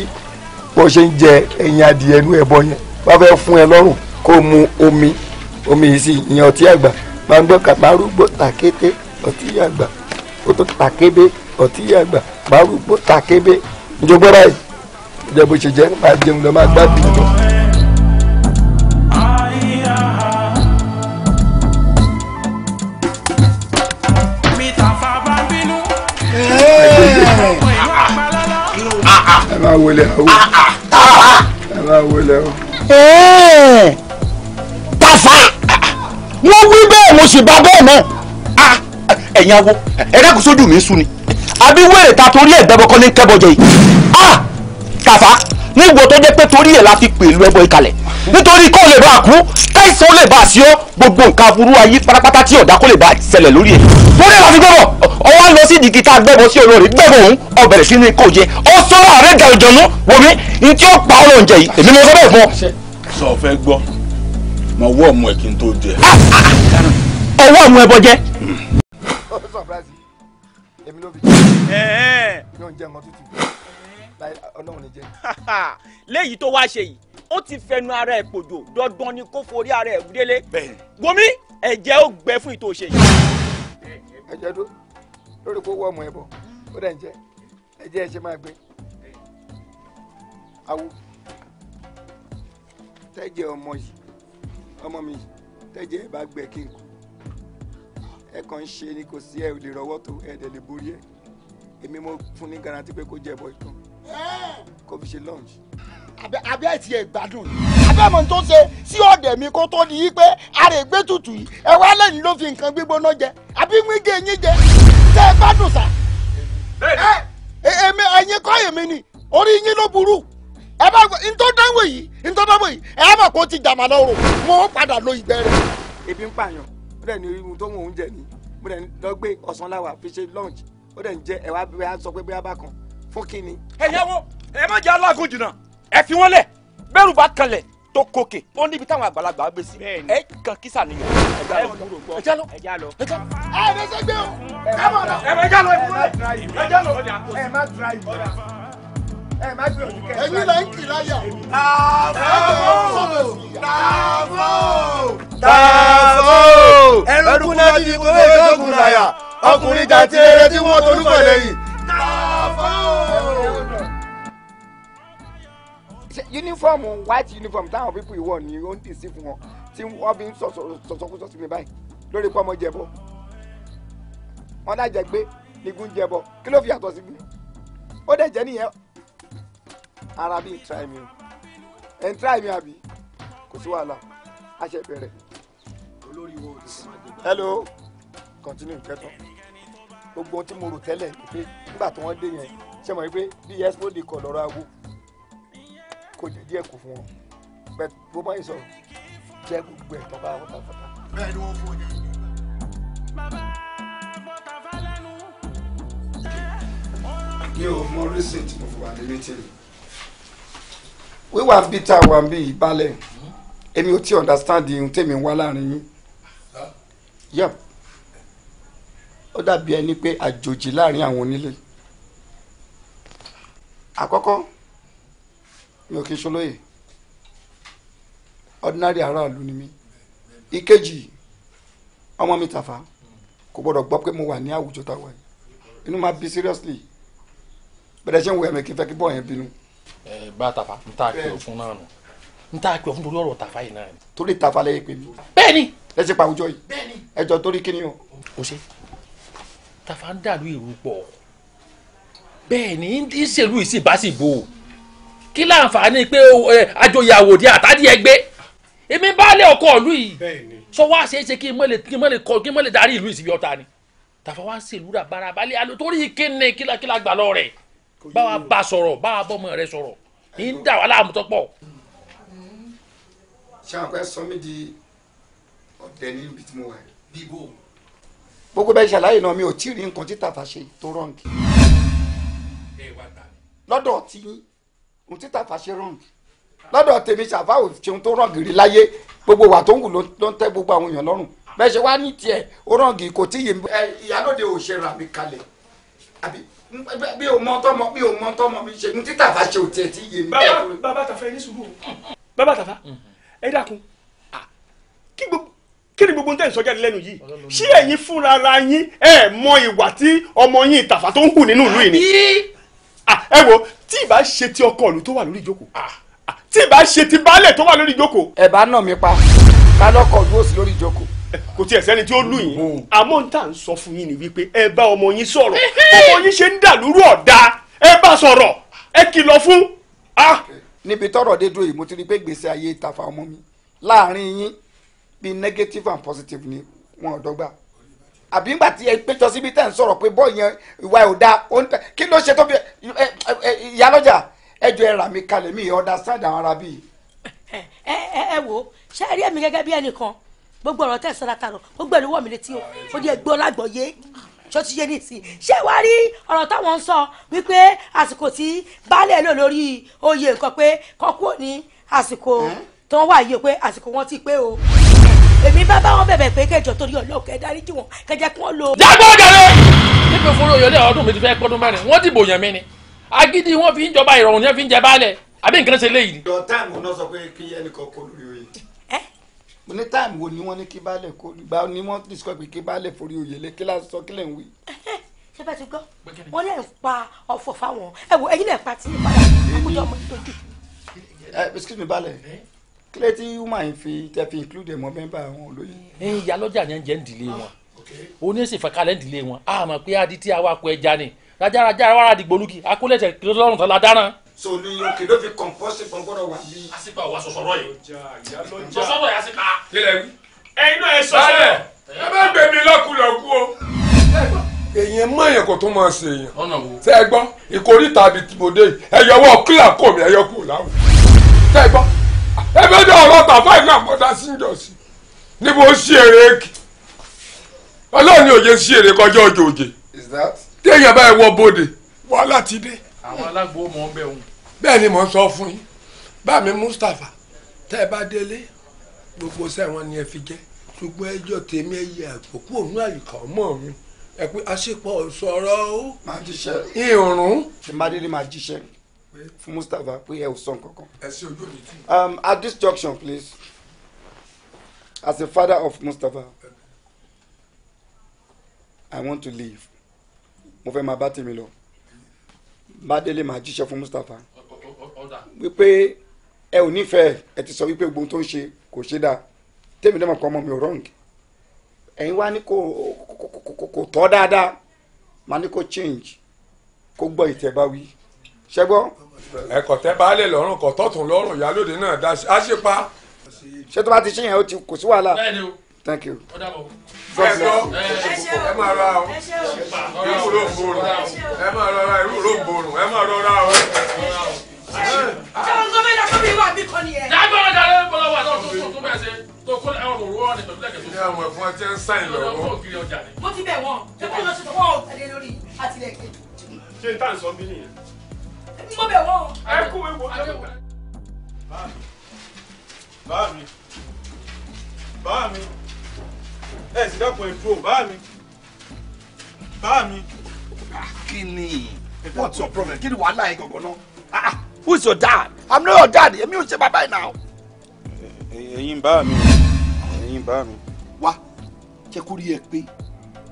wọ́n ṣe ń jẹ ẹyin adìẹ inú ẹ̀bọ yẹn wọ́n fẹ́ fún ẹ lọ́rùn kó mu omi omi yìí sí ìyẹn ọtí àgbà máa ń gbọ́ kà máa rúgbó tàkété ọtí àgbà kótó tàkébé ọtí àgbà máa rúgbó tàkébé ìjọba ìjọba ìṣèjẹ́ máa jẹun lọ máa gbádùn lọ. wọlé àwọ ah, ah. ẹ máa wọlé àwọ. Tàfà wọ́n wí bẹ́ẹ̀ mo sì bá bẹ́ẹ̀ náà ah, ẹ̀yin awo ẹ̀rẹ́ sójú mi ń sú ni àbí wẹ́rẹ̀ ta torí ẹ̀ gbẹ́bọ ní kẹ́bọjọ yìí Tàfà níwò tó jẹ́ pé torí ẹ̀ la fi pẹ̀lú ẹbọ ìkàlẹ̀ nítorí kó lè bá a kú káìsàn lè bá a sí ó gbogbo nǹkan aburú ayé pátápátá tí ọ̀dà kó lè bá a ṣẹlẹ̀ lórí ẹ̀ torí ẹ̀ la ọwọ́ lọ sí ìdìgì tá a gbẹ́bọ̀ sí olórí gbẹ́bọ̀ òun ọbẹ̀rẹ̀ sí ní kò jẹ ó sọ́ra àrẹ dà ìjọ̀nú wọmi ní tí ó pa ọ̀rọ̀ ǹjẹ́ yìí èmi mo sọ bẹ́ẹ̀ fún ọ. sọ fẹ́ gbọ́ mo ah, ah, ah, wọ́ ọlọ́run ní jẹ́. léyìí tó wá ṣe yìí ó ti fẹnu ara ẹ̀ pòjò dandan ni kó forí ara ẹ̀ délé. gomi ẹ̀jẹ̀ ó gbẹ fún ìtò yìí. ẹ̀jẹ̀ dó lórí kó wọ́ ọmọ ẹ bọ̀ ó dẹ̀ ń jẹ́ ẹ̀jẹ̀ ẹ̀ ṣe máa gbé. awo tẹ́jẹ̀ ọmọ yìí ọmọ mi tẹ́jẹ̀ ẹ̀ bá gbẹ kí n kú ẹ kàn ń ṣe ni kò sí ẹ lè rọwọ́ tó ẹ̀ dẹ̀ lè borí ẹ̀ èmi mo fún ní garanti pé kó jẹ́ bọ́ ìtàn kó fi ṣe lunch. àbí àìsí ẹ̀ gbádùn ni àbẹ́ mọ̀ tó ṣe sí ọ̀dẹ̀ mi kó tó di pé ara ègbé tutù yìí ẹ wá lẹ́yìn ló fi nǹkan gbígbóná jẹ àbí wíńgé yín jẹ tẹ ẹ gbádùn sá. èmi ẹ̀yin kọ́ èmi ni orí yín ló burú ẹ bá gbọ́ ntọ́ dánwò yìí ntọ́ dánwò yìí ẹ mọ̀ kó ti dàmà lọ́rùn mo padà lo ìgbẹ́ rẹ̀. ebi ń pààyàn ó dẹ̀ ní irun tó ń oúnjẹ ni mo dẹ̀ lọ gbé ọ̀sán láwà fi ṣe lunch ó dẹ̀ ń jẹ ẹ̀wà bí sọ pé bí wọ́n bá kan fún kínní. ẹ̀yin wo ẹ má jẹ́ alágùn jìnnà ẹ fi wọ́n lẹ̀ bẹ́rù bá kanlẹ̀ tó kókè ó níbi táwọn àgbàlagbà gbé sí ẹ kàn kísà nìyọ. ẹ já lọ ẹ já lọ ẹ já lọ. ẹ bẹ ṣe gbé o ẹ mọ̀ lọ. ẹ bẹ já lọ ẹ já lọ ẹ má dra yìí ẹ má gbé òní kẹsàn-án. èmi là ń kì láyà. tààbò tààbò tààbò ẹrú kúnlá bíi kó lè dọ́gùn láyà ọkùnrin jàǹtí rere tí wọ́n torúkọ lẹ́yìn. uniform white uniform táwọn pípọ̀ ìwọ ni ó ń dìsí fún wọn tí wọ́n fi ń sọ̀sọ̀kúsọ̀ sí mi báyìí lórí pọ́nmọ́ jẹ̀bọ wọn lájẹ gbé nígun jẹ̀bọ kí ló fi yàtọ̀ sí mi ó dẹ̀ jẹ́ nìyẹn ara bíi try me o ẹ̀ ń try me àbí kò sí wàhálà a ṣe bẹ̀rẹ̀. hello continue kẹtọ gbogbo ohun tí mo rò tẹ́lẹ̀ pé nígbà tí wọ́n dé yẹn ṣe mọ̀ wípé bí expo di kọ̀ lọ́rọ̀ awo kò jẹ díẹ̀ kù fún wọn bẹ́ẹ̀ bó bá yìí sọ jẹ gbogbo ẹ tọ́ka pátápátá. bẹ́ẹ̀ ni wọ́n fún ọjà yìí. bàbá bọ́tà falẹ́nu. mi ò mọ reason mo fi wà ní meeting. wíwà ń wà bí ìbálẹ̀ èmi ò tí ì understand ihun tèmi wá láàrin yín. yẹ́p ó dàbí ẹni pé àjòjì láàrin àwọn onílé. àkọ́kọ́ mi ò ordinary aráàlú ni mí ìkejì ọmọ mi Tàfà kò gbọdọ̀ gbọ́ pé mo wà ní àwùjọ tá a wà yìí inú máa bí seriously bẹ̀rẹ̀ ṣe ń wo ẹ̀mí kí n fẹ́ kí bọ́ọ̀ yẹn bínú. ẹ bá Tàfà n tá a pè ọ fún náà nù n tá pè ọ fún torí ọ̀rọ̀ Tàfà yìí náà torí Tàfà lẹ́yìn pé mi. bẹ́ẹ̀ni. ẹ ṣe pa àwùjọ yìí. bẹ́ẹ̀ni. ẹ jọ torí kí ni o. kò ṣe Tàfà ń dàlú ìrú pọ̀ bẹ́ẹ̀ni ń ṣèlú ìsìn bá sì bò kí láǹfààní pé àjòyè àwòdì àtàdí ẹgbẹ́ èmi baálé ọkọ ìlú yìí sọ wá ṣe é ṣe kí n mọ̀ lè darí ìlú ìsìbí ọ̀tá ni tàfà wá ṣèlú rà bára balẹ̀ alo torí kéne kílákílá gbà lọ rẹ̀ báwa bá sọ̀rọ̀ báwa bọ́mọ rẹ̀ sọ̀rọ̀ ní ń dà wà láàmú pọ̀. ṣàpẹ sọ mí di ọ̀dẹ níbi tí mo wà bíbó. gbogbo bẹ́ẹ̀ ṣàlàyé náà mi ò tí ì rí nǹkan tí tàfà ṣe tó rọǹkì. lọ́dọ̀ tí yín ohun tí tàfà ṣe wrong lọ́dọ̀ tèmi ṣàfà ò ṣeun tó wrong rí láyé gbogbo wà tó ń wù ló ń tẹ́ gbogbo àwọn èèyàn lọ́rùn bẹ́ẹ̀ ṣe wá ní tiẹ̀ ó wrong kò tí yé mi. ìyálóde ò ṣe rà mí kalẹ̀ àbí bí o mọ tọmọ bí o mọ tọmọ mi ṣe ní tí tàfà ṣe ò tiẹ̀ tí yé mi. bàbá bàbá tàfà ẹ ní sùúrù bàbá tàfà ẹ dákun kí gbogbo kí ni gbogbo ń tẹ̀sán jáde lẹ́nu yìí ṣé ẹ̀yin fúnra ara yín ẹ̀ mọ ìwà tí ọmọ yín Tàfà tó ń hù nínú ìlú yìí Ah, ẹ wo tí ìbá ṣe ti ọkọ ìlú tó wà lórí ìjókòó ah, ah, tí ìbá ṣe ti baálẹ̀ tó wà lórí ìjókòó. ẹ bá nà mí pa ká lọkọ dúró sí lórí ìjókòó. kò tiẹ̀ sẹ́ni tí ó lù yín àmọ́ n tà ń sọ fún yín ni wípé ẹ bá ọmọ yín sọ̀rọ̀ ọmọ yín ṣe ń dà lóru ọ̀dà ẹ bá sọ̀rọ̀ ẹ kìlọ̀ fún. níbi tọ́rọ̀ dé dúró yìí mo ti rí pé gbèsè ayé ìtàfà ọmọ mi láàárín yín bíi negative and positive ni wọn ò dọ́gba àbí ńgbà tí ẹ péjọ síbi tẹ́ ń sọ̀rọ̀ pé bọ́ọ̀ yẹn ìwà ẹ̀ ò da kí ló ṣe tó bí ìyálọ́jà ẹjọ́ ẹ rà mí kalẹ̀ mi understand àwọn ará bíi. ẹ ẹ ẹ wo ṣé ẹ rí èmi gẹ́gẹ́ bí ẹnìkan gbogbo ọ̀rọ̀ tẹ̀ sọ́ra ta gbogbo ẹ̀ ló wọ̀ létí o ó di ẹgbẹ́ ọlágbọ̀ọ́yé ṣó ti yé ní ìsìn ṣé wàá rí ọ̀rọ̀ táwọn ń sọ wípé àsìkò tí baálé lò lórí oyè nǹkan pé kọ́kú òní àsìkò tó wà yìí pé àsìkò wọn ti pé o èmi bá bá wọn bẹ̀bẹ̀ pé kẹjọ torí ọlọ́ọ̀kẹ́ dáríjì wọn kẹjẹ kí wọ́n lo. jágbó jàre nípa fúnra òyìnbó ọdún mi ti fẹ́ pọ́dún mẹ́rin wọ́n dìbò yàn mí ni agídí wọn fi ń jọba ìrọ̀rùn yẹn fi ń jẹ baálẹ̀ àbí nǹkan ṣe léyìí. ìjọ táìmù náà sọ pé kí ẹnìkan kó lórí oyè. mo ní táìmù wo ni wọ́n ní kí baálẹ̀ kó gba ni wọ́n discuss pé kí baálẹ̀ forí oyè lé kí sọ kí eh, lẹ̀ kílẹ̀ tí woman yìí fi tẹ́ fi include mọ́ mẹ́mbà àwọn olóyè. ẹ ìyá lọ́jà yẹn jẹ́ ǹdílé wọn ah, oníṣẹ́ ìfàkàlẹ̀ ǹdílé wọn àmọ́ pé adití awakọ̀ ẹja ni rajaraja wàrà dìgbò lùkì akólẹ̀tẹ̀ kìlọ̀ lọ́rùn tán la dáná. so ni òkè ló fi kọ̀ǹpọ́sì kan gbọ́dọ̀ wà bí. àsìkò àwa sọ̀sọ̀rọ̀ yìí sọ̀sọ̀rọ̀ yà síkà. ẹyin náà ẹ sọ̀sọ̀rọ̀ ẹ bá gbẹ̀mí lọ́kùlọ̀kù o èyàn mọ̀yàn kò tún máa ṣe èyàn tẹ́ ẹ gbọ́ ìkórìtà àbí tìmọ̀dé ẹ yọwọ́ kílà kò mí ẹ yọ kúrò láwùjọ ẹgbẹ́ dọ̀ ọ̀rọ̀ tàfà iná àpọ̀dá sí ìjọsìn níbo sí èrè èkì ọlọ́run ní òye sí èrè kọjá ọjọ́ òjè téèyàn bá wọ bòde wà láti dé. àwọn alágbó mọ̀ ń bẹ̀ wọn. bẹ́ẹ̀ ni mò ń sọ fún yín bá Mustapha tẹ́ ẹ bá délé gbogbo sẹ́wọ̀n ni ẹ fi jẹ́ ṣùgbọ́n ẹjọ́ tèmi ẹ yẹ àpòkù òun àyíká ọmọ mi ẹ pé àṣepọ̀ sọ̀rọ̀ o. máa jíṣẹ́. ìrùn. tí má délé máa jíṣẹ́ fún Mustapha pé ẹ ò sọ nǹkankan. ẹ um, at this junction please as a father of Mustapha i want to leave mo fẹ́ máa bá tèmi lọ bádélé máa jíṣẹ́ fún Mustapha wípé ẹ ò nífẹ̀ẹ́ ẹ ti sọ wípé gbogbo tó ń ṣe kò ṣe dáa tèmi dẹ́mọ̀ kọ́ ọmọ mi ò wrong ẹ̀yin wá ní kò tọ́ dáadáa máa ní kò change kó gbọ́ ìtẹ̀báwí ṣẹ́gbọ́n ẹ̀kọ̀tẹ́ baálé lọ́rùn kọ̀tọ́tún lọ́rùn ìyálòdì náà dá sí àṣepa. ṣé tó bá ti ṣíyàn ó ti kò sí wàhálà. thank you. ẹ máa ra o irú ló ń borun ẹ máa rọra irú ló ń borun ẹ máa rọra o. ṣé o ń gbọ́ bẹ́ẹ̀ lọ́kọ́ mi wà mí kọ́ ni ẹ. dábàá dáre bọ́lá wà tó tó tó bẹ́ẹ̀ ṣe tó kó ẹ̀wọ̀n òru ni pẹ̀lú lẹ́kẹ̀ẹ́ tó. ní àwọn ẹ̀fọn ẹ ti ń sàn lọ́wọ́. mo ti bẹ̀ wọ́n ṣé kí n tà ń mo bẹ̀ wọ́n. ẹ kú ewu ọjọ́ bẹ̀. bá mi bá mi ẹ sì dákun ẹ dúró bá mi bá mi. kí ni what's your problem kí ni ah, ah, your dad i'm not your dad èmi ò bye bye now. náà. ẹ̀yin bá mi ẹ̀yin bá mi. wá jẹ́ kó rí ẹ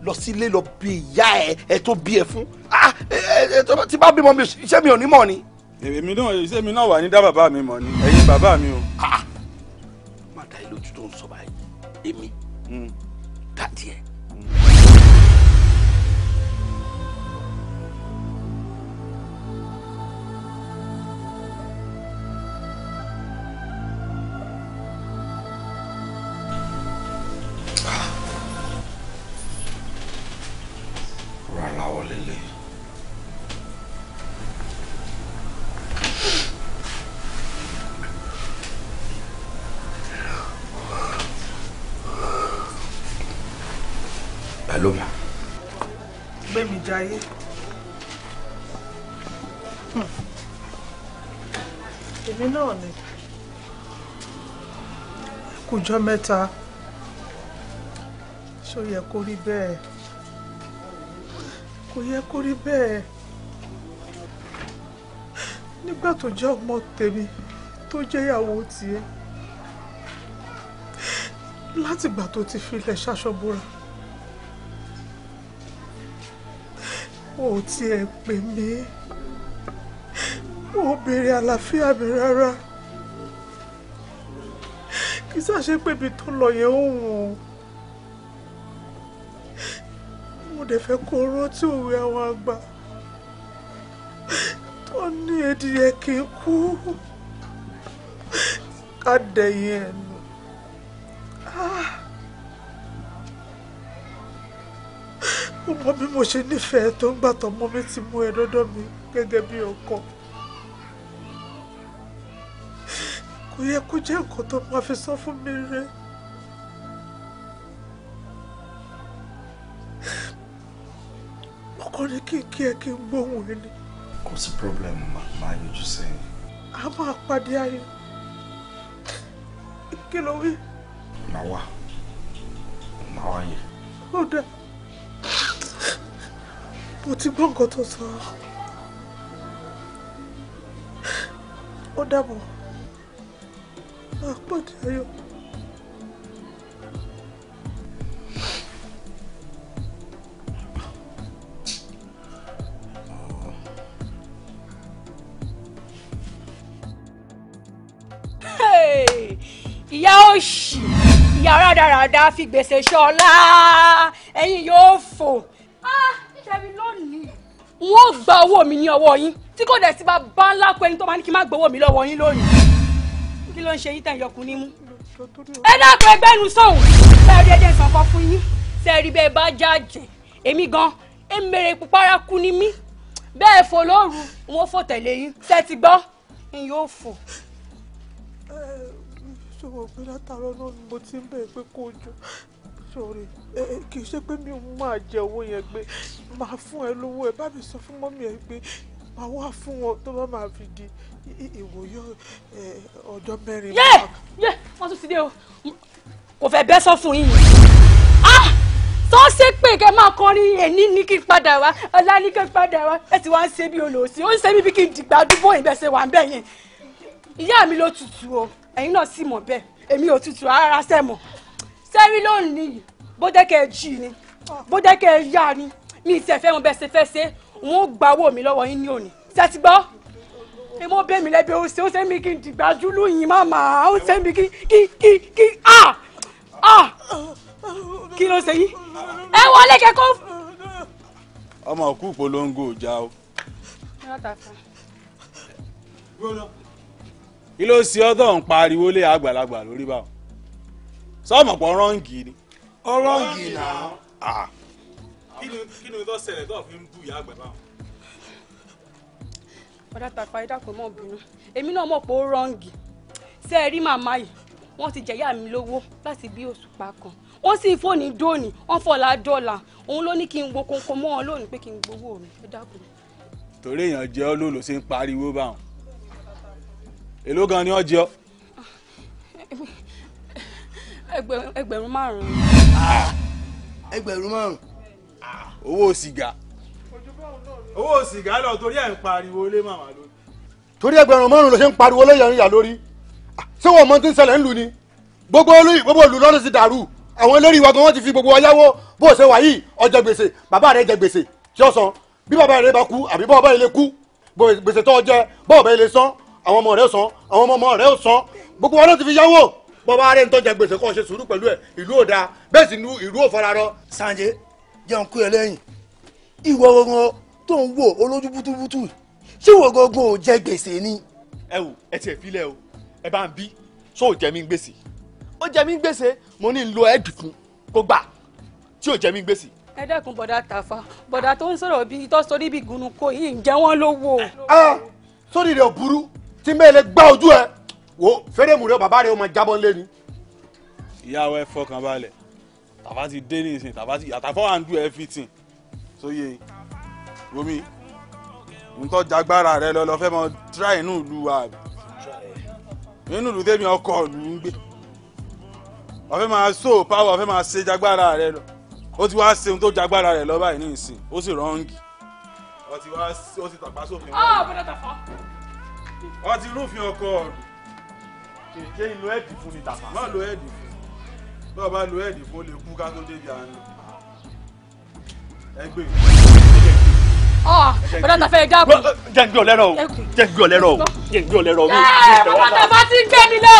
lọ sílé lọ bí ìyá ẹ ẹ tó bí ẹ fún ah, tí bá bímọ mi iṣẹ́ mi ò ní mọ̀ ni. èmi náà iṣẹ́ mi náà wà ní dá bàbá mi mọ̀ ni ẹ̀yin bàbá mi o. Ah, ah. má dá ilé ojú tó ń sọ báyìí èmi hmm. dá díẹ̀ ọjọ́ mẹ́ta ṣó yẹ kó rí bẹ́ẹ̀ kò yẹ kó rí bẹ́ẹ̀ nígbà tó jẹ́ ọmọ tèmi tó jẹ́ ìyàwó tiẹ̀ látìgbà tó ti filẹ̀ ṣaṣọ́búra ò tiẹ̀ pè mí ò béèrè àlàáfíà mi rárá kì í ṣàṣepé ibi tó lọ yẹn ó wù ú mo dẹ̀ fẹ́ kó rántí òwe àwọn àgbà tó ní edìyẹ kì í kú ká dẹ̀yìn ẹ̀nu. Ah. mo mọ bí mo ṣe nífẹ̀ẹ́ tó ń gbàtọ́ mọ́ mi ti mú ẹ dọ́dọ̀ mi gẹ́gẹ́ bí ọkọ. kò yẹ kó jẹ́ nǹkan tó máa fi sọ fún mi rẹ. mo kàn ní kí n kí ẹ kí n gbóhùn ẹ ni. kò sí problem máa yọjú sẹ́yìn. a máa pàdé ayé kí ló wí. màá wà màá wà yẹ. ó dà mo ti gbọ́ nǹkan tó sọ. ó dàbọ̀ àpàdé ayọ̀. ìyá òṣì ìyá rádaràda fi gbèsè ṣọlá ẹ̀yin yóò fò ah, ṣẹbi lónìí. n ó gba owó mi ní ọwọ́ yín tí kò dẹ̀ sí bá bá ńlá pé ẹni tó máa ní kí n má gbowó mi lọ́wọ́ yín lónìí kí ló ń ṣe yín tẹ̀ yọkùn ní mú. ẹ dákun ẹgbẹ́ nu sọ̀hún bẹ́ẹ̀ rí ẹjẹ́ ìsànfọ́ fún yín sẹ́ẹ̀rí bẹ́ẹ̀ bá jáàjẹ́ èmi gan emèrè pupara kú ni mí bẹ́ẹ̀ fò lóru wọn fò tẹ̀lé yín tẹ́tí gbọ́ n yóò fò. ẹ ẹ ṣòwò pé látàárọ̀ náà ni mo ti ń bẹ̀rẹ̀ pé kó jọ sórí kì í ṣe pé mi ò máa jẹ owó yẹn gbé máa fún ẹ lówó ẹ bá mi sọ fún mọ́mí ẹ gbé máa wá fún wọn tó bá máa fi di ìwòye ọjọ́ mẹ́rin. yé yé wọ́n tún ti dé o kò fẹ́ bẹ́ sọ fún yín ah! tó ṣe pé kẹ máa kọrin ẹni ní kí n padà wá ọlá ní kí n padà wá ẹ ti wá ń ṣe bí olóòsì ó ń ṣe bíbí kí n dìgbà dúpọ̀ ìbẹ̀sẹ̀ wà ń bẹ̀ yẹn ìyá mi ló tutù o ẹ̀yin náà sì mọ̀ bẹ́ẹ̀ èmi ò tutù rárá sẹ́mọ̀ sẹ́rí lónìí bó dẹ́kẹ̀ jì ni bó dẹ́kẹ̀ yá ni mi ìṣẹ̀fẹ́ wọn gba owó mi lọwọ yín ní òní ṣẹ́tí gbọ́ èmo bẹ́ẹ̀ mi lẹ́bi ó ṣe ó ṣe mí kí n dìgbà júlù yín màmá ó ṣe mí kí kí kí kí à à kí ló ṣe ẹ wọlé ọmọ òkú polongo ja o. kí ló ṣe ọ́ ń pariwo lé àgbàlagbà lórí báwọn sọ́ọ̀mọ̀pọ̀ rọ́ǹgì ni. ó náà. kí ni tó ṣẹlẹ̀ tó fi ń bú ìyá àgbà báwọn. ọ̀dà tàfà ẹ̀dá kò mọ̀ bínú èmi náà mọ̀ pé ó rọ́ǹgì ṣé ẹ rí màmá yìí wọ́n ti jẹ̀yà mi lówó láti bí òṣùpá kan wọ́n sì fóònù dóònì wọ́n fọ̀là dọ́là òun ló ní kí n wo kónkó mọ́ ọ lónìí pé kí n gbowó mi ẹ dákun. torí èèyàn jẹ́ ọ́ lóòlò ṣe ń pariwo báwọn èló gan ni wọ́n jẹ́ ọ́. ẹgbẹ̀rún márùn-ún. ẹgbẹ̀rún márùn-ún ah, owó sìgá owó sìgá lọ torí ẹ̀ ń pariwo lé màmá lórí. torí ẹgbẹ̀rún márùn-ún ló ṣe ń pariwo lẹ́yìn ìyá lórí ṣé wọn mọ tí ń ṣẹlẹ̀ ń lù ni gbogbo olú gbogbo olú lọ́dún ti dàrú àwọn eléré ìwà gan wọn ti fi gbogbo ayáwó bó ṣe wà yìí ọjọ́ gbèsè bàbá rẹ̀ jẹ gbèsè tí ó san bí bàbá rẹ̀ bá kú àbí bọ́ọ̀ bá ilé kú gbèsè tó jẹ bọ́ọ̀ bá ilé san àwọn ọmọ rẹ̀ san àwọn ọmọ rẹ̀ san gbogbo wọn ló ti fi yáwó bọ́ọ̀ rẹ̀ ń tọ́jà gbèsè kó ṣe sùúrù pẹ̀lú ẹ̀ ìlú ò bẹ́ẹ̀ sì ni ìlú ò sanje jẹun kú ẹ lẹ́yìn ìwọ gangan tó ń wò olójú bútúbútú ṣé ìwọ gangan ò jẹ gbèsè ni. ẹ wò ẹ tiẹ̀ filẹ̀ o ẹ bá ń bí ṣó ò jẹ mí gbèsè ó jẹ mí gbèsè mo ní lo ẹ̀dì fún kó gbà tí ò jẹ mí gbèsè. ẹ dẹ́kun bọ̀dá Tàfà bọ̀dá tó ń sọ̀rọ̀ bí tó sọ níbi gùnù kò yìí ń jẹ wọ́n lówó. a sórí rẹ ò burú tí mẹ́lẹ̀ gbá ojú ẹ wò fẹ́rẹ̀ rẹ bàbá rẹ ó máa jábọ́ ńlẹ́ ni. ìyá ẹ fọkàn balẹ̀ tàbá ti dé ní ìsìn tàbá ti àtàfọ́ à ń do everything sóye romi ntọ́ jagbára rẹ lọ lọ fẹ́ mọ try inú ìlú wa inú ìlú tẹ́mi ọkọ̀ ìlú ń gbé wọ́n fẹ́ máa so power wọ́n fẹ́ máa ṣe jagbára rẹ lọ ó ti wá ṣe ohun tó jagbára rẹ lọ báyìí ní ìsìn ó sì rọ́ǹgì ó ti wá ó ti tàpá sófin wọn. ọ bọ́dọ̀ tàfà. ó ti rúfin ọkọ̀ ọ̀dùn kèké ìlú ẹ̀dì fún ni tàfà. má lo ẹ̀dì fún bí wọ́n bá lo ẹ̀dì fún olè kú ká tó débi àná ẹgbẹ́. Ah, ọ bọ́dá ta fẹ́ dá kù. jẹ́ n gbé ọ lẹ́rọ̀ o jẹ́ n gbé ọ lẹ́rọ̀ o jẹ́ gbé ọ lẹ́rọ̀ ah, ẹ bàbá ti gbé mi lọ.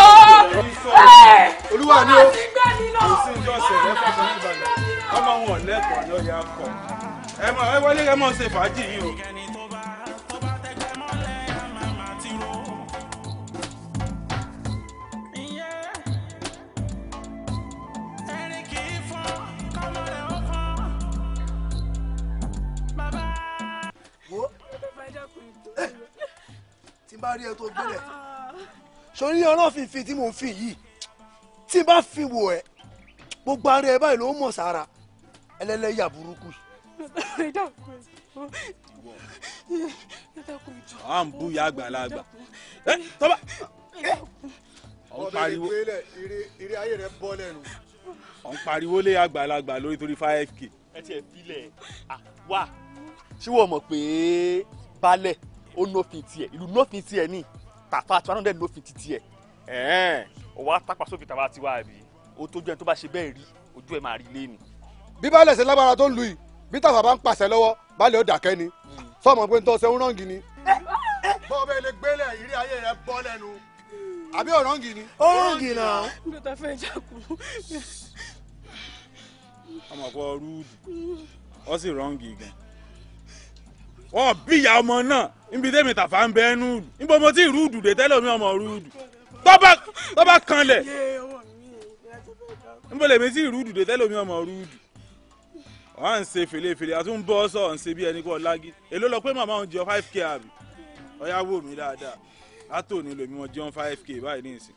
olúwa ni ó kò sí ìjọ ṣẹlẹ̀ fún ọmọ ìbàdàn ọmọ wọn lẹ́kọ̀ọ́ ni ó yà kọ ẹ wọlé ẹ mọ ṣe fàájì yìí o. tí n bá rí ẹ tó gbẹlẹ sórí ọlọ́fìnfin tí mò ń fi yìí tí n bá fi wò ẹ gbogbo ara ẹ báyìí ló mọ̀ sára ẹlẹ́lẹ́yà burúkú. à ń bú ya àgbàlagbà tọ́ba ọ̀ ń pariwo eré ayé rẹ bọ́ lẹ́nu. ọ̀ ń pariwo lé àgbàlagbà lórí torí five k. ẹ tiẹ̀ filẹ̀ wá ṣé wọ́n mọ̀ pé balẹ̀ ó nófin tiẹ̀ ìlú nófin tiẹ̀ ní tàfà tiwa náà dẹ̀ nófin ti tiẹ̀ ẹ̀ẹ́n ó wá tápà sófin tàwa tiwa àbí ó tójú ẹni tó bá ṣe bẹ́ẹ̀ rí ojú ẹ̀ máa rí lẹ́nu. bí baálé ṣe lágbára tó ń lu yìí bí tàfà bá ń pàṣẹ lọ́wọ́ baálé ó dàkẹ́ ni hmm. sọ́ọ̀mọ̀ pé ń tọ́ ṣe ń rọ́ǹgì ni. Eh, eh, eh. bọ́ọ̀ bẹ́ẹ̀ lè gbélé ìrí ayé rẹ bọ́ lẹ́nu àbí ọ̀rọ̀ǹgì ni. ọ̀rọ̀ǹgì náà. ọmọ kò rúùdù ó sì rọ́ǹgì gan-an wọn bíyà ọmọ náà níbi tẹ́mi tàfà ń bẹ ẹnu ìlú níbo mo ti rúdù dé tẹ́lẹ̀ mi ọmọ rúdù tó bá kanlẹ̀ níbo lèmi ti rúdù dé tẹ́lẹ̀ mi ọmọ rúdù wọ́n à ń ṣe fèlèfèlè àti ń bọ́ sọ̀ ń ṣe bí ẹni kọ́ lági èló lọ pé màmá òun jẹ́ five k àbí ọ̀yá wò dáadáa látò ní lèmi wọn jẹun five k báyìí ní ìsìn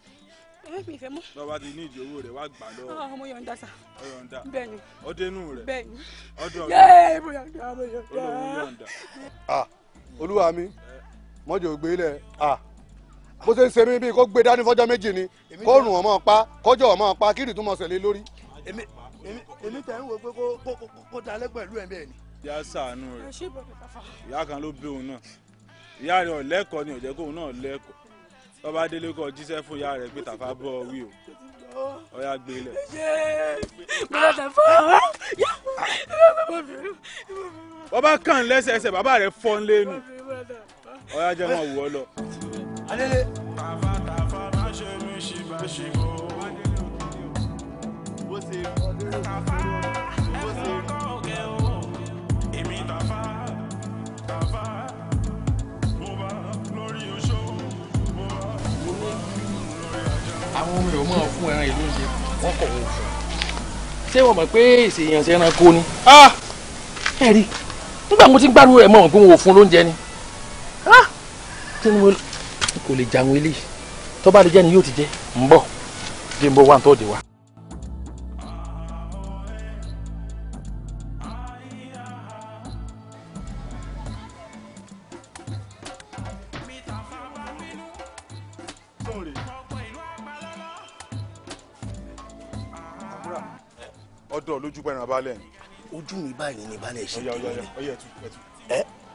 ẹ mi fẹ́ mọ́. lọ́wọ́ ti ní ìjòwò rẹ̀ wá gbà lọ́wọ́. Ah, ọmọ yọ̀ǹda sa. ọ yọ̀ǹda bẹ́ẹ̀ni. ọdẹnu rẹ̀ bẹ́ẹ̀ni. ọdọ rẹ̀ yéé mo yọ̀ǹda mo yọ̀ǹda. olówó yọ̀ǹda. ah olúwa mi mọ́jọ́ gbé lẹ̀ ah bó ṣe ń ṣe mí bíi kó gbé dání fọ́jọ́ méjì ni kó rùn ọmọ pa kọjọ́ ọmọ pa kí ìdìtúmọ̀ ṣẹlẹ̀ lórí. èmi tẹ̀ ń wo pé kó dalẹ̀ pẹ̀lú ẹ̀ bẹ́ẹ̀ ni. ìyá ṣàánú rẹ̀ ìyá kan ló bí òun náà ìyá rẹ̀ ọ̀lẹ́kọ̀ọ́ ni ó jẹ́ kóun náà lẹ́kọ̀ọ́ bàbá délé kọ jíṣẹ́ fún ya rẹ̀ pé tàfà bọ̀ ọ wí o ọyà gbé lẹ̀. bàbá tàfà bàbá kàn lẹ́sẹẹsẹ bàbá rẹ̀ fọ́ ń lẹ́nu ọyà jẹ́ wọn wù ọ lọ. adélé. àwọn ọmọ ìwọ máa fún ẹran ìlú oúnjẹ wọn kọ̀ wọ́n fún ṣé wọ́n mọ̀ pé ìṣèyàn ṣe ẹranko ni ah! Ah! ẹ rí nígbà mo ti ń gbárù rẹ̀ mọ̀ pé wọn fún lóúnjẹ ni ah! kí ni mo kò lè jàwọn eléyìí tó bá lè jẹ́ ni yóò ti jẹ́ ń bọ̀ bí n bọ̀ wá ń tọ́ wa. Sorry. ọ̀dọ̀ lójú pẹ̀lú abalẹ̀ ojú mi báyìí ni balẹ̀ ṣe tó wọlé. ọyẹ ẹtù ẹtù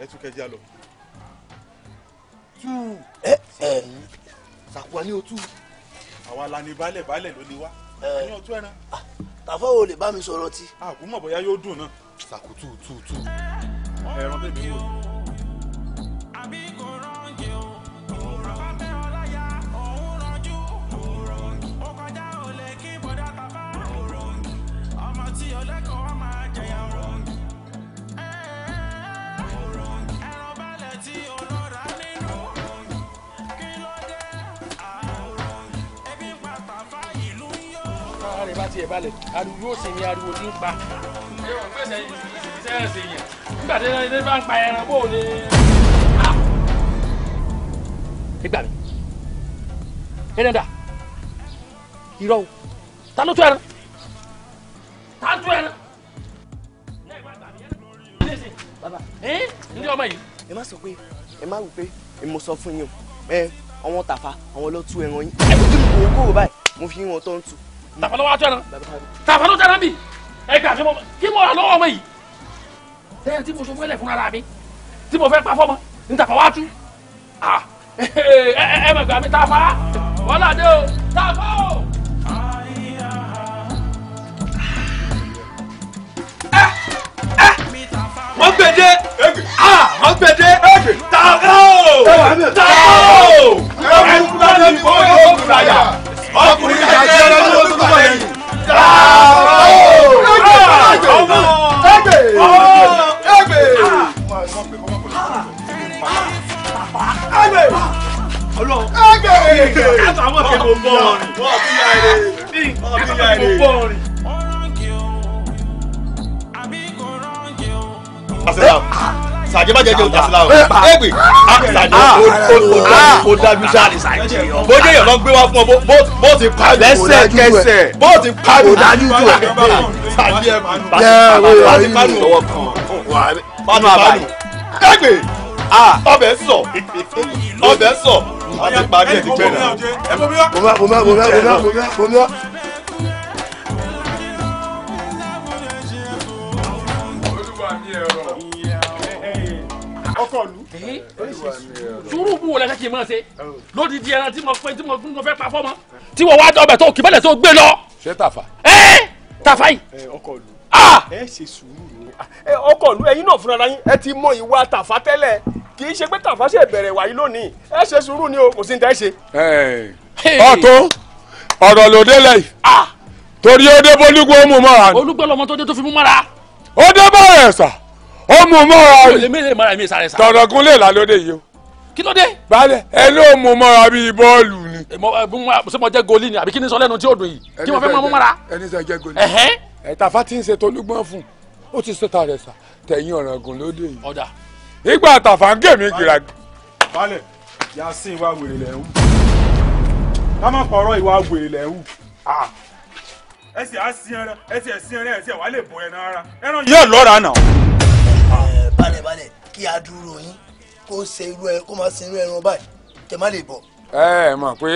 ẹtù kẹjá lọ. tú ẹ ẹ sàkúwa ní otú. àwa la ni balẹ̀ balẹ̀ ló lè wá. ẹ ní ọtú ẹran. Ah, tàfọ́ o lè bá mi sọ̀rọ̀ tí. àkúmọ̀ ah, bóyá yóò dùn náà. sàkútù tù tù. ẹran tẹ̀lé wò. ariwo sì ni ariwo ti ń pa. nígbà tí ẹni bá ń pa ẹran bò ní. nígbà mi ẹni dà irọ́ o ta ló tó ẹran ta ló tó ẹran. bàbá ẹ ní ọmọ yìí. ẹ má sọ pé ẹ má wù pé mo sọ fún yín o àwọn tàfà àwọn ló tú ẹran yín ẹ tó kí mo kó o báyìí mo fi wọn tó ń tu tàfà lọ́wọ́ àtúnyànà tàfà ló dáná bì ẹ gbà fún mi kí mo wà lọ́wọ́ ọmọ yìí tẹ́yẹ tí mo so wẹ́lẹ̀ fúnra la mi tí mo fẹ́ pa fọ́mọ ní tàfà wá tú ẹ ẹ mọ̀ gbà mí tàfà wọ́lá dé o tàfà o. wọ́n gbèdé wọ́n gbèdé tàfà o tàfà o ẹ wọ́n gbèdé ìfowópamọ́ ìfowópamọ́ ọkùnrin jàjẹ́ ọlọ́dún tó tó bọ̀ lẹ́yìn. Acelera sàjẹ́ bàjẹ́ jẹ́ òjàsílá o ẹgbẹ́ ah, sàjẹ́ ah, ah. bójú èèyàn lọ gbé wá fún ọ bó ti pa jù o bó ti pa jù o dájú bá ti pa jù lọ́wọ́ kan bá ti pa jù ẹgbẹ́ sọ ọbẹ̀ sọ àti pàdé ẹ̀ náà. ọkọ lu sùúrù bù wọlé kí n máa ṣe di ẹran tí mo fẹ́ tí mo fẹ́ pa fọ́mọ tí wọ́n wá dọ̀bẹ̀ tó kìbọ̀lẹ̀ tó gbé lọ. ṣé tàfà. ẹ tàfà yìí. ọkọ lu ẹ ṣe sùúrù ni ọkọ lu ẹ̀yin náà fúnra yín ẹ ti mọ ìwà tàfà tẹ́lẹ̀ kì í ṣe pé tàfà ṣe bẹ̀rẹ̀ wàyí lónìí ẹ ṣe sùúrù ni o kò sí ní tẹ́ ṣe. ọ̀tún ọ̀rọ̀ ló délẹ̀ yìí torí ó dé bólúgbó mú mọ́ra. olúgbó lọmọ tó dé tó fi mú mọ́ra. ó dé báyẹ̀ sà ó mú mọ́ra mi tọ̀dọ̀kún lè lálódé yìí o. kí ló dé. balẹ̀ ẹ ló mú mọ́ra bíi bọ́ọ̀lù ni. ṣé mo jẹ́ goli ni àbí kí ni sọ lẹ́nu tí ó dùn yìí kí wọ́n fẹ́ mọ́ mọ́ra. ẹni sọ jẹ́ goli. ẹ̀tàfà ti ń ṣe tolúgbọ́n fún ó ti ṣe tààrẹ̀ sà tẹ̀yìn ọ̀ràngún lóde yìí. ọ̀dà. ìgbà àtàfà ń gèmí gìrà. balẹ̀ yasin wa wèrè lẹ́hùn. ká má pọ̀ ìwà wèrè lẹ́hùn ẹsẹ̀ á sí ẹran ẹsẹ̀ ẹ̀ sí ẹran ẹsẹ̀ wà lè bọ̀ ẹran ara ẹran yóò lọ́ra nà. balẹ̀ balẹ̀ kí a dúró yín kó ṣe irú ẹ kó máa ṣe irú ẹran báyìí kẹ má lè bọ̀. ẹ ẹ mọ̀ pé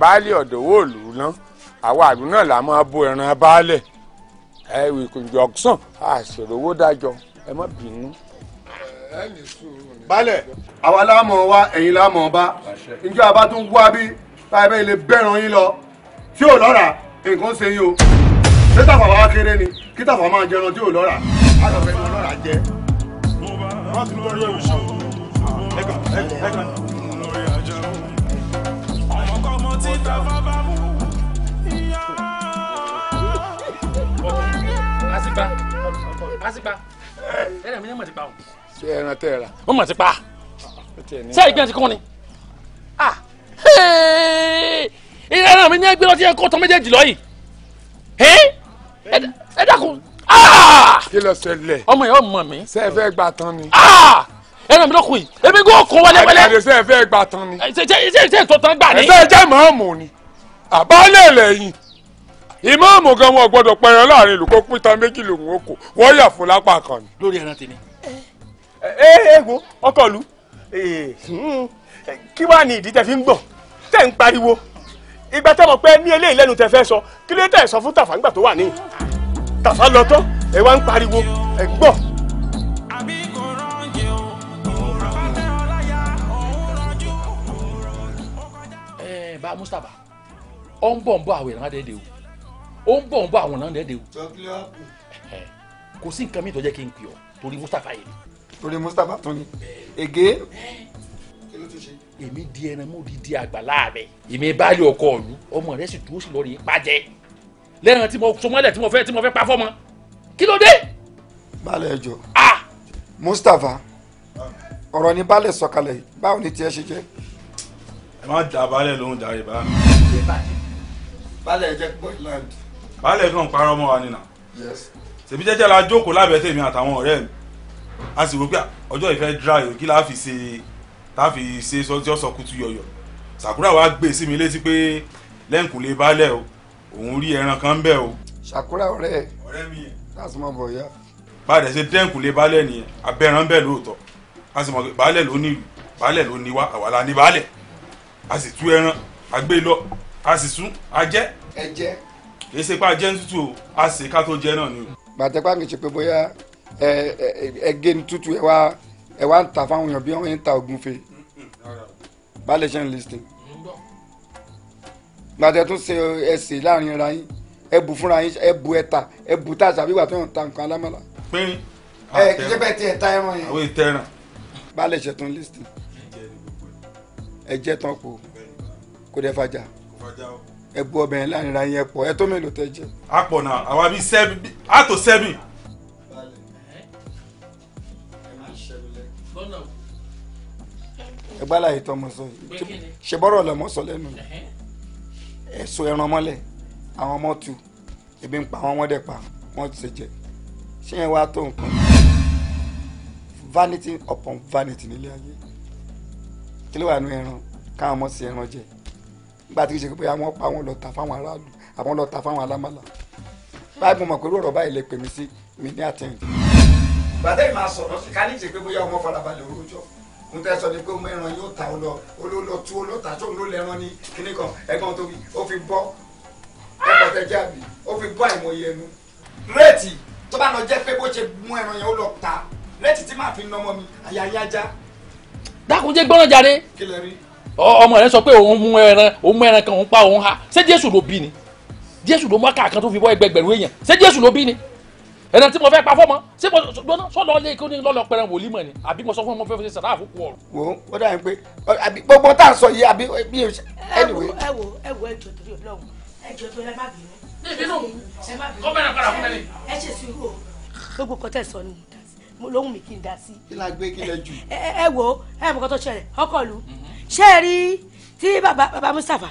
baálé ọ̀dọ̀ wò lù ú ná àwa àdúrà náà la máa bo ẹran baálẹ̀ ẹ ìkòjọ sàn àṣèrówó dájọ ẹ má bínú. balẹ̀ àwa láàmú wa ẹ̀yin láàmú ọba ìjọba tó ń wá bí báyìí bẹ́ẹ̀ lè bẹ́ràn yín lọ tí ò lọ́ra nǹkan ṣe yín o ṣé tàfà wá kéré ni kí tàfà máa jẹran tí ò lọ́ra á lọ fẹ́ mọ lọ́ra jẹ. ṣé ẹran tẹ́ ẹ ra. mo mọ̀ ti pa ṣé ìgbẹ́ ti kún ni. Ah, ìrẹ́ràn mi ní ẹgbẹ́ lọ́sí ẹ̀kọ́ tán méjèèjì lọ́yìn ẹ dákun. Ah! kí ló ṣẹlẹ̀. ọmọ yẹn ọmọ mi. ṣé ẹ tán ni. Ah! ẹ ràn mí lọ́kùn yìí èmi kò kún wẹlẹwẹlẹ. àgbàdo ṣé ẹ tán ni. ṣe ṣe tó tán gbà ni. ẹsẹ̀ jẹ́ màámù ni àbálẹ̀ lẹ́yìn ìmáàmù gan wọn gbọdọ̀ pẹ̀rẹ̀ láàrin ìlú kó pín tán méjì lòun ó kò wọ́n yà fún lápá kan ni. lórí ẹran tèmi. ẹ ẹ wo ọkọ lu eh, hmm. kí wàá ní ìdí tẹ fi ń gbọ́ tẹ ń pariwo ìgbà tẹ́ mọ̀ pé ní eléyìí lẹ́nu tẹ́ fẹ́ sọ kí ló tẹ̀ sọ fún tàfà nígbà tó wà níyì tàfà lọ tán ẹ wá ń pariwo ẹ gbọ́. ẹ bá Mustapha ó ń bọ̀ ń bọ̀ àwọn ìran dẹ́dẹ́ o ó ń bọ̀ ń bọ̀ àwọn ìran dẹ́dẹ́ o kò sí nǹkan mi tó jẹ́ kí n pè ọ́ torí Mustapha yìí. torí Mustapha tún ni ege kí ló tún ṣe èmi di ẹran mú di di àgbàlá rẹ èmi báyìí ọkọ ọ̀lú ọmọ rẹ sì dúró sí lọ́ọ́ ní pàjẹ́ lẹ́ran tí mo sọmọ́lẹ̀ tí mo fẹ́ tí mo fẹ́ pa fọ́mọ kí ló dé. balẹ̀ ẹjọ́ Mustapha ọ̀rọ̀ ni balẹ̀ sọ̀kalẹ̀ báwo ni tiẹ̀ ṣe jẹ́. ẹ má da balẹ̀ lóhùn darí bá mi. balẹ̀ jẹ́ Portland. balẹ̀ kan parọ́ mọ́ wa nínà. ṣèbí jẹ́jẹ́ la jókòó lábẹ́ tèmi àtàwọn ọ̀rẹ́ mi a sì rò pé ọjọ́ ìfẹ́ dry kí la fi ṣe táfi ṣe sọ́jọ́ sọkútù yọ̀yọ̀ sàkúrà wa gbé sí mi létí pé lẹ́ǹkùlé balẹ̀ o òun rí ẹran kan bẹ́ẹ̀ o. sàkúrà ọ̀rẹ́ ẹ̀ mi yẹn láti mọ̀ bọ̀ ya. báyìí ṣe dẹ́ǹkùlé balẹ̀ nìyẹn abẹ́ran bẹ́ẹ̀ lóòótọ́ a sì mọ̀ pé baálẹ̀ ló ní ìlú baálẹ̀ ló ní wa àwa la ní baálẹ̀ a sì tú ẹran a gbé e lọ a sì sún a jẹ. ẹ jẹ. kì í ṣe pé a jẹ́ ń o a sì ká tó jẹ náà ni o. bàtẹ́pá kì í ṣe pé bóyá ẹ ẹ ẹ gé ní ẹ wá ẹ wá ń ta fáwọn èèyàn bí wọ́n ń ta ògúnfe balẹ̀ ṣe ń listing gbàtẹ́ tún ṣe ẹsẹ̀ láàrin ara yín ẹ bù fúnra yín ẹ bù ẹ̀ta ẹ bù tá àṣà wíwà tó yàn ta nǹkan alámọ́lá. pín ẹ kíkẹ́ bẹ́ẹ̀ tí ẹ ta ẹran yẹn. àwọn ìtẹ̀ràn. balẹ̀ ṣe tún listing ẹ jẹ́ tán kò kò dẹ́ fàjà ẹ bu ọbẹ̀ yẹn láàrin ara yín ẹ pọ̀ ẹ tó mélòó tẹ jẹ. a pọ̀ náà àwa bíi sẹ́mi a sẹ́mi. ẹ gbá láyé tó sọ yìí ṣe bọ́rọ̀ lọ́mọ sọ lẹ́nu ẹ̀sùn ẹran mọ́lẹ̀ àwọn ọmọ tu ebi ń pa àwọn ọmọdé pa wọ́n ti jẹ ṣé yẹn wá tó nǹkan vanity upon vanity nílé ayé kí ló wà nínú ẹran káwọn ọmọ sí ẹran jẹ nígbà tí kì í ṣe pé àwọn pa àwọn lọ fáwọn aráàlú àwọn lọ fáwọn alámàlà báyìí mo mọ̀ pé irú ọ̀rọ̀ báyìí lè pè mí sí mi ní àtẹ̀yìntì bàtà yìí máa sọ̀rọ̀ sí ká ní ìṣe pé bóyá ọmọ farabalẹ̀ orúkọ n tẹ sọ ni pé ọmọ ẹran yóò ta ọ lọ olólọ tú olóta tó ń lò lẹran ní kinní kan ẹ̀gbọ́n tóbi ó fi bọ ẹ̀gbọ́n tẹ jẹ àbí ó fi bọ àìmọye ẹnu. réètì tó bá lọ jẹ́ pé bó ṣe mú ẹran yẹn ó lọ ta réètì tí màá fi ń nọmọ mi àyà yá já. dákunjẹ gbọ́dọ̀ jáde ọmọ rẹ sọ pé òun mú ẹran òun mú ẹran kan òun pa òun ha ṣé jésù ló bí ni jésù ló mú àkàkàn tó fi bọ́ ẹgbẹgbẹ̀rún èèyàn ṣé jésù ló bí ni ẹnà tí mo fẹ́ pa fọ́mọ ṣé mo gbọ́ná sọ́dọ̀ ilé kí ó ní lọ́lọ́ pẹ̀rẹ̀ wòlíì mọ̀ ni àbí mo sọ fún ọmọ fẹ́ fi sàrà àfọkù ọ̀rọ̀. wò ó ó dà yín pé àbí gbogbo tá à ń sọ yìí àbí bí o ṣe. ẹ wo ẹ wo ẹ wo ẹjọ́ torí Ọlọ́run ẹjọ́ torí ẹ má bínú. ní ìbínú kọ́ bẹ̀rẹ̀ padà fún mi. ẹ ṣe sùúrù o gbogbo kọ́tẹ́ sọ ni mo lóhùn mi kì í da sí. kí la gbé kí lẹ jù. ẹ wo ẹ mọ̀ kọ́tọ́ ṣẹlẹ̀ ọkọ̀ lu ṣé ẹ rí tí bàbá Mustapha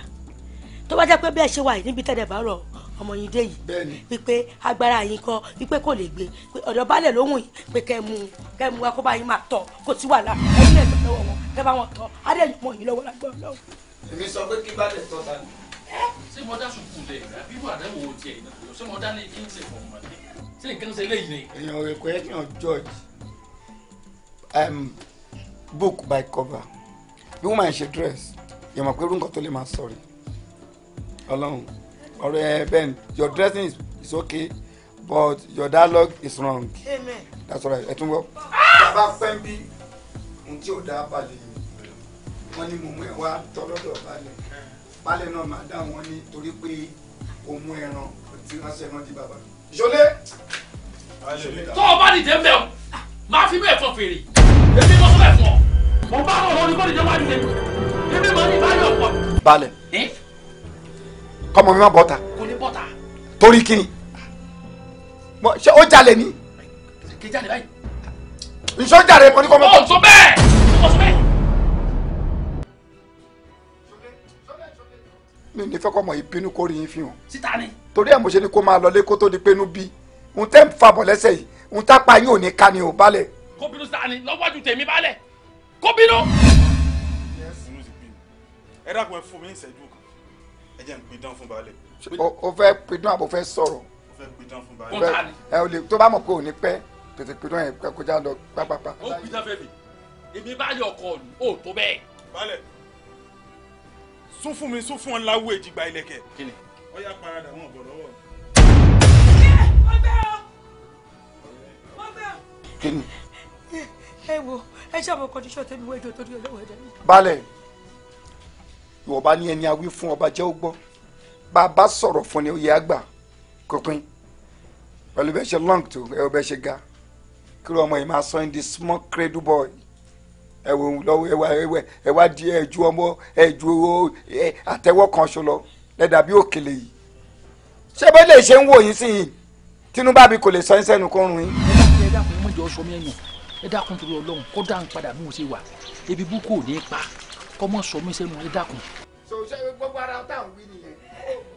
tó bá jẹ́ pé bí ẹ ṣe wà yìí níbi tẹ́lẹ̀ bá rọ̀ ọmọyìndé yìí wípé agbára yín kọ wípé kò lè gbé ọ̀dọ̀ balẹ̀ lóhùn yìí pé kẹ́ ẹ mú kẹ́ ẹ mú wa kó bá yín máa tọ̀ kó tí wà láà ẹ̀yìn ẹ̀gbọ́n lọ́wọ́ wọn kẹ́ bá wọn tọ̀ á dẹ̀ mọ̀ yín lọ́wọ́ lágbọ́n lọ́wọ́. èmi sọ pé kí balẹ̀ tọ́ ta ni. ṣé mo dá sùkúù lẹ̀ bíbú àdáwò tiẹ̀ ṣé mo dá ní kí n ṣe fọ̀ ṣé nǹkan ṣe léyìí ni. èèyàn rẹ̀ kò yẹ book by cover bí wọ́n máa ń ṣe dress ìyẹn mọ̀ pé irú tó lè máa sọ̀rọ̀ ọlọ́run ọ̀rẹ́ ben your dressing is, is okay but your dialogue is wrong. Amen. that's all right ẹ tún bọ. bàbá ah! pẹ́ń bí ohun tí ò dá balẹ̀ yìí wọ́n ní no madam, ẹ wá tọ́lọ́dọ̀ balẹ̀ balẹ̀ náà máa dá wọn ní torí pé o mú ẹran tí wọ́n ṣe ẹran di bàbá. ìṣọlẹ̀. tó o bá dìde mbẹ́ o máa fi bẹ́ẹ̀ fọ fèrè èmi mo sọ bẹ́ẹ̀ fọ mo bá wọn lọ ní kó dìde wá dìde èmi mo ní báyọ̀ pọ̀. balẹ̀. Eh? kọ́mọ mi má bọ́ ta. kò ní bọ́ ta. torí kí ni ṣé ó jalè ni. kì í jalè báyìí. nsọ́ jalè mọ́ ní kọ́mọ. ó oh, sọ bẹ́ẹ̀ ó oh, sọ bẹ́ẹ̀. mi ní fẹ́ kọ́mọ ìbínú kó rí yín fi hàn. síta ni. torí ẹ̀ mo ṣe ni kó máa lọlé kó tó di pé inú bí n tẹ́ ń fabọ̀ lẹ́sẹ̀ yìí n tá pa yín ò ní ka ni ò balẹ̀. kó bínú sáà ni lọ́wọ́jú tèmi balẹ̀ kó bínú. ẹ dákun ẹ fún mi ń ṣẹ́jú ẹ jẹ́ n pidán fún baálé. o fẹ́ pidán àbò fẹ́ sọ̀rọ̀. o fẹ́ pidán fún baálé. ẹ ò lè tó bá mọ̀ pé ò ní pẹ́ tètè pidán yẹn kọjá lọ pápápá. ó pidán fẹ́ mi èmi bá yọ ọkọ ọ̀nù ó tó bẹ́ẹ̀. baálé sún fún mi sún fún ọ láwọ èjìgbà ilẹ̀kẹ̀. kí ni. parada wọn bọ̀ lọ́wọ́. ẹ wo ẹ ṣàmùkọ́ ní sọ́tẹ́mi wẹ́ẹ́dọ̀ torí ọlọ́wọ́ ẹ̀dá mi. baálé ìwọ̀nba ní ẹni awí fún ọba jẹ́ ó gbọ́ bá a bá sọ̀rọ̀ fún ni ó yẹ àgbà kópin pẹ̀lú bẹ́ẹ̀ ṣe long tó ẹ ò bẹ́ẹ̀ ṣe ga kí ló ọmọ yìí máa sọ ẹ́ di small cradle boy ẹ wò ó lọ́wọ́ ẹ wá di ẹ ju ọmọ ẹ ju àtẹwọ́ kan ṣo lọ lẹ́dà bí òkèlè yìí ṣé bó lè ṣe ń wò yín sí yìí tinubu àbí kò lè sọ yín sẹ́nu kó yín. ẹ dákun ẹ mọ̀jọ́ sọ mí ẹ dákun torí ọlọ́run kó dáhùn padà bí mo ṣe wà ebi bú kò ní í pa kọ́mọ sọ mí sẹ́nu ẹ dákun. sọ iṣẹ́ gbogbo ara tá à ń wí nìyẹn.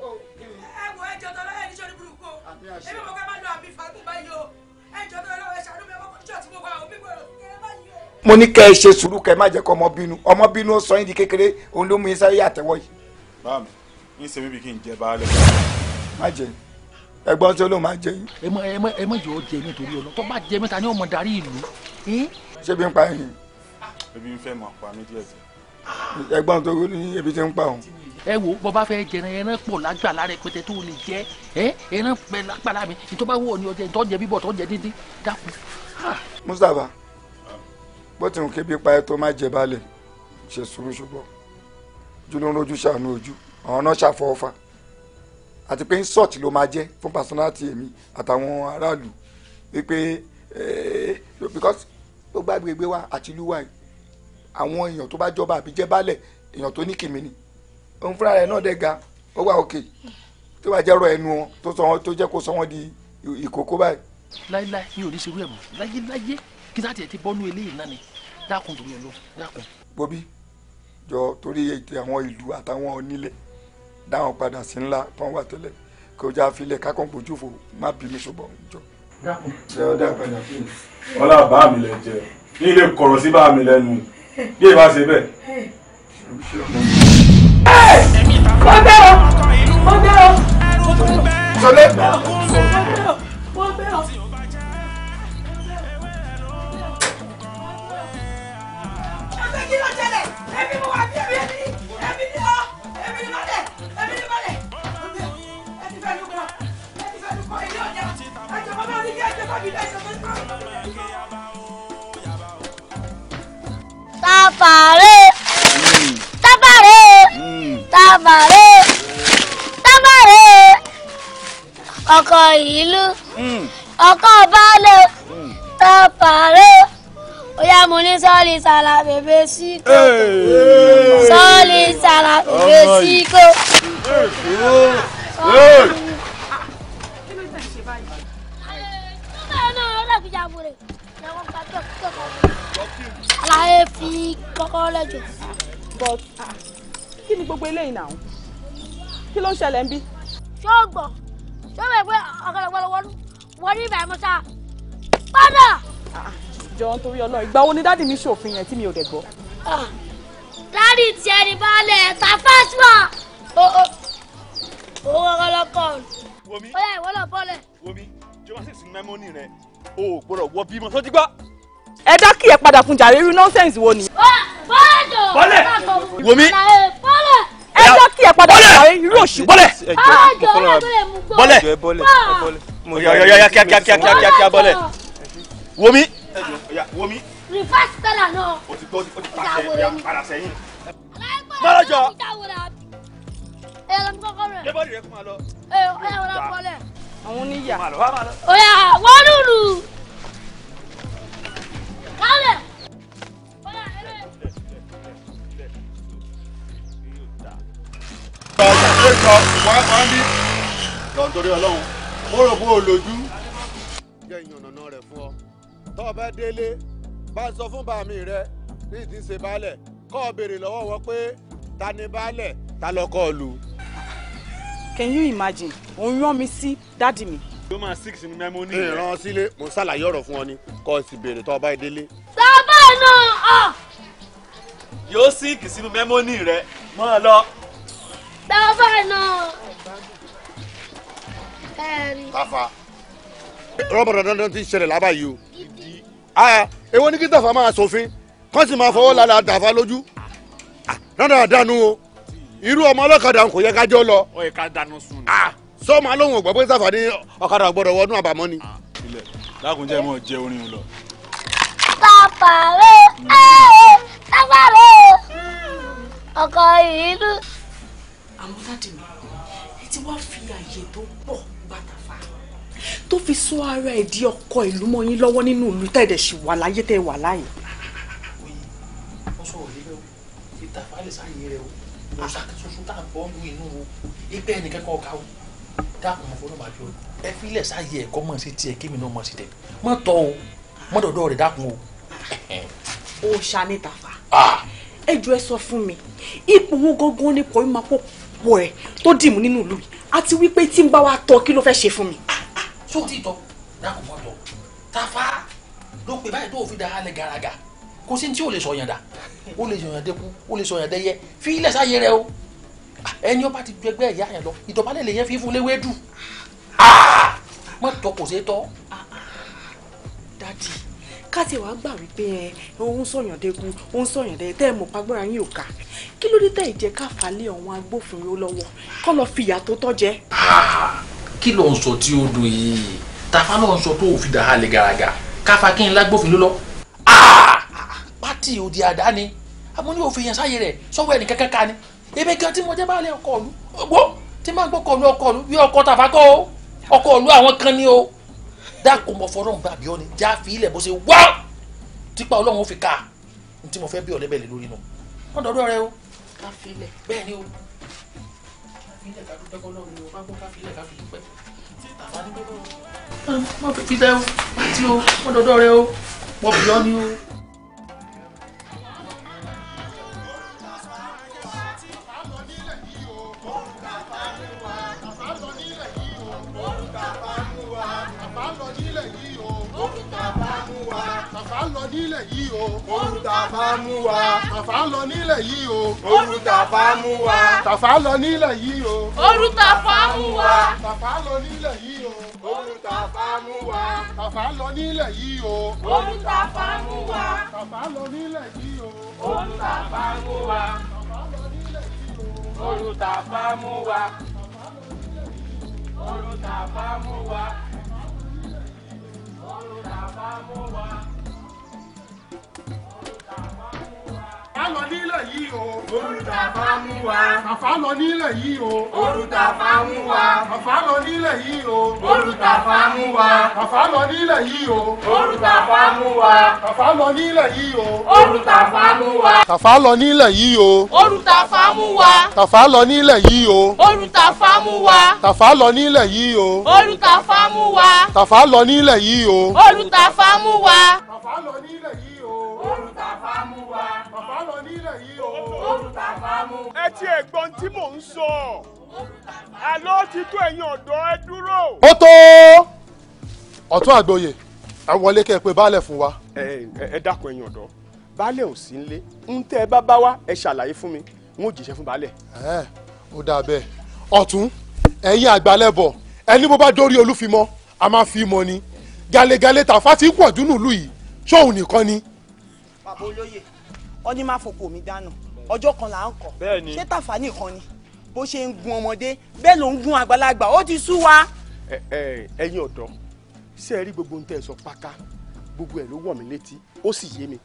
Oh, oh, oh. ẹ wo ẹjọ tó lọ́yẹ̀ níṣẹ́ oníburúkú o èmi mọ̀ pé máa lọ àmì fagun báyìí o ẹjọ tó lọ́wọ́ ẹ ṣàánú mi ọmọ kọ́ńtù àti gbogbo àwọn bíbọ̀ kẹrẹ báyìí o. mo ní kẹ́ ẹ ṣe sùúrù kẹ́ ẹ má jẹ́ kó ọmọ bínú ọmọ bínú ó sọ yín di kékeré òun ló mú yín sáré àtẹ́wọ́ yìí. báàmì ń ṣe bíbí kí n jẹ baálẹ̀. má jẹ ẹ mọ ẹ̀gbọ́n tó ní ebi ti ń pa òun. ẹ wo bó bá fẹ́ jẹran ẹran pọ̀ lágbàlá rẹ pété tó lè jẹ ẹ ẹran pẹ lágbàlá mi ìtọ́ba wo ni ọjẹ ìtọ́jẹ bíbọ̀ tọ́jẹ dídí dákun. Mustapha bó ti ń kébi pa ẹ tó má jẹ balẹ̀ ṣe sùúrù ṣùgbọ́n jùlọ lójú ṣàánú ojú àwọn náà ṣàfọwọ́fà àti pé insult ló máa jẹ́ fún personality èmi àtàwọn aráàlú wípé eh, because gbogbo agbègbè wa àti ìlú wa yìí àwọn èèyàn tó bá jọba àbí jẹ́ baálẹ̀ èèyàn tó ní kìmí ni òun fúnra rẹ̀ náà dẹ̀ ga ó wà òkè tó bá jẹ́ rọ ẹnu wọn tó sọ wọn tó jẹ́ kó sọ wọn di ìkókó báyìí. láíláí mi ò ní ṣerú ẹ̀ mọ́ láyéláyé kí sáà tiẹ̀ ti bọ́nú eléyìí náà ni dákun tó yẹn lọ dákun. bobi jọ torí ètò àwọn ìlú àtàwọn onílẹ̀ dáhùn padà sí ńlá tó ń wà tẹ́lẹ̀ kí o já filẹ̀ kákan gbójú fò má bínú ṣùgbọ́n jọ. dákun. ṣé ọjà padà fún mi. ọlá bá mi lẹ jẹ ní ilé kọ̀rọ̀ sí bá mi lẹ́nu bí ẹ bá ṣe bẹ́ẹ̀. wọ́n bẹ́ ọ wọ́n bẹ́ ọ. sọlẹ́ wọ́n bẹ́ ọ. kí ló ṣẹlẹ̀ ẹbí mo wà bí ẹbí ẹbí ẹbí ni ọ ẹbí ni mọ́lẹ̀ ẹbí ni mọ́lẹ̀ ẹbí fẹ́ lùkọ́ ẹbí fẹ́ lùkọ́ ilé ọ̀dẹ́ ẹjọ́ bàbá onílé ẹjọ́ bàbí lẹ́sẹ̀. Tapare. Tapare. Tapare. Tapare. Ọkọ̀ ìlú. Ọkọ̀ balẹ̀. Tapare. Ó yá mo ní sọ́ọ̀lì sàlà bèbè síkò. Sọ́ọ̀lì sàlà bèbè síkò. Kí ló ń ṣe báyìí? Ẹ ẹ́ tó bá yẹn náà ó dàbí ìjà àbúrò. Ìyàwó gba tó kí tó kọ́ láyé fi kọ́kọ́rọ́ jù. but ah, kí ni gbogbo eléyìí náà kí ló ń ṣẹlẹ̀ ń bí. ṣé o gbọ́ ṣé o mọ̀ pé ọ̀gọ̀dọ̀gbọ̀ lọ wọ́n ní ìbẹ̀rẹ̀ mọ́ta padà. Ah, jọ nítorí ọlọ́run ìgbà wo ni dáàdì mi ṣòfin yẹn tí mi ò dẹ̀ gbọ́. Ah, dáàdì tiẹ̀ ní balẹ̀ ta fásitì. owó ọlọ́kọ̀ ó yà ìwọ́lọ̀ bọ́lẹ̀. womi jọba sì sin mẹ́mọ́nì rẹ o ò gbọ́dọ̀ wọ bímọ sọ́jí gbá ẹ dá kí ẹ padà fún jàre irú nọ́ńsẹ̀nsì wo ni. bọ́ọ̀dọ̀ bọ́lẹ̀ wòmí ẹ dá kí ẹ padà fún jàre irú òṣì. Ah! bọ́lẹ̀ bọ́lẹ̀ bọ́lẹ̀ yọ̀yọ̀yọ̀ kíákíákíákíá bọ́lẹ̀ wòmí. wòmí. rìfásitì tẹ́lá náà. o ti gbọ́ o ti pàṣẹ padà sẹ́yìn. bọ́lọ̀jọ. ẹ lọ mú kọ́kọ́ rẹ̀. débọ̀dì rẹ kó máa lọ. ẹ ọ̀yà wọlé kọ́lẹ̀. àwọn oníyà. ó yá wọ́n lùlù. Kálẹ̀. ọ̀sẹ̀ tó sọ wá rẹ̀ fún ọ tó o bá délé lọ́wọ́ wọn pé ta ni baálẹ̀ ta lọ́kọ́ lu. Can you imagine òun rán mi sí dádì mi ló máa six ní mẹ́mọ́ ní rẹ̀. ìran sílé mo ṣàlàyé ọ̀rọ̀ fún ọ ni kọ́ ọ sì béèrè tó ọba ìdílé. sábà náà. yóò sink sínú mẹ́mọ́nì rẹ mọ́ ọ lọ. sábà náà. tafa rọ́bọ̀dọ̀ dandan ti ṣẹlẹ̀ lábàá yìí o. èwo ni kí tàfà máa ṣòfin kán sì máa fọwọ́ lálẹ́ àtàfà lójú. dandan àdánù o irú ọmọ ọlọ́kadà kò yẹ ká jọ lọ. ó yẹ ká dáná sun ni sọ ma lóhùn ògbọ́ pé sáfà ní ọ̀kadà gbọ́dọ̀ wọnú àbámọ́ ni. ilẹ̀ lákùnjẹ́ mọ̀ orin lọ. sáfàrò ẹ̀ sáfàrò ọkọ̀ ìlú. àwọn dáàdì mi ti wá fi àyè tó pọ̀ gbàtàfà tó fi sọ ara ẹ̀ di ọkọ̀ ìlú mọ́ yín lọ́wọ́ nínú ìlú tẹ̀dẹ̀ sì wà láyé tẹ̀ wà láyé. ọ̀sọ̀ òní bẹ́ẹ̀ o ìtàfà lè sáyé rẹ o ìwòsàn kan tá a bọ́ nínú ìpẹ́ ẹnìkan kan ọ̀ka o dákun fọlọ́màjọ ẹ filẹ̀ sáyé ẹ̀kọ́ mọ̀ sí tiẹ̀ kémi náà mọ̀ sí tẹ̀ mọ̀ tọ́ o mọ̀ dọ̀dọ̀ rẹ̀ dákun o. o ṣanita fa ẹ jọ ẹ sọ fún mi ipò wọn gangan ni kò í máa pọ̀ pọ̀ ẹ tó dì mú nínú ìlú yìí àti wípé tí ń bá wa tọ́ kí ló fẹ́ ṣe fún mi. sọ ti tọ dákun mọ tọ Tafa ló pe báyìí tó fi da alẹ garaga kò sí ní tí ò lè sọ yàn dà ó lè sọ yàn dẹkú ó lè sọ yàn dẹyẹ fi ilẹ̀ sáyé rẹ o ẹni ọba ti ju ẹgbẹ́ ìyá yẹn lọ ìdọ̀bálẹ̀ lè yẹn fi fún léwé dù mọ̀ tọ́ kò ṣeé tọ́. dadi káti wàá gbà wípé ẹ òun sọyàn dẹkun òun sọyàn dẹ tẹ ẹ mọ pagbára yín ò ká kí ló dé tẹ ìjẹ káfàlẹ àwọn agbófinró lọ́wọ́ kọ lọ fìyà tó tọ́ jẹ. kí ló ń sọ tí ó dùn yìí tàfà ló ń sọ tó òfin dàá lè gàràgà káfa kí n lágbófinró lọ. pátì òdì àdá ni amúníhòfin yẹn sáyé rẹ sọwọ ẹnì kankan ká ni èmi gan tí mo jẹ́ báyìí ọkọ̀ òlu gbó tí máa ń gbọ́ ọkọ̀ òlu ọkọ̀ òlu bí ọkọ̀ tàfà kọ́ o ọkọ̀ òlu àwọn kan ni o dákun mọ̀ fọ́rọ̀ ń gbàgbé ọ ni já fi ilẹ̀ bó ṣe wá tipa ọlọ́run fi ká ní tí mo fẹ́ bí ọ̀lẹ́bẹ̀ lè lórí nu wọ́n dọ̀dọ̀ rẹ o. ká fi ilẹ̀ bẹ́ẹ̀ ni o ká fi ilẹ̀ ká dúpẹ́ kọ́ lọ́run ni o ká fi ilẹ̀ ká fi dúpẹ́ tàfà dúpẹ́ lọ́run. wọ́n fi ilẹ̀ o àti o wọ́n dọ̀dọ̀ rẹ o wọ́n bì ọ́ ni o. nílẹ̀ yìí o. Oru tàfà mú wa. Tàfà ń lọ nílẹ̀ yìí o. Oru tàfà mú wa. Tàfà ń lọ nílẹ̀ yìí o. Oru tàfà mú wa. Tàfà ń lọ nílẹ̀ yìí o. Oru tàfà mú wa. Tàfà ń lọ nílẹ̀ yìí o. Oru tàfà mú wa. Tàfà lọ nílẹ̀ yìí o. Oru tàfà mú wa. Tàfà ń lọ nílẹ̀ yìí o. Oru tàfà mú wa. Oru tàfà mú wa. wa. Bàbá lọ nílẹ̀ yìí o. Orúta bá mú wa. Bàbá lọ nílẹ̀ yìí o. Orúta bá mú wa. Bàbá lọ nílẹ̀ yìí o. Orúta bá mú wa. Bàbá lọ nílẹ̀ yìí o. Orúta bá mú wa. Bàbá lọ nílẹ̀ yìí o. Orúta bá mú wa. Tàfà lọ nílẹ̀ yìí o. Orúta bá mú wa. Tàfà lọ nílẹ̀ yìí o. Orúta bá mú wa. Tàfà lọ nílẹ̀ yìí o. Orúta bá mú wa. Tàfà lọ nílẹ̀ yìí o. Orúta bá mú wa. Tàfà lọ nílẹ̀ yìí o. Orúta bá mú wa ẹ ti ẹ̀gbọ́n tí mò ń sọ àlọ́ ti tó ẹ̀yin ọ̀dọ́ ẹ dúró. ó tó ọ̀tún àgbòye ẹ wọlé kẹ́ ẹ pé baálẹ̀ fún wa. ẹ ẹ dákun ẹ̀yin ọ̀dọ́ baálẹ̀ ò sí nílé ń tẹ́ ẹ bá bá wa ẹ ṣàlàyé fún mi n ó jíṣẹ́ fún baálẹ̀. ẹ ó dáa bẹ́ẹ̀ ọ̀tún ẹ̀yin àgbálẹ̀ bọ̀ ẹni bó bá dórí olúfimọ́ a máa fi mọ ni galegale tàfà ti pọ̀ dúnú ìlú yìí ṣóun nìkan ni. bàbá olóye ọ ní má fòkò mi dáná ọjọ́ kan là ń kọ̀ ṣé tàfà nìkan ni bó ṣe ń gun ọmọdé bẹ́ẹ̀ ló ń gun àgbàlagbà ó ti sú wa. ẹ̀yin ọ̀dọ́ ṣé ẹ rí gbogbo ohun tẹ́ ẹ sọ pátá gbogbo ẹ ló wọ̀ mí létí ó sì yé mi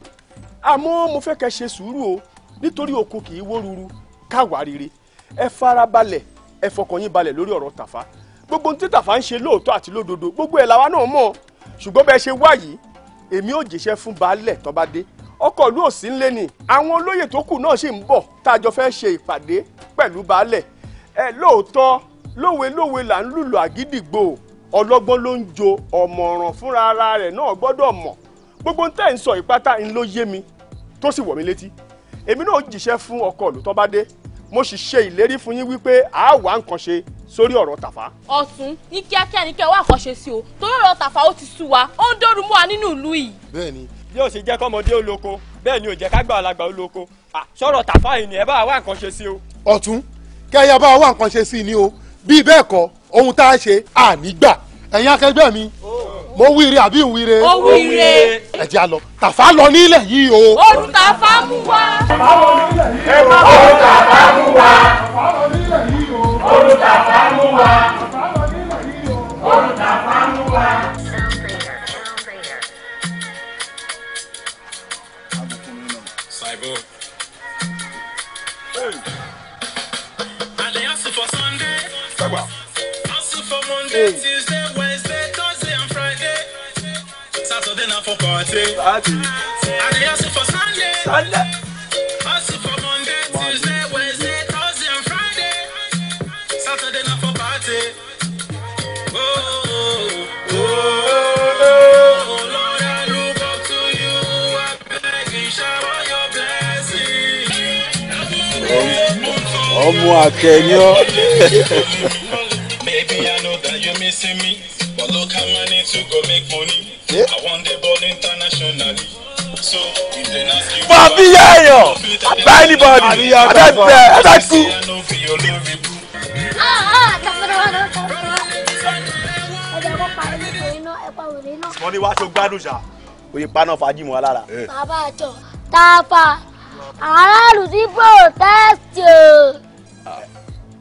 àmọ́ mo fẹ́ kẹ́ ṣe sùúrù o nítorí oko kì í wó ruru káwa rere ẹ fara balẹ̀ ẹ fọkàn yín balẹ̀ lórí ọ̀rọ̀ tàfà gbogbo ohun tí tàfà ń ṣe lóòótọ́ àti lódodo gbogbo ẹ̀ làwa náà mọ̀ ṣùgbọ́n bẹ́ẹ̀ ṣe wá èmi ò jẹ́ṣẹ́ fún baálẹ̀ tó dé ọkọ̀ ìlú òsì ń lé ni àwọn olóyè tó kù náà sì ń bọ̀ tájọ fẹ́ ṣe ìpàdé pẹ̀lú baálẹ̀ ẹ lóòótọ́ lówe lówe là ń lùlù àgídìgbò ọlọ́gbọ́n ló ń jo ọ̀mọ̀ràn fúnra ara rẹ̀ náà gbọ́dọ̀ mọ̀ gbogbo tẹ́ ń sọ ìpátá ń ló yé mi tó sì wọ̀ mí létí èmi náà jìṣẹ́ fún ọkọ̀ ìlú tó bá dé mo sì ṣe ìlérí fún yín wípé a wà nǹkan ṣe sórí ọ̀rọ̀ tàfà. ọ̀tún ní kíákíá ni kẹ́ ẹ wá àkànṣe sí o torí ọ̀rọ̀ tàfà ó ti sú wa ó ń dọ́rùmọ́ wa nínú ìlú yìí. bẹ́ẹ̀ni bí ó ṣe jẹ́ kọ́mọdé olóko bẹ́ẹ̀ ni ò jẹ́ kágbà alàgbà olóko sọ̀rọ̀ tàfà yìí ẹ bá wá nǹkan ṣe sí o. ọ̀tún kẹ́yà bá wá nǹkan ṣe sí ni o bí bẹ́ẹ̀ kọ́ ohun tá a ṣe ànígbà ẹ̀yin akẹgbẹ́ mi mo wíire àbí ìwíire. ó wíire. ẹ jẹ́ a lọ tàfà lọ nílẹ̀ yìí o. oru tàfà mú wá. ẹ má oru tàfà mú wá. oru tàfà mú wá. Tuesday, Wednesday, Thursday, and Friday. Saturday na for party. Party. I dey hustle for Sunday. Sunday. Hustle for Monday, Tuesday, Wednesday, Thursday, and Friday. Saturday na for party. Oh, oh, oh, oh, Lord, I look up to you. I beg you, shower your blessing. Ọmọ akẹ́yọ́. see me, but look how I need to go make money. Yeah. I want the ball internationally. So, if they ask you, Bàbí Yáyọ̀, àgbà anybody, àtẹ̀tẹ̀, àtẹ̀kù. Money was wá tó gbádùn ṣá. Oyè paná fàájì mọ́ lára. Eh. Bàbá àjọ, tààfà, aráàlú ti protest o.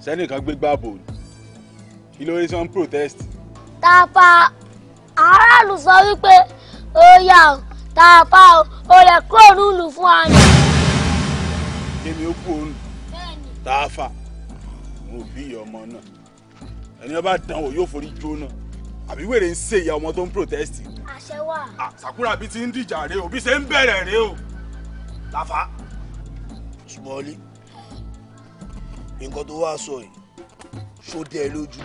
Sẹ́nìkan ah, gbégbá bò ní. Kí ló rí sọ́n protest? tàfà aráàlú sọ wípé ó yà ó tàfà ó ó yẹ kúrò nílùú fún wa ni. èmi ó kú òun tàfà mo bí ọmọ náà ẹni ọba dán o yóò forí jóná àbí wèrè ń ṣe ìyá ọmọ tó ń protest. àṣẹ wà. sàkúrà bíi ti ń dìjà rèé o bí ṣe ń bẹ̀rẹ̀ rèé o láfa. sùmọ́lí nǹkan tó wàá sọ yìí ṣó dé ẹ lójú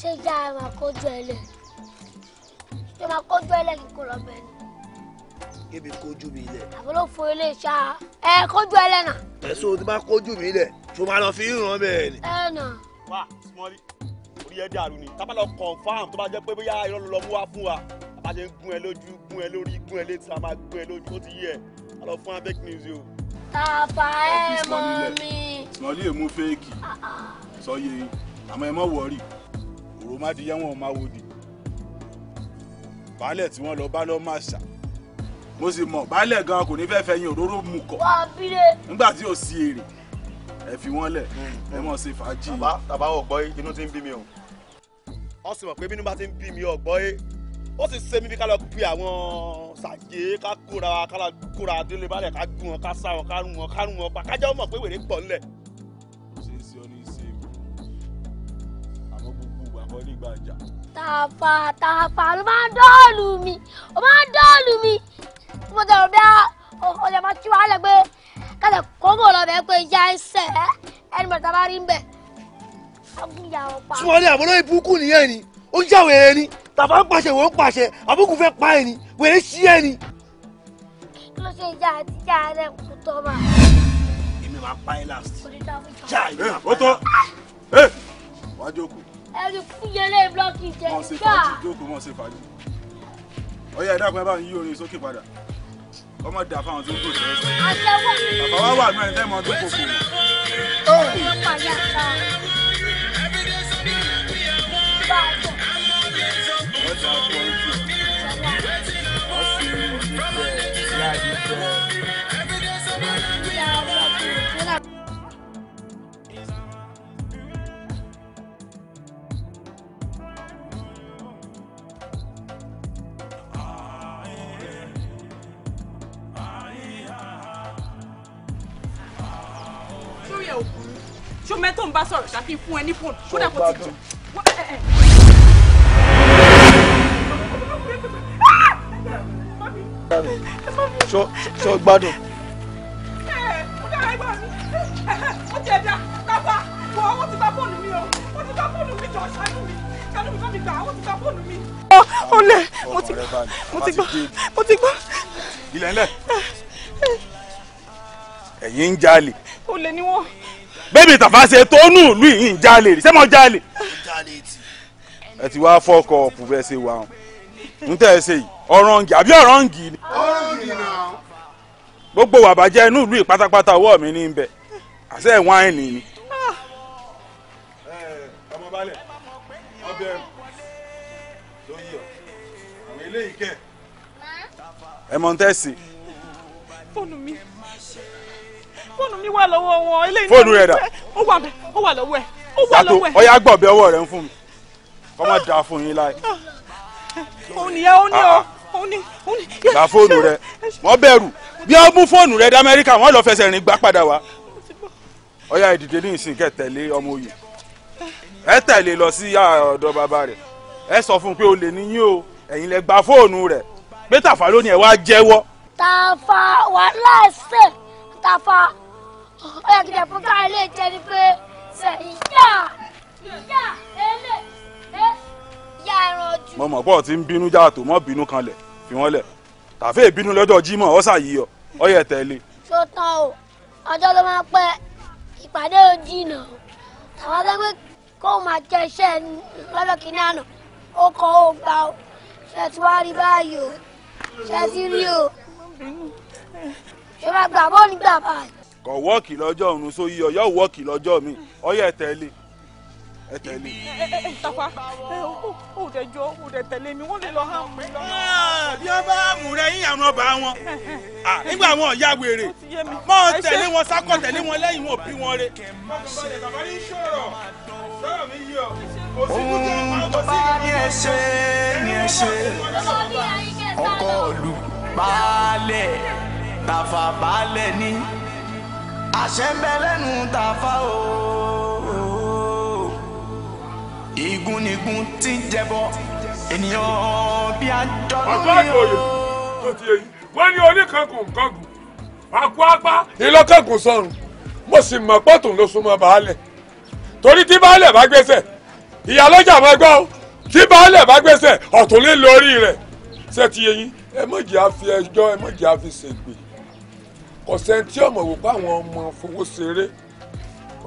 ṣé ìjà ẹ máa kójú ẹ lẹ ṣé máa kójú ẹ lẹ kí kò lọ bẹ ni. kébi kójú mi lẹ. àbúrò fún ilé iṣẹ́ ẹ kójú ẹ lẹ nà. ẹ̀sùn tí bá kójú mi lẹ̀ tó máa lọ fi ń ràn bẹ́ẹ̀ ni. ẹ nà. wá sumọ́lí orí ẹ dàrú ni tábà lọ confam tó bá jẹ́ pé bóyá irọ́ ló lọ mú wá fún wa bá ṣe ń gún ẹ lójú gún ẹ lórí gún ẹ létí a máa gún ẹ lójú ó ti yẹ a lọ fún abẹ́kí news o. tàbá ẹ mọ mi. sọlí èmú fẹ́ẹ̀kì sọ yẹ àmọ́ ẹ mọ̀ wọ́ọ̀rì òròmọdìyẹ wọn ò máa wò di baálẹ̀ tí wọ́n lọ bá lọ́ máa ṣà mo sì mọ̀ baálẹ̀ gan kò ní fẹ́ fẹ̀yìn òróró mu kọ̀ nígbà tí ò sí èrè ẹ fi wọ́n lẹ̀ ẹ mọ̀ ṣe fàájì. bàbá bàbá ọ̀gbọ́n yìí inú ti ń bí mi o ọ sì mọ̀ pé bínú bá ti ń bí mi ọ̀gbọ́n yìí ó sì ṣe mí bí ká lọ pe àwọn ṣàjẹ́ ká kóra ká kóra délé balẹ̀ ká gún wọn ká sá wọn ká rún wọn ká rún wọn pa kájọ́ mọ̀ pé wèrè pọ̀ ńlẹ̀ mọ́ nígbà ìjà. tàfà tàfà ló máa ń dọ́ọ̀lù mi ó máa ń dọ́ọ̀lù mi tí mo tẹ̀wọ̀ bí ọ̀lẹ̀ máa tú wàhálà pé kálẹ̀ kọ́mọ̀ lọ bẹ́ẹ̀ pé ìyá ń ẹni mọ̀ta bá rí ń bẹ̀ sumaworo àbúrò ìbúkú nìyẹn ni ó já wèrè ni tàbá ń pàṣẹ wọ́n ń pàṣẹ àbúkù fẹ́ pa ẹ̀ ni wèrè sí ẹ̀ ni. kí ló ṣe ìjà àti ìjà rẹ kò tọ́ ma. èmi máa pa ẹ last. jà ìlú. ó tọ́ wájú òkú ẹni kúyẹlé blọọkì jẹ nígbà. mọ̀ ṣe fàájì jókòó mọ̀ ṣe fàájì. ọyá ẹ dákun ẹ bá ń yí orin sókè padà ọmọ dà fáwọn tó ń gbòòrò ẹsẹ. àṣẹwọ́. bàbá wa wà nù ẹni tó kò fún un. you. ṣó mẹ́tò ń bá sọ̀rọ̀ ṣáfi fún ẹ ní fóònù kódà kò ti jù. ṣó gbádùn. ó ti ẹ̀dá bàbá wọ ó ti bá fóònù mi o ó ti bá fóònù mi jọ ṣáájú mi ṣáájú mi kọ́ mi gbà ó ti bá fóònù mi. ó lẹ mo ti gbọ́ mo ti gbọ́ mo ti gbọ́. ilẹ̀ ńlẹ̀ ẹ̀yin ń jalè. olè ni wọ́n bébì tàfà ṣe tónú lù yìí ń jalè rí sẹ́mọ̀ jalè. ẹ ti wá fọkọ pùfẹ́ ṣe wa n tẹ́ ẹ ṣe yìí ọ̀rọ̀ǹgì àbí ọ̀rọ̀ǹgì ni. gbogbo wà bàjẹ́ inú ìlú ìpátápátá ọwọ́ mi ní bẹ̀ àṣẹ wáìnì ni. ọmọ balẹ̀ ọbẹ̀ lóyè ọ̀ àwọn eléyìí kẹ́ ẹ̀ mọ̀ ń tẹ́ fóònù mi wà lọ́wọ́ wọn eléyìí. fóònù rẹ dà ó wà bẹ ó wà lọ́wọ́ ẹ ó wà lọ́wọ́ ẹ. ọyá gbọ̀bẹ ọwọ́ rẹ ń fún mi kọ́ má da fún yín láì. Ah, òun nìyẹn ó ní ọ òun ní ah, ah. òun ní. gba fóònù rẹ wọ́n bẹ̀rù bí wọ́n mú fóònù rẹ dé amẹ́ríkà wọ́n lọ fẹsẹ̀ rìn gbá padà wá. ọyá ìdìde ní ìsìn kẹ tẹ̀lé ọmọ òye ẹ tẹ̀lé lọ sí ọ̀dọ̀ bàbá rẹ̀ ẹ sọ fún pé o lè níyìn o ẹ̀yin lẹ gba fóònù rẹ̀ pé Tàfà lónìí ẹ̀ wá jẹ́wọ́. Tàfà wàhálà ẹsẹ̀ Tàfà ó yẹ kí lè fún káà lè jẹ ni pé ṣe ìyá ìyá ẹlẹ ẹ yá ẹran ojú. mo mọ̀ pọ̀ tí ń bínú já tó mọ́ bínú kanlẹ̀ fi wọ́n lẹ̀ tàfé ìbínú lọ́jọ́ jímọ̀ ó ṣàyí ọ ó yẹ tẹ̀lé. tó tán o ọjọ́ ló máa pẹ́ ìpàdé ojì náà tàwọn akẹ́gbẹ́ kó máa jẹ iṣẹ́ lọ́dọ̀ kìíní àná ó kọ́ ó gbà ó ṣe ti wá rí báyìí o ṣe ti rí o ṣe máa gbà bọ́ọ̀ nígbà báyìí kò wọ́ọ̀kì lọ́jọ́ òun so yíyọ yọ wọ́ọ̀kì lọ́jọ́ mi ọyọ ẹ tẹ̀lé ẹ tẹ̀lé. ẹ tapa ó mi wọ́n lè lọ hàn mí ah, bí wọ́n bá mú rẹ yín àwọn ọba wọn ah, nígbà wọn ọ̀ya wèrè mọ́ ọ wọn sákọ̀ tẹ̀lé wọn lẹ́yìn wọn bí wọn re. ohun bá ní ẹ ní ẹ ṣe ọkọ̀ tàfà balẹ̀ ní àṣẹ ń bẹ lẹ́nu tàfà o igun nigun ti ń jẹbọ ènìyàn bí ajọ́ lórí o. wọ́n ní oníkankun kankun àkú apá ìlọ́kankun sọ̀rùn mo sì mọ̀ pọ́tò ló súnmọ́ baálẹ̀ torí tí baálẹ̀ bá gbéṣẹ̀ ìyálọ́jà máa gbọ́ o tí baálẹ̀ bá gbéṣẹ̀ ọ̀tún lé lórí rẹ̀ ṣé ti yẹ yín ẹ mọ̀jì àfi ẹjọ́ ẹ mọ̀jì àfi ṣègbè ọ̀sẹ̀ tí ọmọ wò pé àwọn ọmọ fowó ṣeré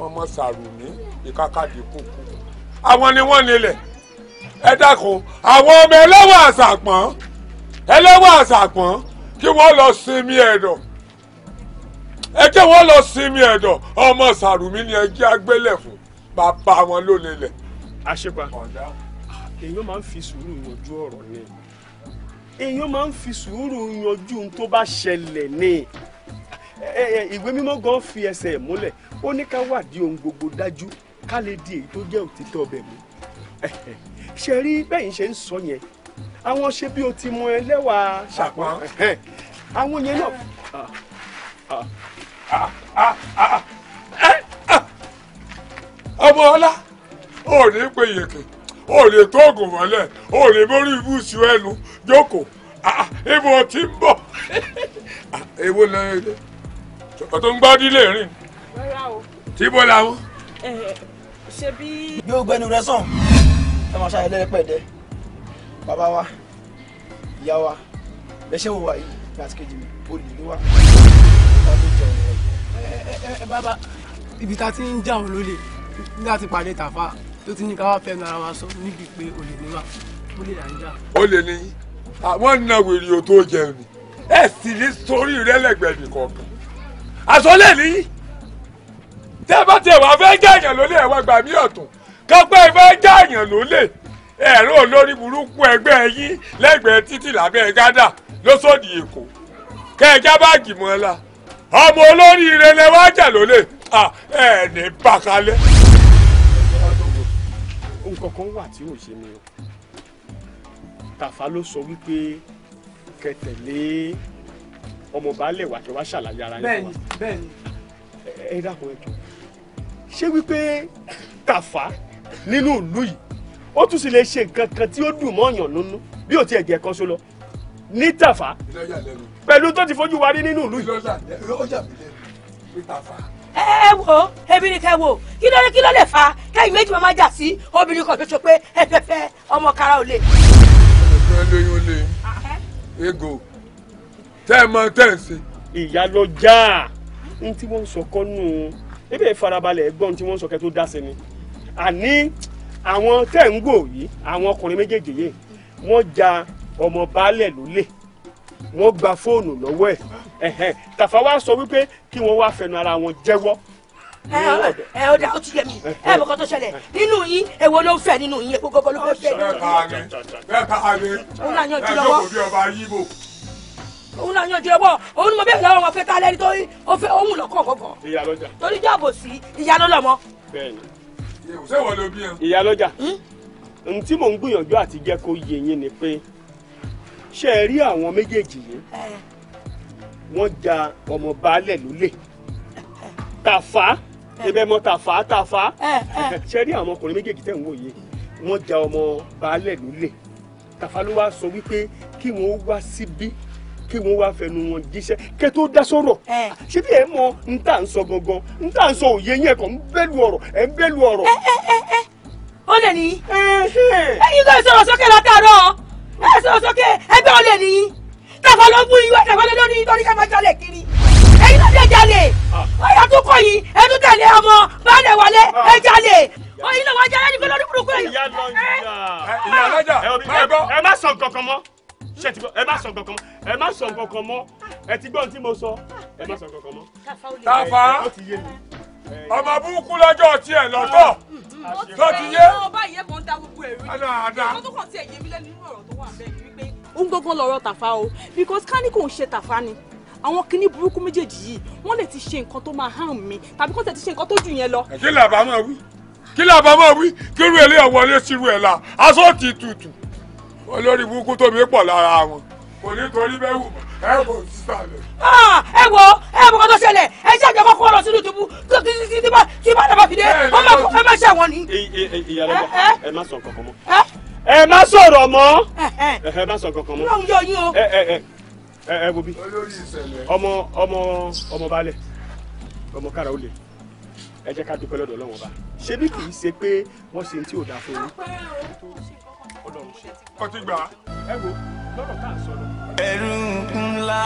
ọmọ sàrùmí ìkàkàdé kúkú àwọn ni wọ́n nílẹ̀ ẹ dákun àwọn ọmọ ẹlẹ́wọ̀n àṣàpọ̀n ẹlẹ́wọ̀n àṣàpọ̀n kí wọ́n lọ sinmi ẹ̀dọ̀ ẹ jẹ́ wọ́n lọ sinmi ẹ̀dọ̀ ọmọ sàrùmí ni ẹ jẹ́ agbélẹ̀ fún bàbá wọn ló nílẹ̀. àṣepa èèyàn máa ń fi sùúrù yanjú ọ̀rọ̀ ni èèyàn máa ń fi sùúrù yanjú ohun tó bá ṣẹlẹ̀ ni ìwé mímọ́ gan fi ẹsẹ̀ múlẹ̀ ó ní ká wádìí ohun gbogbo dájú ká lè di èyí tó jẹ́ òtítọ́ ọbẹ̀ mú ṣe rí bẹ́yìn ṣe ń sọ yẹn àwọn ṣe bí o ti mọ ẹlẹ́wà ṣàpọ́n àwọn yẹn náà. ọmọ ọlá ò ní pe yèké ò lè tó oògùn wọlé ò lè mórí ibùsù ẹnu jókòó ibo ti ń bọ̀ èwo ah, lẹ́yìn ṣòkòtò ń gbọ́ dílé rìn. tí bó la wọn. ṣe bí. yóò gbẹnu rẹ sàn ẹ máa ṣàyẹlẹ rẹpẹdẹ bàbá wa ìyá wa bẹ ṣé wò wá yìí láti kejì mi ó lè ní wá. ẹ bàbá ibi tá a ti ń jà ọ́ lólè nígbà tí pàdé tàfà tó ti ní ká wá fẹnu ara wa sọ níbi pé olè ní wá ó lè là ń jà. ó lè ní àwọn ìnáwó èrè ò tó jẹun ni ẹ sì ní sórí rẹ lẹgbẹẹ nìkan kan àsọlẹ̀ nìyí tẹ́ ẹ bá tiẹ̀ wá fẹ́ jáàyàn lólè ẹ̀ wá gbà mí ọ̀tún kápẹ́ ẹ fẹ́ jáàyàn lólè ẹ̀rọ olórí burúkú ẹgbẹ́ yín lẹ́gbẹ̀ẹ́ títì lábẹ́ gádà lóṣòdì èkó kẹjá báàgì mọ́ la ọmọ olórí ìrẹ̀lẹ̀ wá jà lólè ẹ̀ ní bàkálẹ̀. nǹkan kan wà tí ò ṣe mi Tàfà ló sọ wípé kẹtẹ̀lé ọmọ baálé wa kí wá ṣàlàyé ara yẹn. bẹ́ẹ̀ni bẹ́ẹ̀ni. ẹ dákun ẹ jọ ṣé wípé Kàfá nínú ìlú yìí ó tún sì lè ṣe nǹkan kan tí ó dùn mọ́ọ̀yàn nínú bí ò tiẹ̀ jẹ́ kan ṣó lọ ní Tàfá pẹ̀lú tó ti fojú wa rí nínú ìlú yìí. ẹ wo ebi ni kẹ wo kí ló lè kí ló lè fa kẹyìn méjì máa jà sí obìnrin kan ṣoṣo pé ẹ fẹ́ fẹ́ ọmọ kára ò lè. ọ̀sẹ̀ lóyún lè ah, ego tẹ́ ẹ mọ tẹ́ ẹ ṣe. ìyá ló já n tí wọ́n sọ kọ́ nù ebi ìfarabalẹ̀ ẹ̀gbọ́n tí wọ́n sọ kẹ́ tó dá ni àní àwọn tẹ́ ń gbò yìí àwọn ọkùnrin méjèèjì yìí wọ́n ja ọmọ baálẹ̀ lólè wọ́n gba fóònù lọ́wọ́ ẹ̀ tàfà wá sọ wípé kí wọ́n wá fẹnu ara wọn jẹ́wọ́ ẹ ọ da o ti yẹ mi ẹ bọ kọ tó ṣẹlẹ̀ nínú yín èwo ló ń fẹ́ nínú yín epo gbogbo ló ń fẹ́ nínú yín. bẹ́ẹ̀ ká ni bẹ́ẹ̀ ká ni ẹ jókòó bí ọba yíbo òun náà yanjú ẹ bọ òun ni mo bẹ̀rẹ̀ lọ́wọ́ wọn fẹ́ ta lẹ́ni tó yín ó fẹ́ òun lọ́kàn gbọ̀ngàn torí jáàbò sí ìyá lọ́lọ́mọ. bẹ́ẹ̀ni ìyá lọ́jà ohun hmm? tí mò ń gbìyànjú àti jẹ́ kó yé yín ni pé ṣé ẹ rí àwọn méjèèjì yìí wọ́n ja ọmọ baálẹ̀ lólè tàfà ẹbẹ mọ tàfà tàfà ṣe rí àwọn ọkùnrin méjèèjì tẹ̀ ń wò yìí wọ́n ja ọmọ baálẹ̀ lólè tàfà ló wá sọ wípé kí wọ́n wá síbí kí wọ́n wá fẹnu wọn jíṣẹ́ kẹ́ tó dá sọ̀rọ̀ ah, ṣé bí ẹ mọ n tà ń sọ gangan n tà ń sọ òye yẹn kàn ń bẹ́lu ọ̀rọ̀ ẹ̀ ń bẹ́lu ọ̀rọ̀. ó lè ní ẹ̀yin kò sọ̀rọ̀ sókè látàárọ̀ ẹ sọ̀rọ̀ sókè ẹgbẹ́ ó lè ní tàfà ló bú iwá tàfà ló lórí nítorí ká máa jalè kiri ẹ̀yin náà lè jalè ọyà ah. tó kọ yìí ẹ tún tẹ̀lé ọmọ báyìí wọlé ah. ẹ jalè ọyìn náà wájà ẹni pé lórí burúkú ẹ. ìyá lọ́jà ẹ má sọ nǹkan kan mọ́ ṣe ti gbọ́ ẹ má sọ nǹkan kan mọ́ ẹ má sọ nǹkan kan mọ́ ẹ ti gbọ́ ohun tí mo sọ ẹ má sọ nǹkan kan mọ́. Tafa ọmọ burúkú lọ́jọ́ tiẹ̀ lọ́tọ̀ tó ti yé. ọba yẹn mọ̀ ń da gbogbo ẹ̀rú yìí. ọ̀dọ̀ tó kàn tiẹ̀ yé mi lẹ́nu nínú ọ̀rọ̀ tó wà bẹ́ẹ̀ o because kání kò ń ṣe Tafa ni àwọn kinní burúkú méjèèjì yìí wọ́n lè ti ṣe nǹkan tó máa hàn mí tàbí kó tẹ̀ ti ṣe nǹkan tó jù yẹn lọ. kí làbá máa wí kí làbá máa wí kí irú ẹ̀ lè wọlé sírú ẹ̀ la aṣọ ti tutù olórí burúkú tóbi pọ̀ lára wọn kò ní torí bẹ́ẹ̀ wù ẹ kò sísàlẹ̀. Ah, ẹ wo ẹ mọ̀ kọ́tọ́ ṣẹlẹ̀ ẹ ṣe àjẹmọ́ kó lọ sínú tubu tí bá dàbà fìdé ọmọ ẹ má ṣe àwọn ni. ìyàlẹ́gbà ẹ má sọ nǹkan kan mọ́ ẹ má sọ̀rọ̀ mọ́ ẹ má sọ nǹkan kan mọ́. lóun yọ yín o. ẹ ẹ wo bí ọmọ ọmọ ọmọ balẹ̀ ọmọ kára ó lè ẹ jẹ́ ká dúpẹ́ lọ́dọ̀ Ọlọ́run ọba ṣebí kì í ṣe pé wọ́n ṣe ní tí ò dáa fún yín. Ọlọ́run ọtí gbà. ẹ wo lọ́rọ̀ tá à sọ lọ. ẹ̀rù ńlá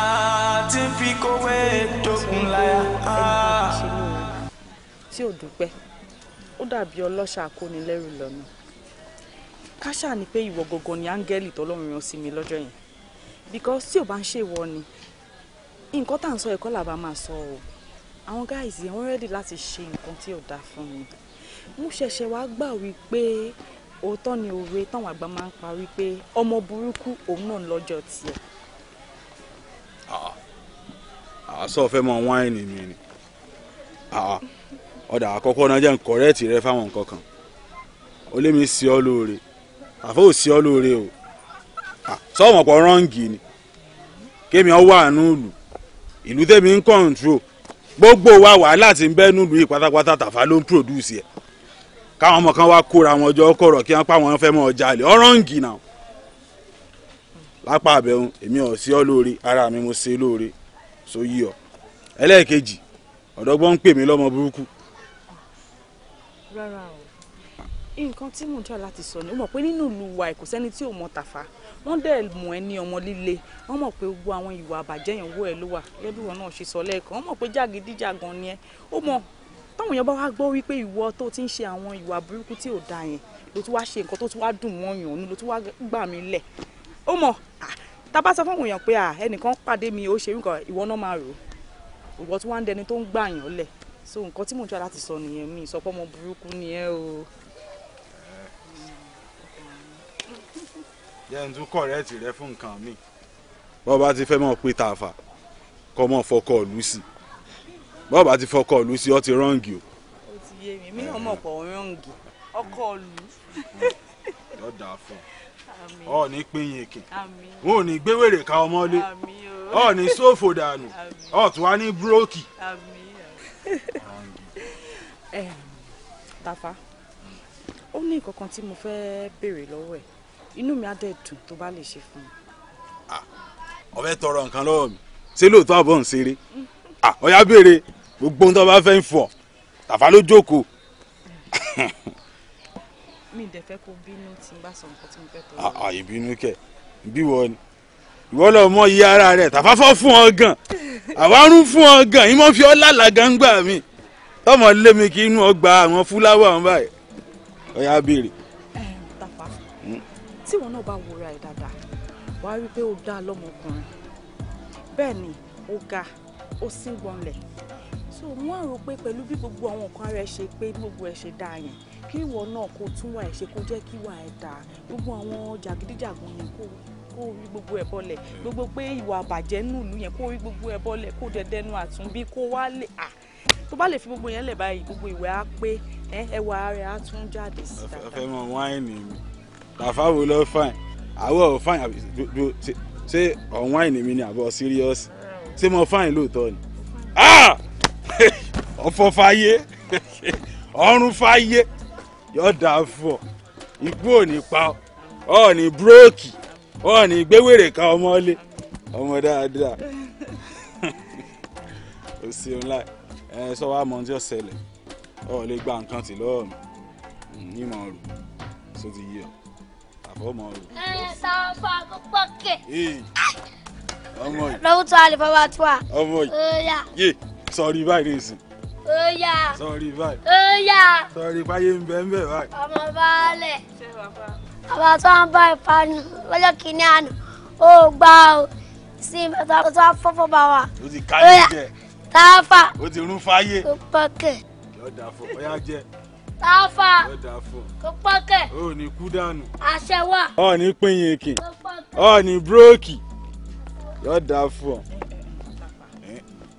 tí fi kówé dókun láyà. tí ò dúpẹ́ ó dàbí ọlọ́ṣà akónilẹ́rù lọ́nà káṣà ni pé ìwọ gangan ni áńgẹ́lì tọ́lọ́run rán sí mi lọ́jọ́ yẹn because tí ò bá ń ṣèwọ ni nǹkan tá à ń sọ ẹ̀kọ́ làbá máa sọ o àwọn gáàsì wọn rẹ́dì láti ṣe nǹkan tí ò dáa fún mi mo ṣẹ̀ṣẹ̀ wá gbà wípé òótọ́ ni òwe táwọn àgbà máa ń parí pé ọmọ burúkú òun náà lọ́jọ́ tiẹ̀. àṣọ ah, ah, fẹ́ mọ wáìnì mi ni ah, ọ̀dà àkọ́kọ́ náà jẹ́ nkọ̀rẹ́ẹ̀tì rẹ fáwọn nǹkan kan ó lé mi sí ọ lóore àfọ́ ò sí ọ lóore o sọ́wọ́n pọ̀ rọ́ǹgì ni kémi ọ wà núùlù ìlú tèmi ń kọ̀ǹtró gbogbo wa wàhálà ti ń bẹ́ núùlù yìí pátápátá tàfà ló ń pòdúùsì ẹ̀ káwọn ọmọ kan wá kóra wọn jọ kọ̀rọ̀ kí wọ́n pa wọn fẹ́ mọ́ jalè ọ̀rọ̀ǹgì náà lápá àbẹ̀hùn èmi ò sí ọ lóore ara mi mo ṣe lóore so yí ọ ẹlẹ́ẹ̀kejì ọ̀dọ́gbọ́n ń pè mí lọ́mọ burúkú. rárá o nǹkan tí mò ń tọ́ láti sọ ni ó mọ̀ pé nínú ìlú wa kò sẹ́ni tí ò mọ tàfà wọ́n dẹ̀ mọ̀ ẹ́ ní ọmọ líle wọ́n mọ̀ pé gbogbo àwọn ìwà àbàjẹ́ yẹn wọ́ ló wà lẹ́bí wọn náà ṣe sọ lẹ́ẹ̀kan wọ́n mọ̀ pé jàgídíjàgan ni ẹ ó mọ̀ táwọn èèyàn bá wá gbọ́ wípé ìwọ tó ti ń ṣe àwọn ìwà burúkú tí ò da yẹn ló ti wá ṣe nǹkan tó ti wá dùn wọ́n yàn ló ti wá gbà mí lẹ̀ ó mọ̀ tá a bá sọ fáwọn èèyàn pé ẹnìkan pàdé mi ó ṣe nǹkan ìwọ náà máa rò ìwọ tí wọ́n ń dẹni tó ń gbà yàn lẹ̀ so nǹkan tí mò ń try láti sọ nìyẹn mi ìsọpọ̀ ọmọ burúkú nìyẹn o. jẹ́ n tún kọ̀rẹ́ẹ̀tì rẹ fún nǹkan mi. bọ́ọ̀ bá ti fẹ́ mọ̀ pé tààfà kọ́ mọ̀ fọkọ̀ lùsì. bọ́ọ̀bà ti fọkọ ìlú sí ọ ti rọ́ǹgì o. o ti yé mi ọ ní pínyìn èkè wọn ò ní gbé ọ ní sófò dànù ọ tún wá ní búrókì. Tafa ní nǹkan tí mo béèrè lọ́wọ́ ẹ̀ inú mi á tó bá lè ṣe fún mi. Ah, tọrọ nǹkan lọ́wọ́ mi ṣé lóòótọ́ àbọ̀ ń ṣeré. Hmm. ọ̀yá béèrè gbogbo ohun tó bá fẹ́ ń fọ̀ tàfà ló jókòó. mi dẹ̀ fẹ́ kó bínú tí n bá sọ nǹkan tí mo fẹ́ tọ́ ọ. àà ìbínú kẹ bí wọ ni ìwọ lọ mọ iye ara rẹ tàfáfọ́ fún ọ gan àwárún fún ọ gan ìmọ̀ fi ọ lálàgà ń gbà mí tọmọ lémi kí inú ọgbà àwọn fúláwà ń báyìí ọ̀yá béèrè. tàfà tí wọn náà bá wúra ẹ dáadáa wàá rí i pé ó dá lọmọkùnrin bẹ́ẹ̀ ni ó ga ó sì wọlẹ̀ so wọ́n á rò pé pẹ̀lú bí gbogbo àwọn nǹkan ara ẹ̀ ṣe pé gbogbo ẹ̀ ṣe dáa yẹn kí ìwọ náà kó túnwà ẹ̀ ṣe kó jẹ́ kí ìwà ẹ̀ dáa gbogbo àwọn jàgídíjàgan yẹn kó kó rí gbogbo ẹ̀ bọ́lẹ̀ gbogbo pé ìwà àbàjẹ́ nùlù yẹn kó rí gbogbo ẹ̀ bọ́lẹ̀ kó dẹdẹnu àtúnbí kó wá lè à tó bá lè fi gbogbo yẹn lẹ̀ báyìí gbogbo ìwẹ̀ á pé ẹwà rẹ̀ á tún jáde sí dáadáa. ẹ mọ wáìnì mi Tafa wo ló fàìn àwọ̀ fàìn ṣé ọ̀wáìnì mi ni àbọ̀ serious ṣé mo fáyín lóòótọ́ ni ah! ọ̀fọ̀ fàyè ọ̀run fàyè yóò dáa fún ọ ikú ò ní pa ọ ọ ní búróòkì ọ ní gbéwèrè kan ọmọ ọlé ọmọ dáadáa o ṣeun láì ẹ sọ wá mọ ohun tí ọ lè gba nǹkan tì lọ́wọ́ mi ní mọ̀ sọ ti yí ọ àbọ̀ mọ̀ ọ́rù. ẹ sọ fún àkókò kè lọ́wọ́ tó a lè fọwọ́ tó a. ọmọ yìí yé sọrí báyìí ní ìsìn. óyà sọrí báyìí. óyà sọrí báyìí ń bẹ ń bẹ báyìí. ọmọ baálẹ̀ bàbá tó ń bá ìpanu lọ́jọ́ kìíní àná ó gbá o sí ìbátan tó ń fọ́fọ́ bá wa. ó ti ká yín jẹ. táfà ó ti rún fáyé. ó pọkẹ. yóò dà fún ọ yá jẹ. táfà yóò dà fún ọ. ó pọkẹ. ó ní kú dànù. àṣẹ wà. ó ní pínyìn yóò dáa fún ọ.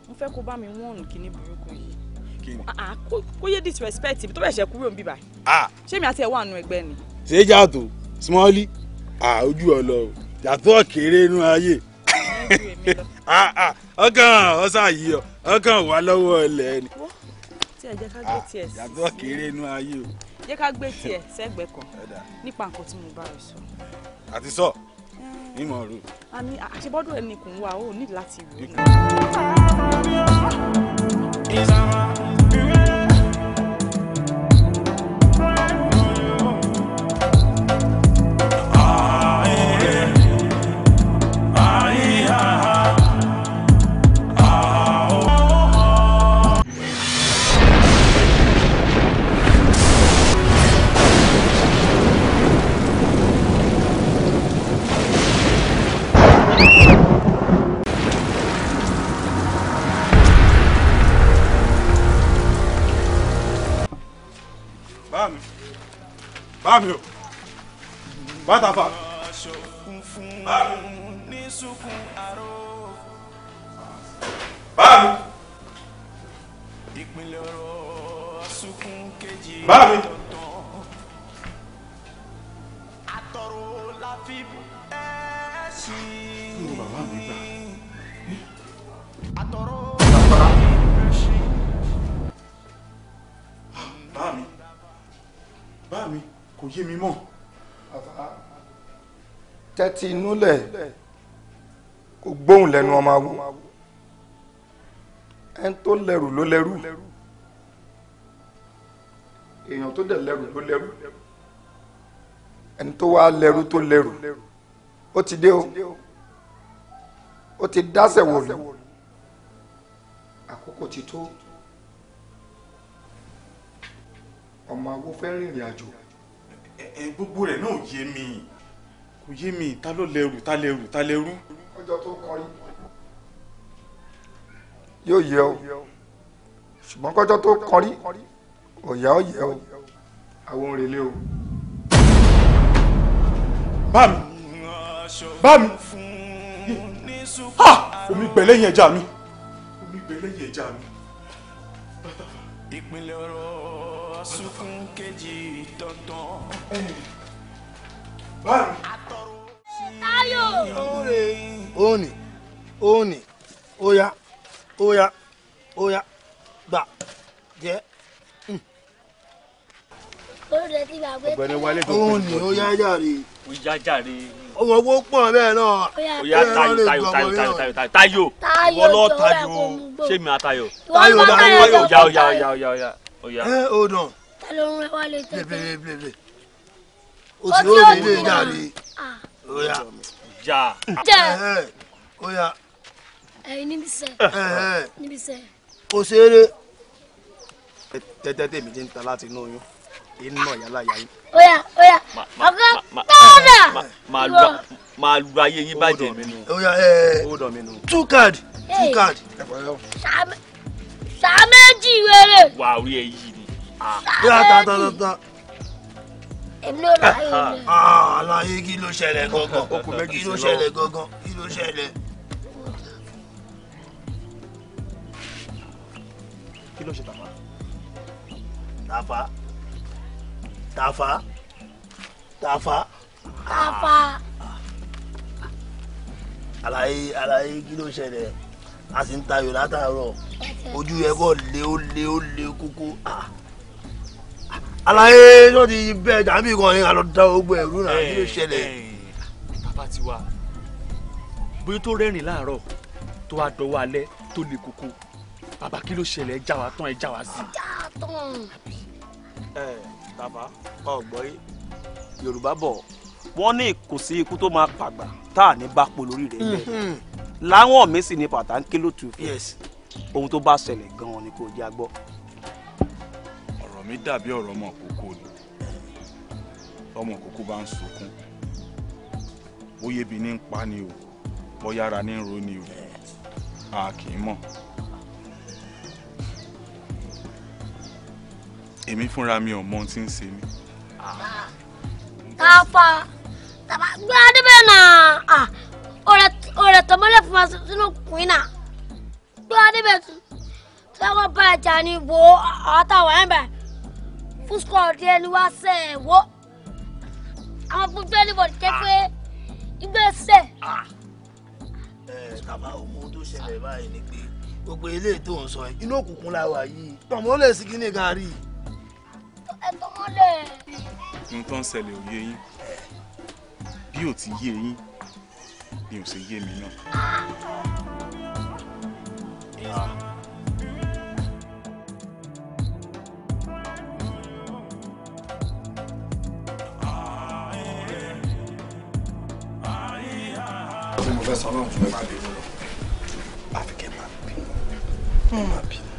mo fẹ́ kó bá mi wọ́n kíní burúkú yìí ah, ah, kó yé disrespect mi tó bẹ̀ ṣe kúrò ń bíbá ah! ṣé mi àti ẹ̀ wà nù ẹgbẹ́ ni. ṣé jàtò smọ́lí ojú ọ lọ jàtò kéré inú ayé ọkàn ọsàn yìí ọ ọkàn wà lọ́wọ́ ọlẹ́ ni. jàtò kéré inú ayé o. jẹ́ ká gbé tiẹ̀ sẹ́gbẹ̀ẹ́ kan nípa nǹkan tí mo bá rẹ̀ sọ. àti sọ. So ìmọ̀ rò. a ní àṣebọ́dọ̀ ẹni kò ń wá ní láti rò ó. What the tẹ́tí inú lẹ̀ kò gbóhùn lẹ́nu ọmọ awo ẹni tó lẹ́rù ló lẹ́rù èèyàn tó dẹ̀ lẹ́rù ló lẹ́rù ẹni tó wá lẹ́rù tó lẹ́rù ó ti dé o ó ti dásẹ̀ wò lù àkókò ti tó ọmọ awo fẹ́ rìnrìn àjò. ẹ gbogbo rẹ̀ náà yé mi kò yé mi ta ló lẹrù ta lẹrù ta lẹrù. ọjọ́ tó kọrin yóò yẹ o ṣùgbọ́n kọjọ́ tó kọrin ọ̀yà ó yẹ o àwọn òrèlè o. báàmì báàmì ha omi gbẹ̀lẹ́ yẹn jà mí omi gbẹ̀lẹ́ yẹn jà mí. ìpínlẹ̀ ọ̀rọ̀ sunkún kejì tọ̀tàn. báàmì láyò. òní òní Oya, Oya, óyá gbà jẹ́. olùdó ti gbàgbé tẹ́lẹ̀. ọ̀gbẹ́ni wálé tó kún un. òní Oya, jàre. óyá jàre. ọmọ owó pọ̀ bẹ́ẹ̀ náà. óyá tayo tayo tayo tayo tayo tayo. tayo wọlọ tayo Tayo mi àtayo. tayo tayo ya ya ya ya ya. ẹ o dàn. ta ló ń rẹ wálé tẹ́lẹ̀. o ti o lè lè jàre. Ah. óyá jà. jà. ó yá. ẹyin níbi sẹ. níbi sẹ. kò ṣeré tẹ́tẹ́ tèmi ti ń ta láti inú oyún inú ọ̀yálà yáyí. ó yá ó yá ọ̀gá tọ́ọ̀dà. màá lu ayé yín bàjẹ́ mi nù. ó yá two card two card. sàméjì wẹrẹ. wàá rí èyí ni. yàtọ̀ tọ̀ tọ̀ tọ̀ èmi ló ra ayé mi. àlàyé ah, kí ló ṣẹlẹ̀ gangan kí ló ṣẹlẹ̀ gangan kí ló ṣẹlẹ̀. kí ló ṣe tàfà. tàfà tàfà tàfà. tàfà. àlàyé ah. àlàyé kí ló ṣẹlẹ̀ a sì ń tayò látàárọ̀ ojú yẹ kó lé ó lé ó lé kókó alaye yóò ti bẹ́ẹ̀ dàbí kan ní alọ́ da ogbó ẹ̀rú náà kí ló eh, ṣẹlẹ̀. Eh, bàbá ti wá bóyá tó rẹ́rìn láàárọ̀ tó wá dọ̀wọ́ alẹ́ tó le koko bàbá kí ló ṣẹlẹ̀ ẹ já wa tán ẹ já wa sí. ẹ bàbá ọgbọ́n yìí yorùbá bọ̀ wọ́n ní kò sí ikú tó máa pàgbà tá à ní bá pọ̀ lórí rẹ̀ bẹ́ẹ̀ mhm. láwọn mi sì ní pàtàkì ló tù fún ohun tó bá ṣẹlẹ̀ gan-an ni kò jẹ́ agbọ́ ọ̀rọ̀ mi dàbí ọ̀rọ̀ ọmọ kókó ni tọmọ kókó bá ń sunkún bóyá ebi ní ń pa ni o bóyá ara ní ń ro ni o a kì í mọ̀. èmi fúnra mi ò mọ ohun tí ń ṣe mí. pa, tàbá gbé adébẹ̀ náà ọ̀rẹ́ tọmọlẹ̀ fún wa sínú kùn náà gbé adébẹ̀ tún tí wọ́n bá ẹja ní bo àwọn táwọn ẹ̀ bẹ̀ full squad díẹ̀ ni wá sẹ́ ẹ̀ wọ́ àwọn fún twenty bọ̀ kẹ́kẹ́ ah. ìgbésẹ̀. Ah. ẹ bàbá ọmọ tó ṣẹlẹ̀ báyìí ni pé gbogbo ilé tó ń sọ inú òkùnkùn la wà yìí tọmọ ó lè sí kí ní gàárì. n tó ń ṣẹlẹ̀ ò yé yín bí ò ti yé yín ni ò ṣe yé mi náà. Ah. pọfẹsọ náà tún má bínú lọ àfi kẹ má bínú ẹ má bínú.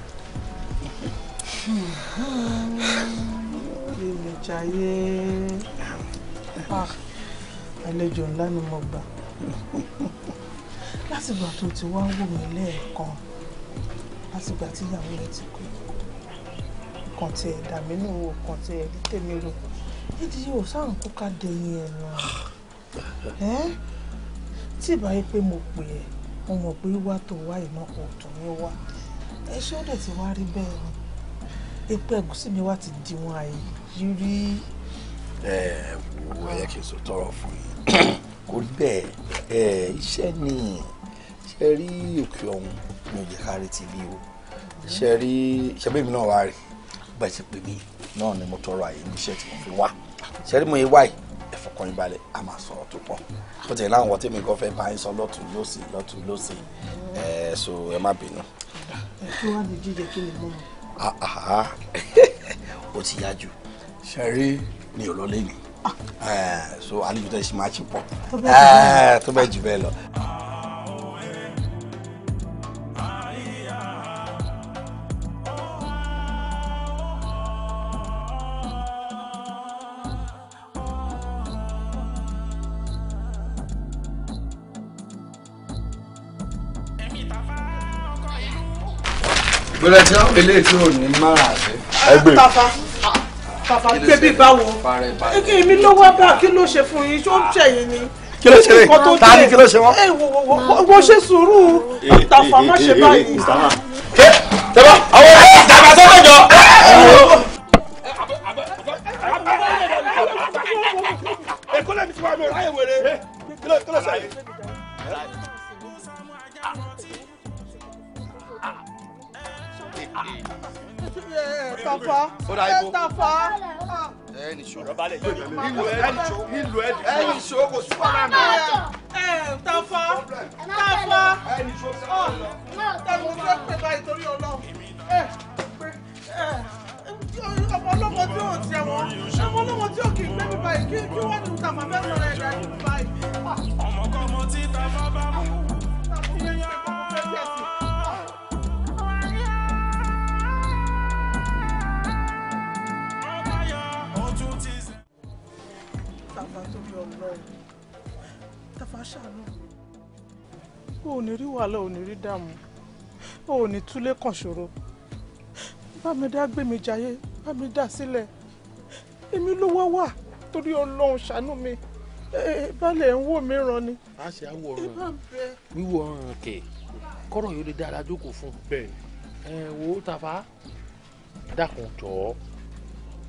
Bími jayé ah, àlejò ńlá ni mo gbà látìgbà tó ti wá wò mí lẹ́ẹ̀kan látìgbà tí ìyàwó rẹ̀ ti kú kàn tí ẹ̀ dà mí nù wò kàn tí ẹ̀ rí tèmi rò nídìí yóò sáà ń kó ká dẹ̀yìn ẹ̀ náà tí ì bá yẹ pé mo pè ẹ́ mo mọ̀ pé wá tó wá iná ọ̀dùn ni wá ẹ ṣé ó dẹ̀ ti wá rí bẹ́ẹ̀ ni epo ẹ̀gúsí mi wá ti di wọn àìyírí. ẹ wo ẹ kì í sọ tọrọ fún yín kò bẹ́ẹ̀ ẹ iṣẹ́ ni ṣe rí òkè ọ̀hún mi ò jẹ́ ká rí tv o ṣe rí ṣe bẹ́ẹ̀ mi náà wá rí bá ṣe pè mí náà ni mo tọrọ àyè níṣẹ́ tí mo fi wá ṣe rí mo yẹ wáyé ẹ fọkàn yín balẹ̀ a máa sọ̀rọ̀ tó pọ̀ ó ti láwọn ọtí mi kan fẹ́ bá yín sọ lọ́tún lọ́sì lọ́tún lọ́sì mm-hmm. ẹ so ẹ má bínú. kí wàá ní jíjẹ kí ni mo. ó ti yá jù ṣẹ́rí mi ò lọ lé mi ah. so àlejò tẹ́ ṣe máa ṣe pọ̀ tó bẹ́ẹ̀ jù bẹ́ẹ̀ lọ. Bẹ́rẹ̀ tí wọ́n fẹ́lẹ́ tí ò ní mára sí. Ẹgbẹ́. Tàfà tàfà gbé bí báwo. Kí èmi ló wá bá kí ló ṣe fún yín? Ṣé ó ń ṣẹ̀yìn ni? Kí ló ṣe lè? Ta ni kí ló ṣe wọ́n? Wọ́n ṣe sùúrù. Eh, eh, tàfà má eh, ṣe báyìí. Ṣé tẹ́lá àwọn ìdàgbà tó lọ́jọ́? Èkó lẹ́mi tí wàá mi ò ráyè Kí ló ṣe yìí? tọ̀fọ̀ tọ̀fọ̀. ẹni ṣó nílò ẹni ṣó nílò ẹni ṣó kò sí wàhálà náà. tọ̀fọ̀ tọ̀fọ̀ ẹni ṣó sọ̀rọ̀ lọ. ẹni ṣó pè báyìí torí ọlọ́run eh, eh, ọmọ ọlọ́mọ tí ò tiẹ̀ wọ́n ọmọ ọlọ́mọ tí ò kì í gbé mi báyìí kí wọ́n ní ìta màmá ẹ̀rọ ẹ̀dá yìí báyìí. Ah. ọmọkọ́mọ tí ta bá bá mú. Ọlọ́run tàfà o ò ní rí wàhálà ò ní rí dààmú o ò ní túlé kàn ṣòro bá mi dá gbé mi jayé bá mi dá sílẹ̀ èmi ló wá wà torí Ọlọ́run ṣàánú mi balẹ̀ ń wò mí ràn ni. a ṣe àwòrán wíwòrán kẹ kọ́rọ̀ yóò lè dára jókòó fún un ẹ wo tafa. dákun jọ̀ọ́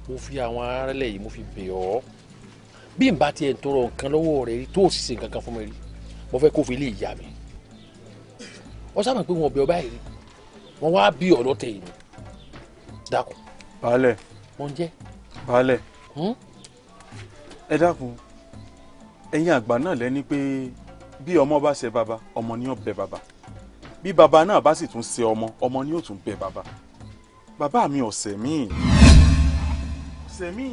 mo fi àwọn arẹ́lẹ̀ yìí mo fi bẹ̀ ọ́ bí n bá tiẹ̀ ń tọrọ nǹkan lọ́wọ́ rẹ̀ rí tó o sì ṣe nǹkan kan fún mi rí mo fẹ́ kó fi lè yà mí wọ́n sábà pé wọn ọbẹ̀ ọba yìí wọ́n wá bí ọlọ́tẹ̀ yìí dákun. baálẹ̀ mo ń jẹ́. baálẹ̀ hmm? ẹ dákun ẹ̀yin àgbà náà lẹ́ni pé bí ọmọ bá ṣe baba ọmọ ni yóò bẹ baba bí baba náà bá sì tún ṣe ọmọ ọmọ ni yóò tún bẹ baba bàbá mi ọ̀sẹ̀ míì ọ̀sẹ̀ míì.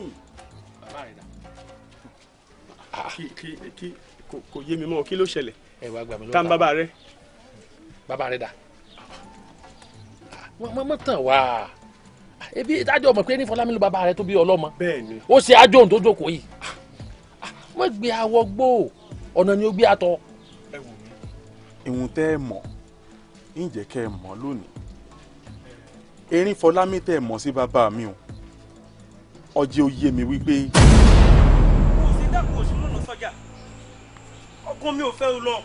Ah. kí kí kò yé mi mọ́ kí ló ṣẹlẹ̀ tá n bàbá rẹ. bàbá rẹ dà mọ ah, tàn wá ah, ebi dájọ mọ̀ pé ní fọlámi ló bàbá rẹ tó bí ọlọ́mọ ó ṣe ájò ohun tó jókòó yìí mọ gbé awọ gbó ọ̀nà ni ó gbé atọ. ìwọ̀n tẹ́ ẹ mọ̀ ǹjẹ́ kẹ́ ẹ mọ̀ lónìí erin fọlámi tẹ́ ẹ mọ̀ sí bàbá mi o ọjọ́ ó yé mi wípé. kò sí dákòó sí nǹkan mi ò fẹ́ lọ.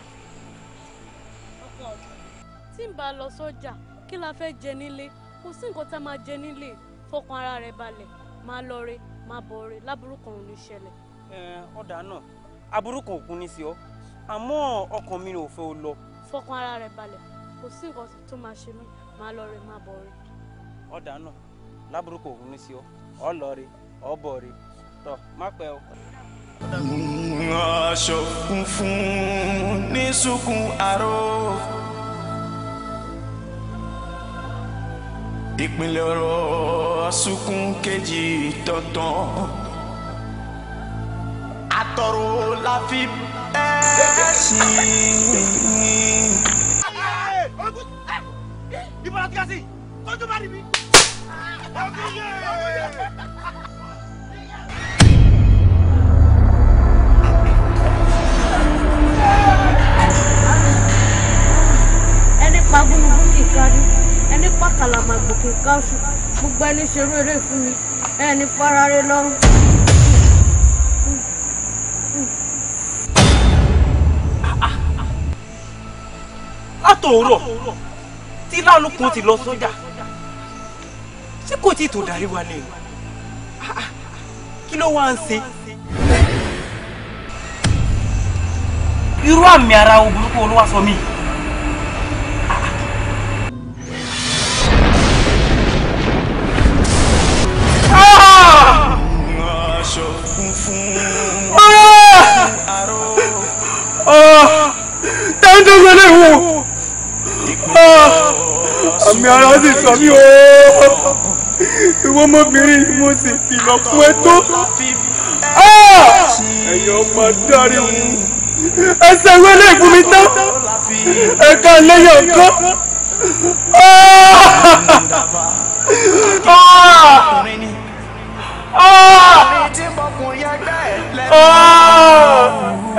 tí n bá lọ sọ́jà kí la fẹ́ jẹ nílé kò sí nǹkan tá a máa jẹ nílé fọkàn ara rẹ balẹ̀ máa lọre máa bọ̀re láburú kan ò ní ṣẹlẹ̀. ọ̀dà náà aburú kan ní sí ọ àmọ́ ọkàn mi ò fẹ́ o lọ. fọkàn ara rẹ balẹ̀ kò sí nǹkan tó máa ṣe mí máa lọre máa bọ̀re. ọ̀dà náà láburú kan ò kún ní sí ọ ọ lọre ọ bọ̀re tọ má pẹ́ o aṣọ funfun ní sunkún aró. ìpínlẹ̀ ọ̀rọ̀ sunkún kejì tọ̀tàn. la fi bẹ́ẹ̀ sí i. ìbọn kíkà sí tọ́jú bá rí agúnugún ìkárí ẹni pàkàlà màgbòkè káṣù gbogbo ẹni ṣerú eré fún mi ẹni farare lọ́rùn. látòórọ̀ tí lálùkùn ti lọ sọ́jà ṣé kò tí tó darí wa ni kí ló wá ń ṣe. irú àmì ara obìnrin kò ló sọ mí. lè wò ah, àmì ara sì sọ mí o ìwọ ọmọbìnrin mo sì kìlọ̀ fún ẹ tó ah, ẹ̀yin ọmọ dárí mu ẹsẹ̀ ìwé lè gún mi tán ẹ̀ka lẹ́yìn ọ̀kan ah,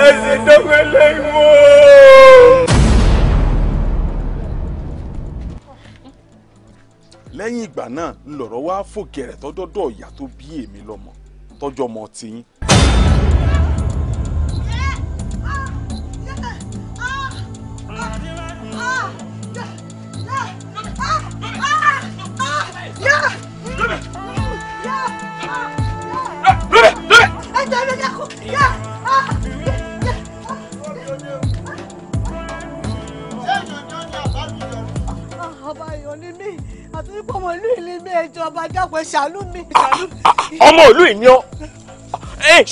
ẹsẹ̀ dọ́gbẹ́lẹ́ ìwọ. lẹ́yìn ìgbà náà ńlọ̀rọ̀ wá fòkè rẹ̀ tọ́dọ́dọ̀ ìyá tó bí èmi lọ́mọ tọ́jọ́ ọmọ tiyín. Yeah! èèyàn ni mí àti wípé ọmọ ìlú ìlú mi ìjọba jápẹ́ ṣàánú mi. ọmọ ìlú ìní ọ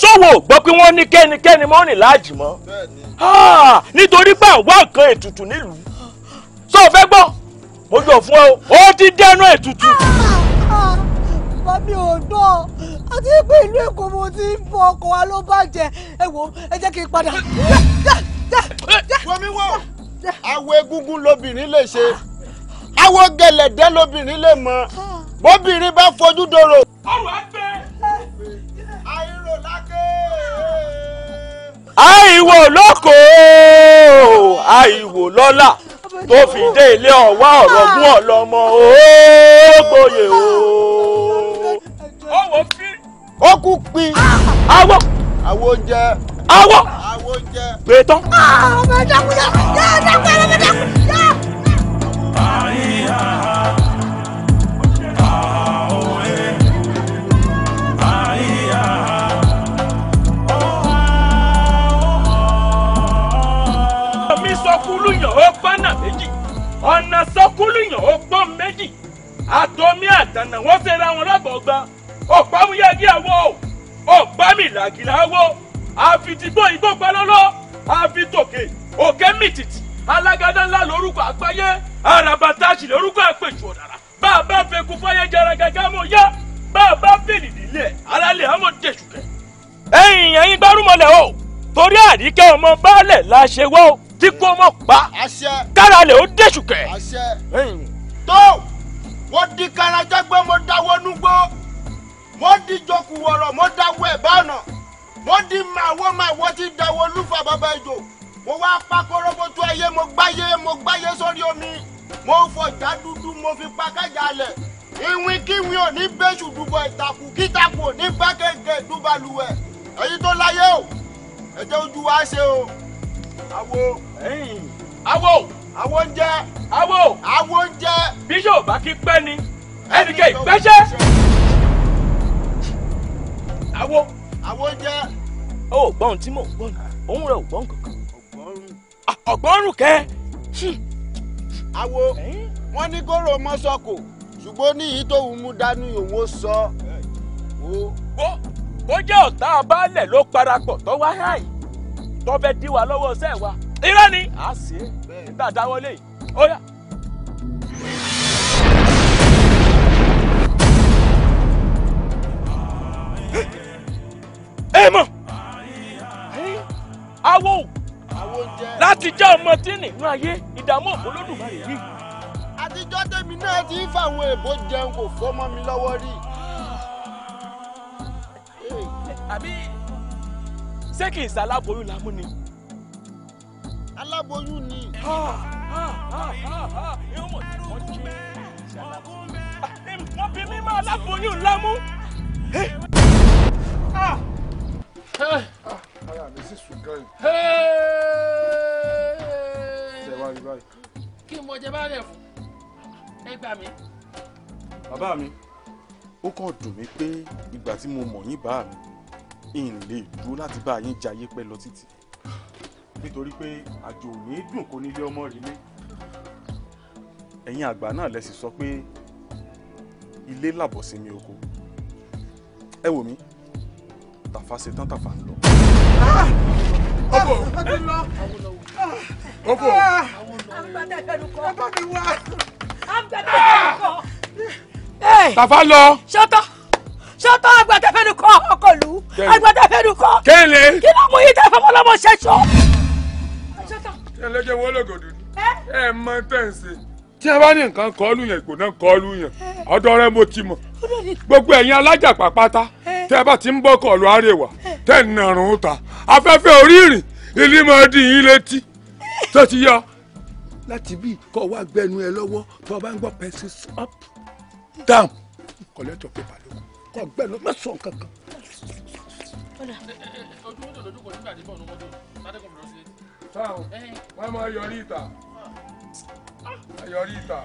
ṣòwò gbọ́ pé wọ́n ní kẹ́nikẹ́ni mọ́ ní láàjì mọ́ nítorí pé àwọn nǹkan ètùtù nílùú sọ fẹ́ gbọ́ mo jọ fún ọ ó ti dẹnu ètùtù. bàbá ò dán àti pé ìlú èkó mo ti ń bọ ọkọ̀ wa ló bàjẹ́ ẹ wò ẹ jẹ́ kí n padà. wọ́n mi wọ́ egungun lobìnrin lè ṣe àwọn gẹ̀lẹ̀dẹ́ lobìnrin lè mọ bóbìnrin bá fojú dòrò. ọrùn ẹgbẹ́ àìrò lákè. àìwò lóko àìwò lọ́la tó fi dé ilé ọ̀wá ọ̀rọ̀gún ọ̀lọ́mọ ògbóyè o. ọwọ́ fi. ó kú pin. awọ. àwo jẹ. awọ. àwo jẹ. pé tán. Ah, ọmọ ẹja kúndà yóò dákú ẹlọmọdé kúndà sọkúlùyàn ó pọ́nà méjì ọ̀nà sọkúlùyàn ó pọ́n méjì àtọ́mí àtànà wọ́n ṣe ra wọn lọ́bọ̀ gba ọ̀pámúyẹ́gí àwọ̀ ọ̀pámìlàgìlà àwọ̀ àfitìgbò ìgbò pẹ́lọ́lọ́ àfitòkè òkè mìtìtì alágadá ńlá lórúkọ àgbáyé arabatasi lórúkọ àpèjù ọ̀dàrà bá a bá fẹ́ kú fáyé jara gàgà mọ̀ yá bá a bá fèlì nílẹ̀ alálẹ̀ àmọ̀ jẹ̀sù kẹ. ẹ̀yin ẹ̀yin gbárùmọ̀lẹ̀ o torí àdìkẹ́ ọmọ baálẹ̀ la ṣe wọ́ tí kò mọ̀ pa káralẹ̀ ó dẹ̀sù kẹ. tó wọ́n di karajá gbé mo dáwọ́ núgbó mo di jokùwọ̀rọ̀ mo dáwọ́ ẹ̀ báànà mo di màwọ́ màwọ́ ti dáwọ́ lúfà bàbá ìjò mo wá pa kóróbótó ẹyẹ mo gbáyé mo gbáyé sórí omi mo fọjá dúdú mo fi pa kájà lẹ̀ ìwìn kíwìn ò bẹ́sù dùbọ̀ ìtàkùn kítakùn ò bá kéèké dúbalùwẹ̀ èyí tó láyé o ẹ ojú wa ṣe o àwo àwo àwo oúnjẹ àwo àwo oúnjẹ. bí yóò bá kí pẹ́ ni ẹnìkẹ́ ìgbẹ́sẹ̀. àwo. àwo oúnjẹ. ó gbọ́n tí mò ń gbọ́n òun rẹ̀ ò gbọ́n kankan ọgọ́rùn kẹ́. àwo wọn ní kóró mọ́sọ̀kò ṣùgbọ́n níyì tóun mú dání òun sọ. bó jẹ́ ọ̀tá abálẹ̀ ló parapọ̀ tó wá háì tọ́bẹ̀ dí wa lọ́wọ́ ṣẹ́ wa irọ́ ni a sì é nígbà dáwọ́lé yìí ẹ mọ̀ awo láti jẹ́ ọmọ tí nínú ayé ìdààmú òfò lódùmarè rí. àtijọ́ tèmi náà ti ń fàwọn èèbó jẹun kò fọmọ mi lọ́wọ́ rí. àbí ṣé kì í ṣàlábòyún lámú ni. aláboyún ni. wọ́n ah, fi mímọ́ aláboyún lámú. Ah! àbẹ̀sí ṣùgán yìí. ṣe wá rí báyìí. kí n mọ jẹ bá rẹ̀ fún ẹ gbà mí. bàbá mi ó kàn dùn mí pé ìgbà tí mo mọ̀ yín bá mi n lè dúró láti bá yín jayé pẹ́ lọ títì nítorí pé àjò ò ní dùn kó nílé ọmọ rí lé ẹ̀yin àgbà náà lẹ sì sọ pé ilé làbọ̀ sí mi oko ẹ wò mí tàfà ṣetán tàfà ń lọ. Opo. Opo. Tàfà lọ. Ṣọ́tọ̀ ṣọ́tọ̀ agbátẹ́fẹ́nu kọ́ ọkọ̀lù agbátẹ́fẹ́nu kọ́. Kéèlè. Kí ló mú yín tẹ́ fọmọlọ́mọ ṣẹ́ṣọ́? Ẹlẹ́jẹ̀ wọ́n ni. Ẹ mọ tẹ̀sí. Tí a bá ní nǹkan yẹn, ìpò náà yẹn, rẹ mo ti mọ̀. Gbogbo ẹ̀yin alájà pàpátá, tẹ́ bá ti ń bọ́ tẹ́ ń afẹ́fẹ́ orí ìrìn ilé máa di yín létí tó ti yọ. láti bí kọ́ wá gbẹnu ẹ lọ́wọ́ tó o bá ń gbọ́ pencil up down collector paper ló kọ́ gbẹnu má sọ nǹkan kan. ojú máa yọrí ìta ah. yọrí ìta.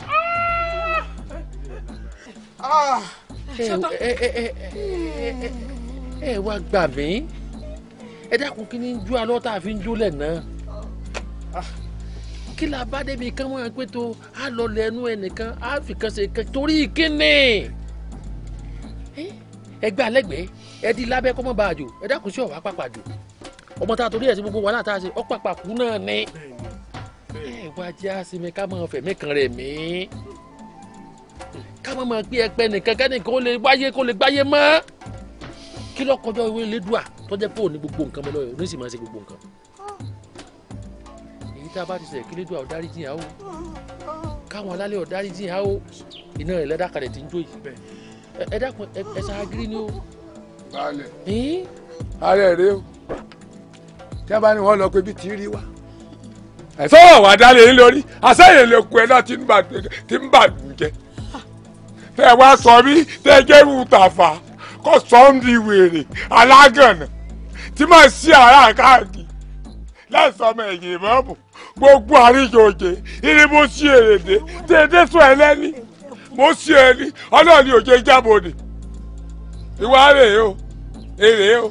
ẹ ẹ ẹ ẹ ẹ wá gbà mí ẹ dákun kí ni ń jó alọ́ tá a fi ń jólẹ̀ náà ah, kí la bá débi kán wọ́n pé tó a lọ lẹ ẹnu ẹnìkan a fi kan ṣe kan torí kíni ẹgbẹ́ alẹ́gbẹ̀ẹ́ ẹ di lábẹ́ kọ́mọ́ bá a jò ẹ dákun sí ọ̀wá pàpà jò ọmọ tá a torí ẹ̀ sí gbogbo wàhálà tá a ṣe ọ́ pàpà náà ni ẹ wá jẹ́ àṣemẹ ká máa fẹ̀mí kan rẹ̀ mí ká máa máa gbé ẹpẹ nìkan kẹ́nìkan ó lè wáyé kó lè gbáyé mọ́ kí ló kọjọ ìwé lédùá tó jẹ́ pé òní gbogbo nǹkan mọ́ lọ́wọ́ òní sì máa ṣe gbogbo nǹkan èyí tá a bá ti sọ ìkílé dùn ọ̀dárí jìn àwò káwọn alálẹ̀ ọ̀dárí jìn àwò iná rẹ̀ lẹ́dá kalẹ̀ tí ń jó yìí ẹ dákun ẹ ṣáágírí ni o. baálẹ̀ ààrẹ rèé o tí a bá ní wọn lọ pé bí ti rí wa ẹ̀sọ́ ọ̀wà dálé lórí àṣẹyìn lè kú ẹ náà ti ń bà jẹ́ fẹ́ ah. wá sọ mí tẹ́ jẹ́rù tàfà kò sọ́ọ́ndì wèrè alágànà tí máa ṣí ara káàkiri lẹ́sọ̀ ọmọ ẹ̀yìn ìmọ̀ọ́mù gbogbo àríyànjẹ irin mo ṣí èrèdè déédé sọ ẹlẹ́ni mo ṣí ẹni ọlọ́ọ̀ni òjé jábọ̀ ni ìwà rèé o èrè o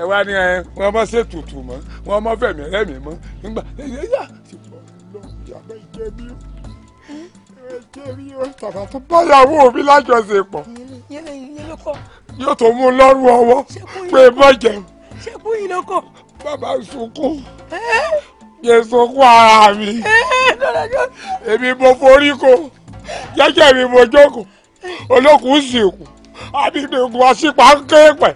ẹ wá ní ẹ wọn mọ ṣètùtù mọ wọn mọ fẹmí ẹlẹmí mọ nígbà ẹ yẹ yà ti pọ lọ ìyàbẹ ìjẹbi o kiri o tàbá tó báyàwó mi lájọṣepọ̀ yóò tó mú lọ́rùn ọwọ́ pé mọ̀ bàbá sunkún yẹ sunkún ara mi èmi mo forí ko jẹ́jẹ́ mi mo jókòó olókùn sì kù àbídògùn pẹ̀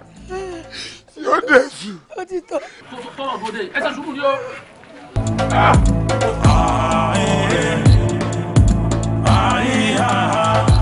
yóò dé sùn. ó ti sùkúrú yóò. ha ha.